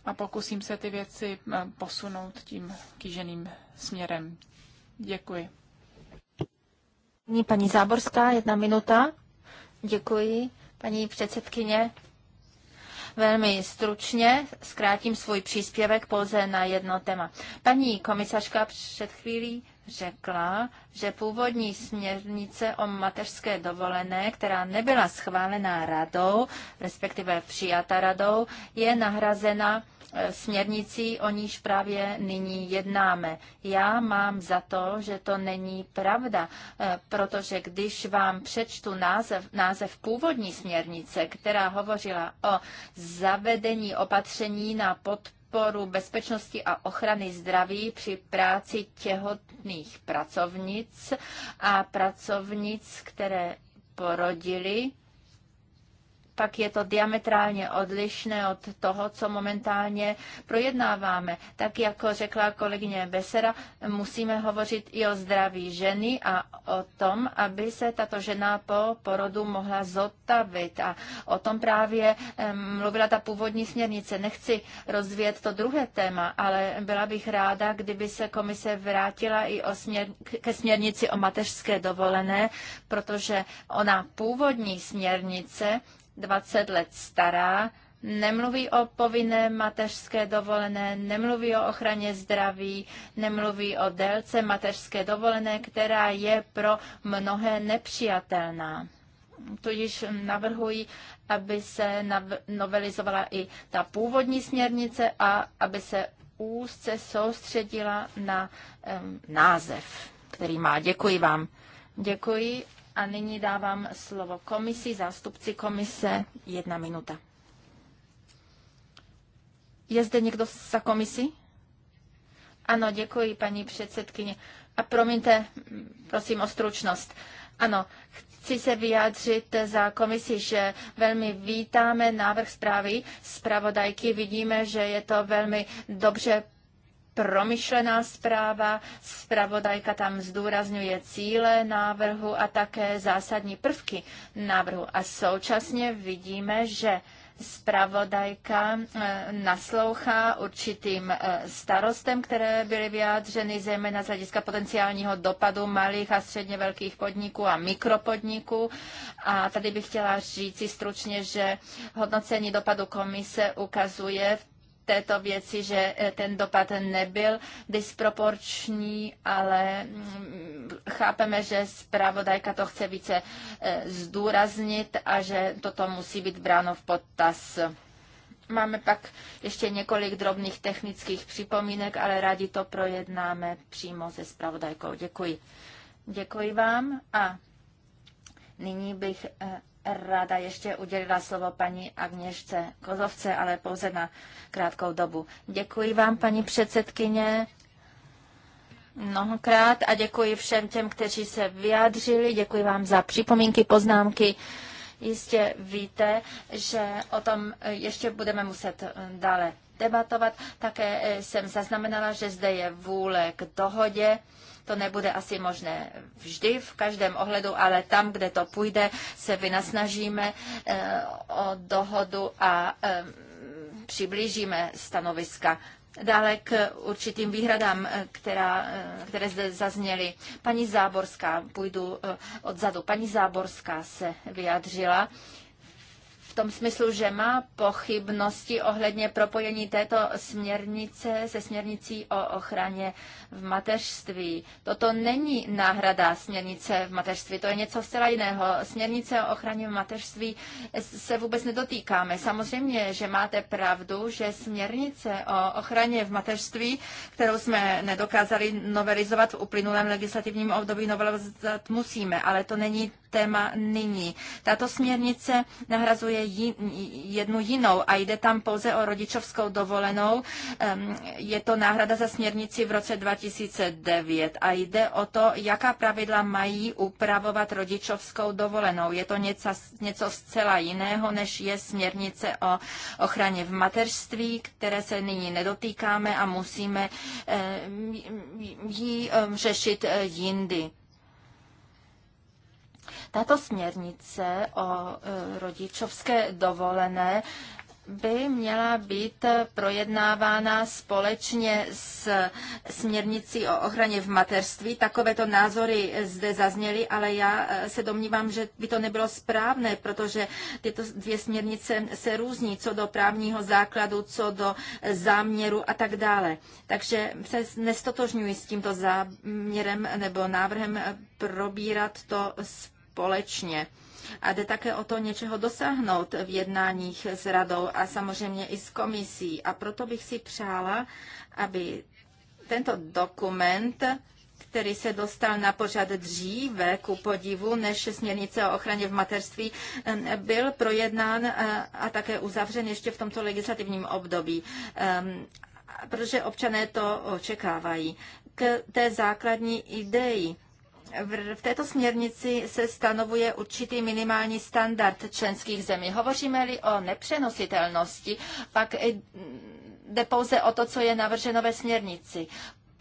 a pokusím se ty věci eh, posunout tím kýženým směrem. Děkuji. Nyní paní Záborská, jedna minuta. Děkuji, paní předsedkyně. Velmi stručně zkrátím svůj příspěvek pouze na jedno téma. Paní komisařka před chvílí řekla, že původní směrnice o mateřské dovolené, která nebyla schválená radou, respektive přijata radou, je nahrazena e, směrnicí, o níž právě nyní jednáme. Já mám za to, že to není pravda, e, protože když vám přečtu název, název původní směrnice, která hovořila o zavedení opatření na podporu podporu bezpečnosti a ochrany zdraví při práci těhotných pracovnic a pracovnic, které porodili pak je to diametrálně odlišné od toho, co momentálně projednáváme. Tak jako řekla kolegyně Besera, musíme hovořit i o zdraví ženy a o tom, aby se tato žena po porodu mohla zotavit. A o tom právě mluvila ta původní směrnice. Nechci rozvíjet to druhé téma, ale byla bych ráda, kdyby se komise vrátila i o směr, ke směrnici o mateřské dovolené, protože ona původní směrnice 20 let stará, nemluví o povinné mateřské dovolené, nemluví o ochraně zdraví, nemluví o délce mateřské dovolené, která je pro mnohé nepřijatelná. Tudíž navrhuji, aby se novelizovala i ta původní směrnice a aby se úzce soustředila na um, název, který má. Děkuji vám. Děkuji a nyní dávám slovo komisi, zástupci komise, jedna minuta. Je zde někdo za komisi? Ano, děkuji, paní předsedkyně. A promiňte, prosím, o stručnost. Ano, chci se vyjádřit za komisi, že velmi vítáme návrh zprávy zpravodajky. Vidíme, že je to velmi dobře promyšlená zpráva. Spravodajka tam zdůrazňuje cíle návrhu a také zásadní prvky návrhu. A současně vidíme, že zpravodajka eh, naslouchá určitým eh, starostem, které byly vyjádřeny zejména z hlediska potenciálního dopadu malých a středně velkých podniků a mikropodniků. A tady bych chtěla říci stručně, že hodnocení dopadu komise ukazuje v této věci, že eh, ten dopad nebyl disproporční, ale mm, chápeme, že zpravodajka to chce více eh, zdůraznit a že toto musí být bráno v podtaz. Máme pak ještě několik drobných technických připomínek, ale rádi to projednáme přímo se zpravodajkou. Děkuji. Děkuji vám a nyní bych eh, ráda ještě udělila slovo paní Agněšce Kozovce, ale pouze na krátkou dobu. Děkuji vám, paní předsedkyně, mnohokrát a děkuji všem těm, kteří se vyjádřili. Děkuji vám za připomínky, poznámky. Jistě víte, že o tom ještě budeme muset eh, dále debatovat. Také eh, jsem zaznamenala, že zde je vůle k dohodě to nebude asi možné vždy, v každém ohledu, ale tam, kde to půjde, se vynasnažíme eh, o dohodu a eh, přiblížíme stanoviska Dále k určitým výhradám, eh, která, které zde zazněly. Paní Záborská, půjdu odzadu, paní Záborská se vyjadřila tom smyslu, že má pochybnosti ohledně propojení této směrnice se směrnicí o ochraně v mateřství. Toto není náhrada směrnice v mateřství, to je něco zcela jiného. Směrnice o ochraně v mateřství se vůbec nedotýkáme. Samozřejmě, že máte pravdu, že směrnice o ochraně v mateřství, kterou jsme nedokázali novelizovat v uplynulém legislativním období, novelizovat musíme, ale to není téma nyní. Tato směrnice nahrazuje jednu jinou a jde tam pouze o rodičovskou dovolenou. Je to náhrada za směrnici v roce 2009 a jde o to, jaká pravidla mají upravovat rodičovskou dovolenou. Je to něco, něco zcela jiného, než je směrnice o ochraně v mateřství, které se nyní nedotýkáme a musíme ji řešit eh, jindy. Tato směrnice o e, rodičovské dovolené by měla být projednávána společně s směrnicí o ochraně v materství. Takovéto názory zde zazněly, ale já e, se domnívám, že by to nebylo správné, protože tyto dvě směrnice se různí co do právního základu, co do záměru a tak dále. Takže se nestotožňuji s tímto záměrem nebo návrhem probírat to společně společně. A jde také o to něčeho dosáhnout v jednáních s radou a samozřejmě i s komisí. A proto bych si přála, aby tento dokument který se dostal na pořad dříve, ku podivu, než směrnice o ochraně v materství, byl projednán eh, a také uzavřen ještě v tomto legislativním období, protože občané to očekávají. K té základní ideji v této směrnici se stanovuje určitý minimální standard členských zemí. Hovoříme-li o nepřenositelnosti, pak mm, jde pouze o to, co je navrženo ve směrnici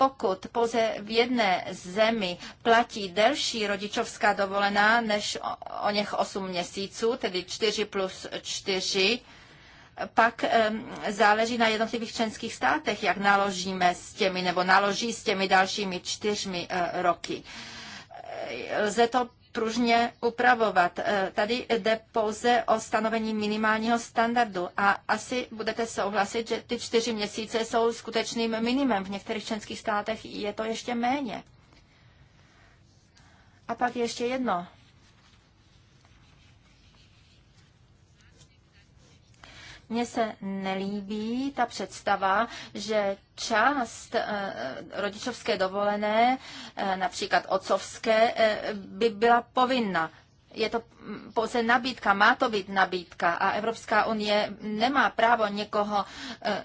pokud pouze v jedné zemi platí delší rodičovská dovolená než o něch 8 měsíců, tedy 4 plus 4, pak um, záleží na jednotlivých členských státech, jak naložíme s těmi nebo naloží s těmi dalšími čtyřmi uh, roky. Uh, lze to pružně upravovat. Eh, Tady jde pouze o stanovení minimálního standardu a asi budete souhlasit, že ty čtyři měsíce jsou skutečným minimem. V některých členských státech je to ještě méně. A pak ještě jedno Mně se nelíbí ta představa, že část eh, rodičovské dovolené, eh, například otcovské, eh, by byla povinna je to pouze nabídka, má to být nabídka a Evropská unie nemá právo někoho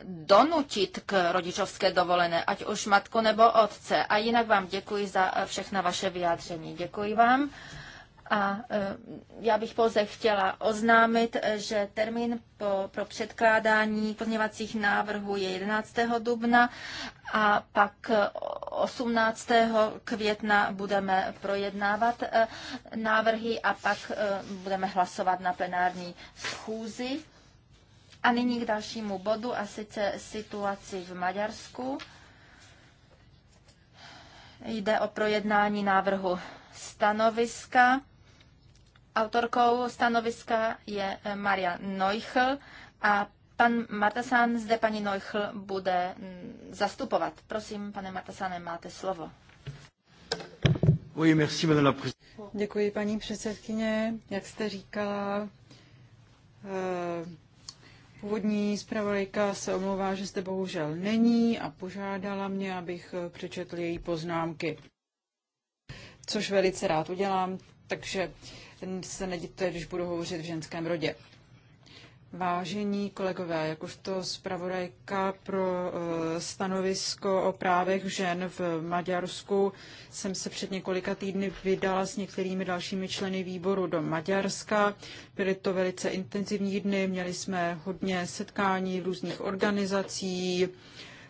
donutit k rodičovské dovolené, ať už matku nebo otce. A jinak vám děkuji za všechna vaše vyjádření. Děkuji vám. A e, já bych pouze chtěla oznámit, že termín po, pro předkládání pozměňovacích návrhů je 11. dubna a pak 18. května budeme projednávat e, návrhy a pak e, budeme hlasovat na plenární schůzi. A nyní k dalšímu bodu, a sice situaci v Maďarsku. Jde o projednání návrhu stanoviska Autorkou stanoviska je eh, Maria Neuchl a pan Martasan zde paní Neuchl bude mm, zastupovat. Prosím, pane Martasane, máte slovo. Děkuji, paní předsedkyně. Jak jste říkala, eh, původní zpravodajka se omlouvá, že zde bohužel není a požádala mě, abych eh, přečetl její poznámky, což velice rád udělám. Takže se nedíte, když budu hovořit v ženském rodě. Vážení kolegové, jakožto zpravodajka pro eh, stanovisko o právech žen v Maďarsku jsem se před několika týdny vydala s některými dalšími členy výboru do Maďarska. Byly to velice intenzivní dny, měli jsme hodně setkání různých organizací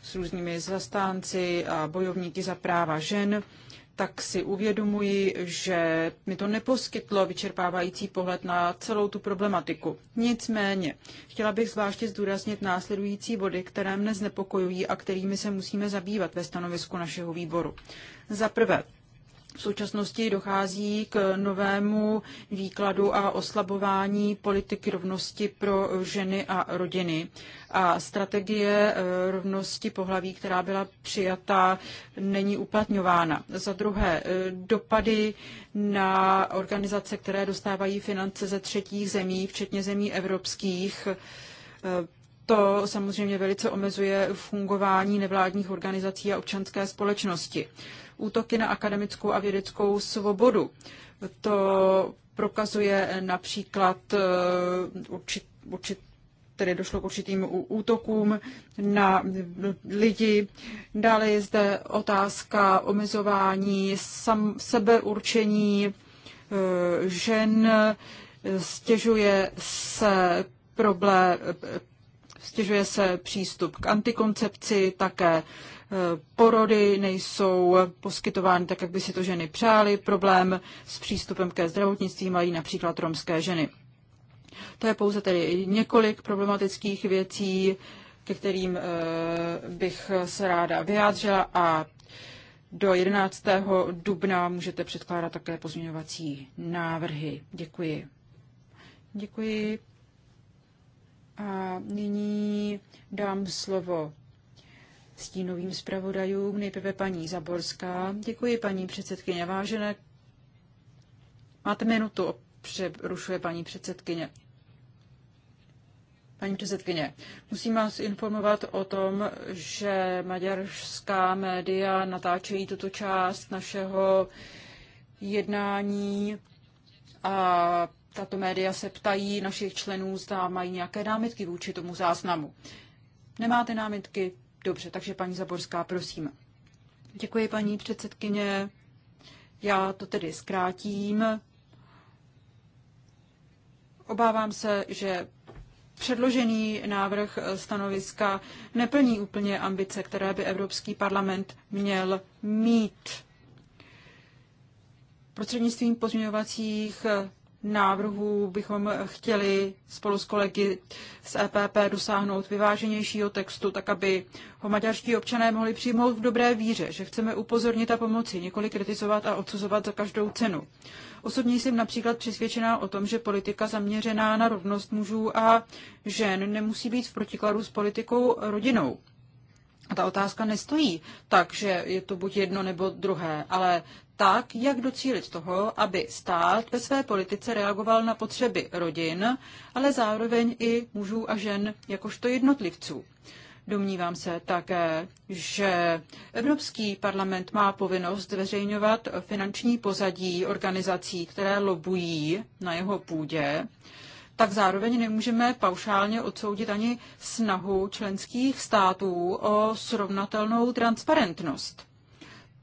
s různými zastánci a bojovníky za práva žen tak si uvědomuji, že mi to neposkytlo vyčerpávající pohled na celou tu problematiku. Nicméně, chtěla bych zvláště zdůraznit následující body, které mne znepokojují a kterými se musíme zabývat ve stanovisku našeho výboru. Za prvé, v současnosti dochází k novému výkladu a oslabování politiky rovnosti pro ženy a rodiny. A strategie eh, rovnosti pohlaví, která byla přijata, není uplatňována. Za druhé, eh, dopady na organizace, které dostávají finance ze třetích zemí, včetně zemí evropských, eh, to samozřejmě velice omezuje fungování nevládních organizací a občanské společnosti útoky na akademickou a vědeckou svobodu. To prokazuje například eh, určit, určit, tedy došlo k určitým útokům na lidi. Dále je zde otázka omezování sam, sebeurčení eh, žen, stěžuje se problém, stěžuje se přístup k antikoncepci, také porody nejsou poskytovány tak, jak by si to ženy přály. Problém s přístupem ke zdravotnictví mají například romské ženy. To je pouze tedy několik problematických věcí, ke kterým eh, bych se ráda vyjádřila a do 11. dubna můžete předkládat také pozměňovací návrhy. Děkuji. Děkuji. A nyní dám slovo stínovým zpravodajům. Nejprve paní Zaborská. Děkuji, paní předsedkyně. Vážené, máte minutu, přerušuje paní předsedkyně. Paní předsedkyně, musím vás informovat o tom, že maďarská média natáčejí tuto část našeho jednání a tato média se ptají našich členů, zda mají nějaké námitky vůči tomu záznamu. Nemáte námitky? Dobře, takže paní Zaborská, prosím. Děkuji, paní předsedkyně. Já to tedy zkrátím. Obávám se, že předložený návrh stanoviska neplní úplně ambice, které by Evropský parlament měl mít. Prostřednictvím pozměňovacích návrhů bychom chtěli spolu s kolegy z EPP dosáhnout vyváženějšího textu, tak aby ho maďarští občané mohli přijmout v dobré víře, že chceme upozornit a pomoci, nikoli kritizovat a odsuzovat za každou cenu. Osobně jsem například přesvědčená o tom, že politika zaměřená na rovnost mužů a žen nemusí být v protikladu s politikou rodinou ta otázka nestojí tak, že je to buď jedno nebo druhé, ale tak, jak docílit toho, aby stát ve své politice reagoval na potřeby rodin, ale zároveň i mužů a žen jakožto jednotlivců. Domnívám se také, že Evropský parlament má povinnost zveřejňovat finanční pozadí organizací, které lobují na jeho půdě tak zároveň nemůžeme paušálně odsoudit ani snahu členských států o srovnatelnou transparentnost.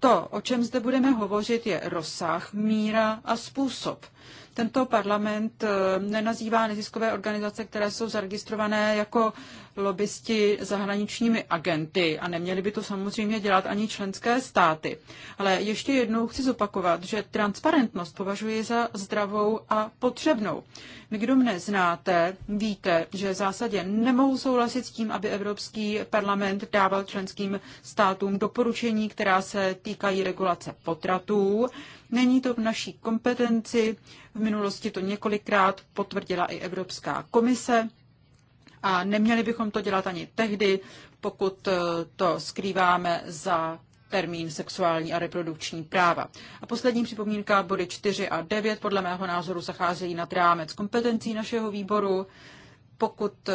To, o čem zde budeme hovořit, je rozsah, míra a způsob. Tento parlament eh, nenazývá neziskové organizace, které jsou zaregistrované jako lobbysti zahraničními agenty a neměli by to samozřejmě dělat ani členské státy. Ale ještě jednou chci zopakovat, že transparentnost považuji za zdravou a potřebnou. Vy, kdo mne znáte, víte, že v zásadě nemohu souhlasit s tím, aby Evropský parlament dával členským státům doporučení, která se týkají regulace potratů. Není to v naší kompetenci, v minulosti to několikrát potvrdila i Evropská komise a neměli bychom to dělat ani tehdy, pokud eh, to skrýváme za termín sexuální a reprodukční práva. A poslední připomínka, body 4 a 9 podle mého názoru zacházejí nad rámec kompetencí našeho výboru. Pokud eh,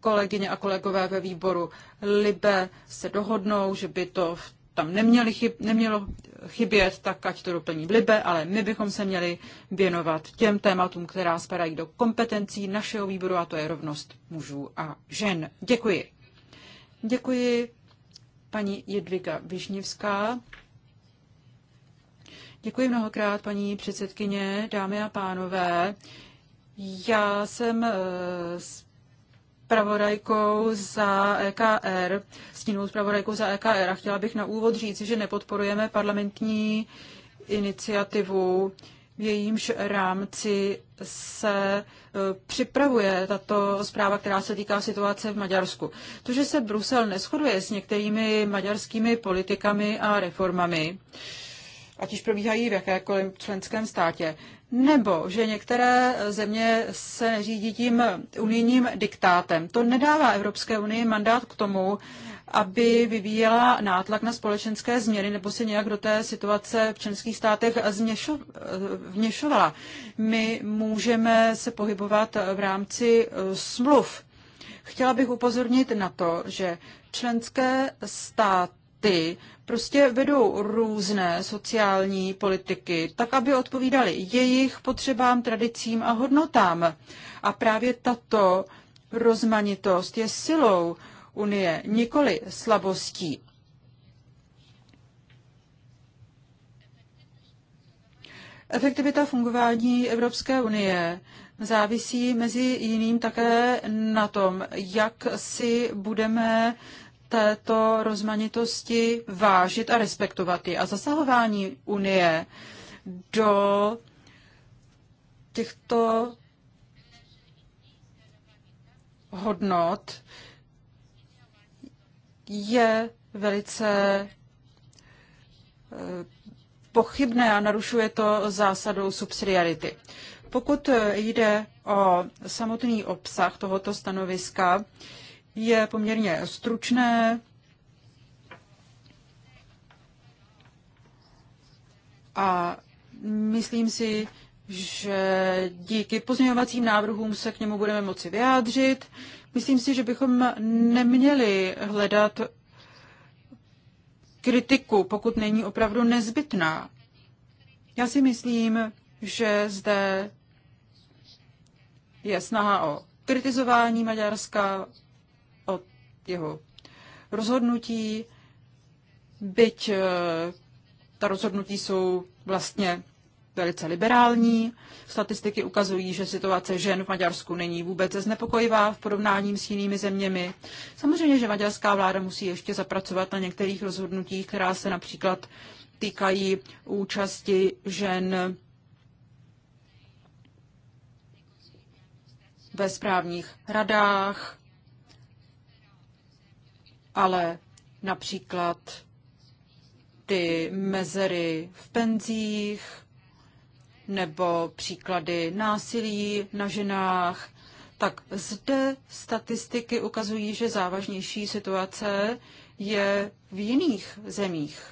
kolegyně a kolegové ve výboru LIBE se dohodnou, že by to v tam neměli chyb, nemělo chybět, tak ať to doplní v Libe, ale my bychom se měli věnovat těm tématům, která spadají do kompetencí našeho výboru, a to je rovnost mužů a žen. Děkuji. Děkuji paní Jedvika Višněvská. Děkuji mnohokrát, paní předsedkyně, dámy a pánové. Já jsem eh, zpravodajkou za EKR, stínovou zpravodajkou za EKR a chtěla bych na úvod říct, že nepodporujeme parlamentní iniciativu, v jejímž rámci se e, připravuje tato zpráva, která se týká situace v Maďarsku. To, že se Brusel neschoduje s některými maďarskými politikami a reformami, ať již probíhají v jakékoliv členském státě, nebo že některé země se řídí tím unijním diktátem. To nedává Evropské unii mandát k tomu, aby vyvíjela nátlak na společenské změny nebo se nějak do té situace v členských státech změšo, vněšovala. My můžeme se pohybovat v rámci eh, smluv. Chtěla bych upozornit na to, že členské státy prostě vedou různé sociální politiky, tak aby odpovídaly jejich potřebám, tradicím a hodnotám. A právě tato rozmanitost je silou Unie, nikoli slabostí. Efektivita fungování Evropské unie závisí mezi jiným také na tom, jak si budeme této rozmanitosti vážit a respektovat ji. A zasahování Unie do těchto hodnot je velice eh, pochybné a narušuje to zásadu subsidiarity. Pokud jde o samotný obsah tohoto stanoviska, je poměrně stručné. A myslím si, že díky pozměňovacím návrhům se k němu budeme moci vyjádřit. Myslím si, že bychom neměli hledat kritiku, pokud není opravdu nezbytná. Já si myslím, že zde je snaha o kritizování Maďarska, jeho rozhodnutí, byť eh, ta rozhodnutí jsou vlastně velice liberální. Statistiky ukazují, že situace žen v Maďarsku není vůbec znepokojivá v porovnání s jinými zeměmi. Samozřejmě, že maďarská vláda musí ještě zapracovat na některých rozhodnutích, která se například týkají účasti žen ve správních radách ale například ty mezery v penzích nebo příklady násilí na ženách, tak zde statistiky ukazují, že závažnější situace je v jiných zemích.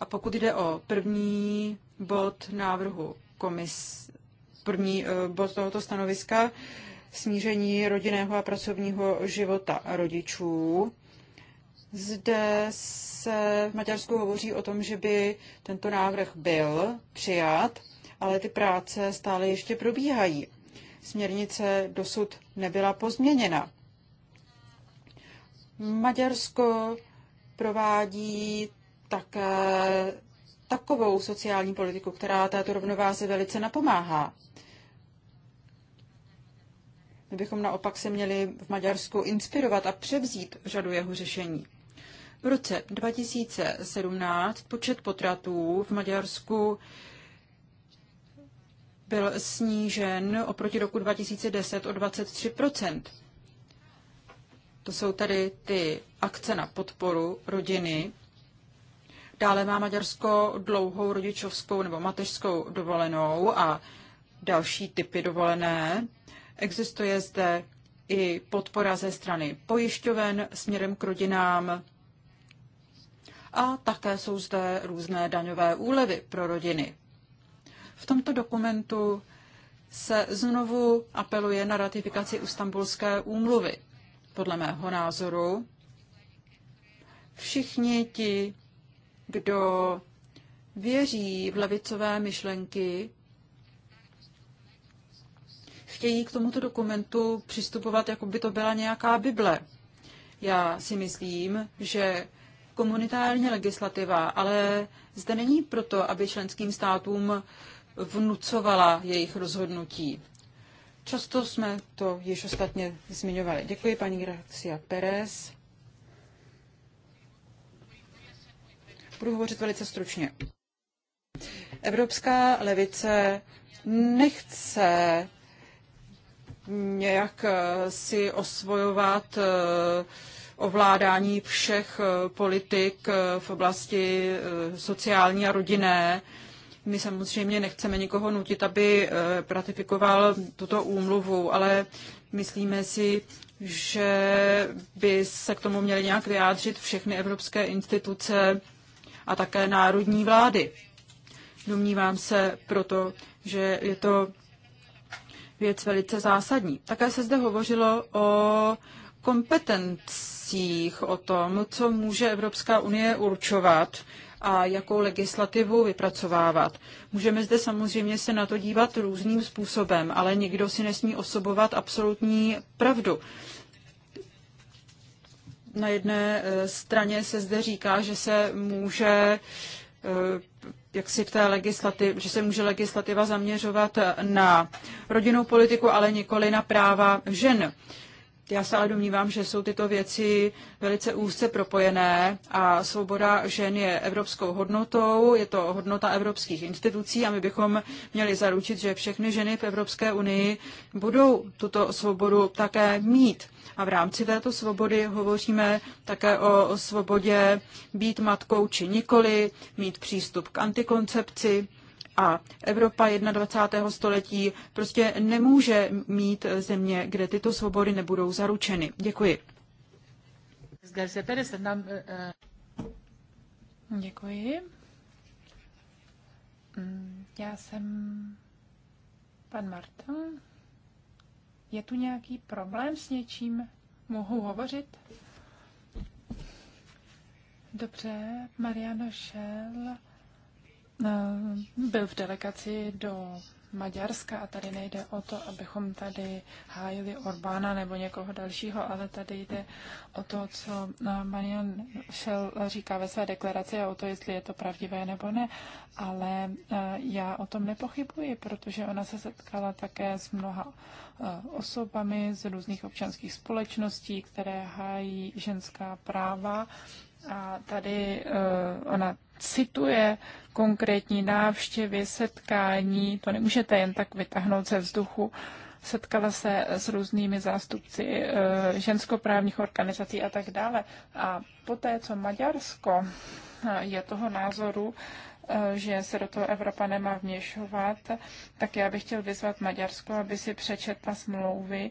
A pokud jde o první bod návrhu komis, první eh, bod tohoto stanoviska, smíření rodinného a pracovního života rodičů. Zde se v Maďarsku hovoří o tom, že by tento návrh byl přijat, ale ty práce stále ještě probíhají. Směrnice dosud nebyla pozměněna. Maďarsko provádí také takovou sociální politiku, která této rovnováze velice napomáhá. My bychom naopak se měli v Maďarsku inspirovat a převzít řadu jeho řešení. V roce 2017 počet potratů v Maďarsku byl snížen oproti roku 2010 o 23 To jsou tady ty akce na podporu rodiny. Dále má Maďarsko dlouhou rodičovskou nebo mateřskou dovolenou a další typy dovolené. Existuje zde i podpora ze strany pojišťoven směrem k rodinám a také jsou zde různé daňové úlevy pro rodiny. V tomto dokumentu se znovu apeluje na ratifikaci Ustambulské úmluvy. Podle mého názoru všichni ti, kdo věří v levicové myšlenky, chtějí k tomuto dokumentu přistupovat, jako by to byla nějaká Bible. Já si myslím, že komunitární legislativa, ale zde není proto, aby členským státům vnucovala jejich rozhodnutí. Často jsme to již ostatně zmiňovali. Děkuji paní Gracia Pérez. Budu hovořit velice stručně. Evropská levice nechce nějak eh, si osvojovat eh, ovládání všech eh, politik v oblasti sociální a rodinné. My samozřejmě nechceme nikoho nutit, aby ratifikoval tuto úmluvu, ale myslíme si, že by se k tomu měly nějak vyjádřit všechny evropské instituce a také národní vlády. Domnívám se proto, že je to věc velice zásadní. Také se zde hovořilo o kompetencích, o tom, co může Evropská unie určovat a jakou legislativu vypracovávat. Můžeme zde samozřejmě se na to dívat různým způsobem, ale nikdo si nesmí osobovat absolutní pravdu. Na jedné eh, straně se zde říká, že se může eh, jak si v té legislativě, že se může legislativa zaměřovat na rodinnou politiku, ale nikoli na práva žen. Já se ale domnívám, že jsou tyto věci velice úzce propojené a svoboda žen je evropskou hodnotou, je to hodnota evropských institucí a my bychom měli zaručit, že všechny ženy v Evropské unii budou tuto svobodu také mít. A v rámci této svobody hovoříme také o svobodě být matkou či nikoli, mít přístup k antikoncepci, a Evropa 21. století prostě nemůže mít země, kde tyto svobody nebudou zaručeny. Děkuji. Eh, eh. Děkuji. Mm, já jsem pan Marta. Je tu nějaký problém s něčím? Mohu hovořit? Dobře, Mariano šel Eh, byl v delegaci do Maďarska a tady nejde o to, abychom tady hájili Orbána nebo někoho dalšího, ale tady jde o to, co eh, Marian Šel říká ve své deklaraci a o to, jestli je to pravdivé nebo ne. Ale eh, já o tom nepochybuji, protože ona se setkala také s mnoha osobami z různých občanských společností, které hájí ženská práva. A tady ona cituje konkrétní návštěvy, setkání, to nemůžete jen tak vytáhnout ze vzduchu. Setkala se s různými zástupci e, ženskoprávních organizací a tak dále. A poté, co Maďarsko e, je toho názoru, e, že se do toho Evropa nemá vměšovat, tak já bych chtěl vyzvat Maďarsko, aby si přečetla smlouvy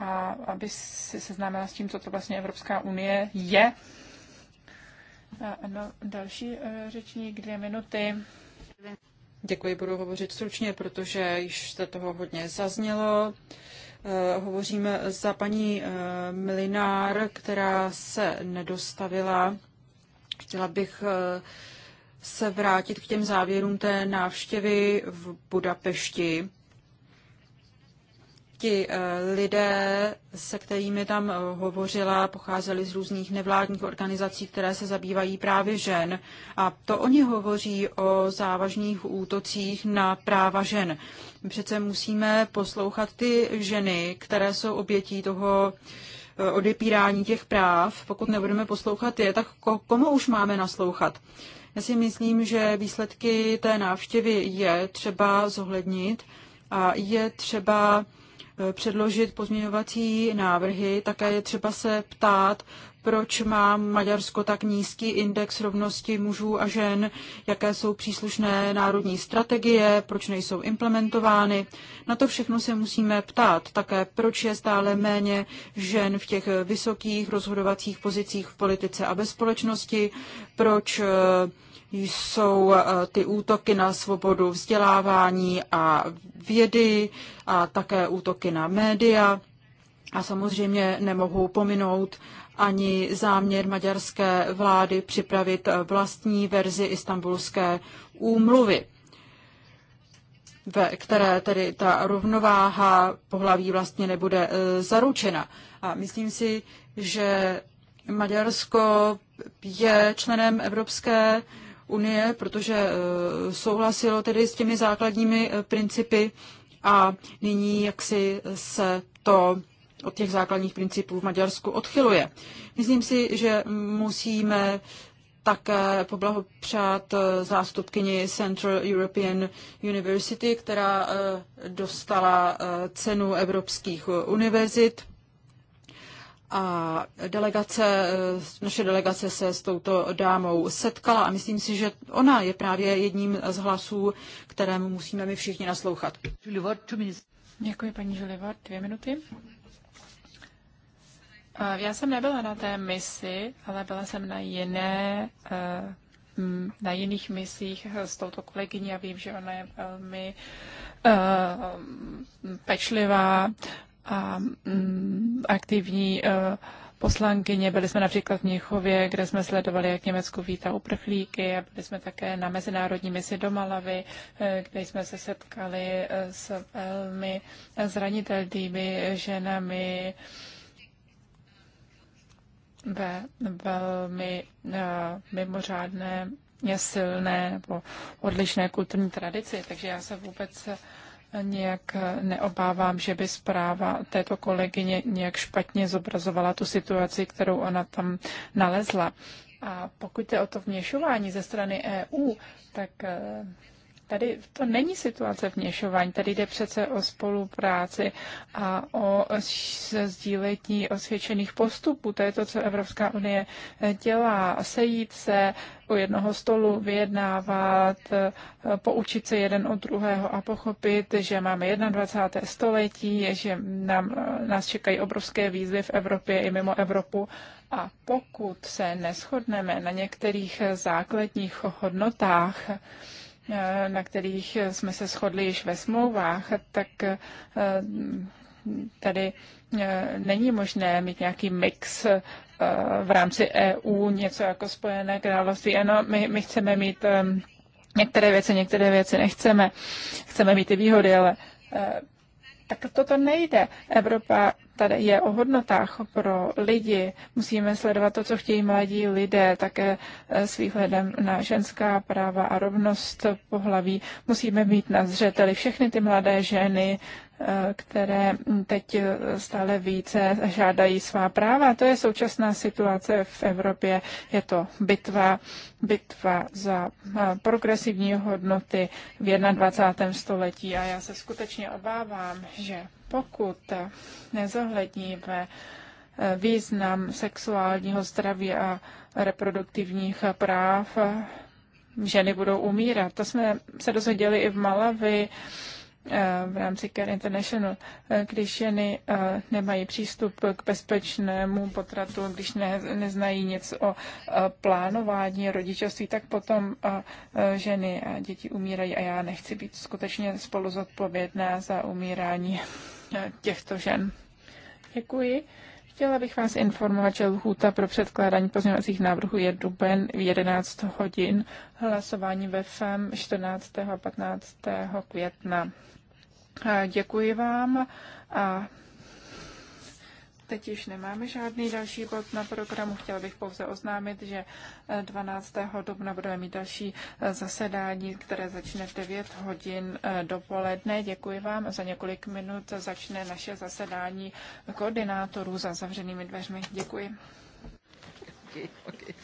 a aby si seznámila s tím, co to vlastně Evropská unie je ano, další eh, řečník, dvě minuty. Děkuji, budu hovořit stručně, protože již se toho hodně zaznělo. Eh, hovořím za paní eh, Milinár, která se nedostavila. Chtěla bych se vrátit k těm závěrům té návštěvy v Budapešti ti eh, lidé, se kterými tam eh, hovořila, pocházeli z různých nevládních organizací, které se zabývají právě žen. A to oni hovoří o závažných útocích na práva žen. My přece musíme poslouchat ty ženy, které jsou obětí toho eh, odepírání těch práv. Pokud nebudeme poslouchat je, tak komu už máme naslouchat? Já si myslím, že výsledky té návštěvy je třeba zohlednit a je třeba předložit pozměňovací návrhy, také je třeba se ptát, proč má Maďarsko tak nízký index rovnosti mužů a žen, jaké jsou příslušné národní strategie, proč nejsou implementovány. Na to všechno se musíme ptát. Také proč je stále méně žen v těch vysokých rozhodovacích pozicích v politice a ve společnosti, proč eh, jsou eh, ty útoky na svobodu vzdělávání a vědy a také útoky na média. A samozřejmě nemohu pominout ani záměr maďarské vlády připravit vlastní verzi istambulské úmluvy, ve které tedy ta rovnováha pohlaví vlastně nebude e, zaručena. A myslím si, že Maďarsko je členem Evropské unie, protože e, souhlasilo tedy s těmi základními e, principy a nyní jaksi se to od těch základních principů v Maďarsku odchyluje. Myslím si, že musíme také poblahopřát eh, zástupkyni Central European University, která eh, dostala eh, cenu evropských univerzit. A delegace, naše delegace se s touto dámou setkala a myslím si, že ona je právě jedním z hlasů, kterému musíme my všichni naslouchat. Děkuji paní Žilivar, Dvě minuty. Já jsem nebyla na té misi, ale byla jsem na jiné, eh, na jiných misích s touto kolegyní a vím, že ona je velmi eh, pečlivá a mm, aktivní eh, poslankyně. Byli jsme například v Měchově, kde jsme sledovali, jak Německo vítá uprchlíky a byli jsme také na mezinárodní misi do Malavy, kde jsme se setkali s velmi zranitelnými ženami, ve velmi eh, mimořádné, silné nebo odlišné kulturní tradici, takže já se vůbec eh, nějak eh, neobávám, že by zpráva této kolegyně nějak špatně zobrazovala tu situaci, kterou ona tam nalezla. A pokud je o to vměšování ze strany EU, tak tady to není situace vněšování, tady jde přece o spolupráci a o sdílení osvědčených postupů. To je to, co Evropská unie dělá. Sejít se u jednoho stolu, vyjednávat, poučit se jeden od druhého a pochopit, že máme 21. století, že nám, nás čekají obrovské výzvy v Evropě i mimo Evropu a pokud se neschodneme na některých základních hodnotách, na kterých jsme se shodli již ve smlouvách, tak eh, tady eh, není možné mít nějaký mix eh, v rámci EU, něco jako Spojené království. Ano, my, my chceme mít některé věci, některé věci nechceme. Chceme mít ty výhody, ale tak toto nejde. Evropa tady je o hodnotách pro lidi. Musíme sledovat to, co chtějí mladí lidé, také eh, s výhledem na ženská práva a rovnost pohlaví. Musíme mít na zřeteli všechny ty mladé ženy, které teď stále více žádají svá práva. To je současná situace v Evropě. Je to bitva, bitva za progresivní hodnoty v 21. století a já se skutečně obávám, že pokud nezohledníme e, význam sexuálního zdraví a reproduktivních práv, e, ženy budou umírat. To jsme se dozvěděli i v Malavi Eh, v rámci Care International, eh, když ženy eh, nemají přístup k bezpečnému potratu, když ne, neznají nic o plánování rodičovství, tak potom ženy a děti umírají a já nechci být skutečně spolu zodpovědná za umírání těchto žen. Děkuji. Chtěla bych vás informovat, že lhůta pro předkládání pozměňovacích návrhů je duben v 11 hodin, hlasování ve FEM 14. a 15. května. Děkuji vám a Teď již nemáme žádný další bod na programu. Chtěla bych pouze oznámit, že 12. Eh, dubna budeme mít další eh, zasedání, které začne v 9 hodin eh, dopoledne. Děkuji vám. Za několik minut začne naše zasedání koordinátorů za zavřenými dveřmi. Děkuji. [LAUGHS] Okay, okay.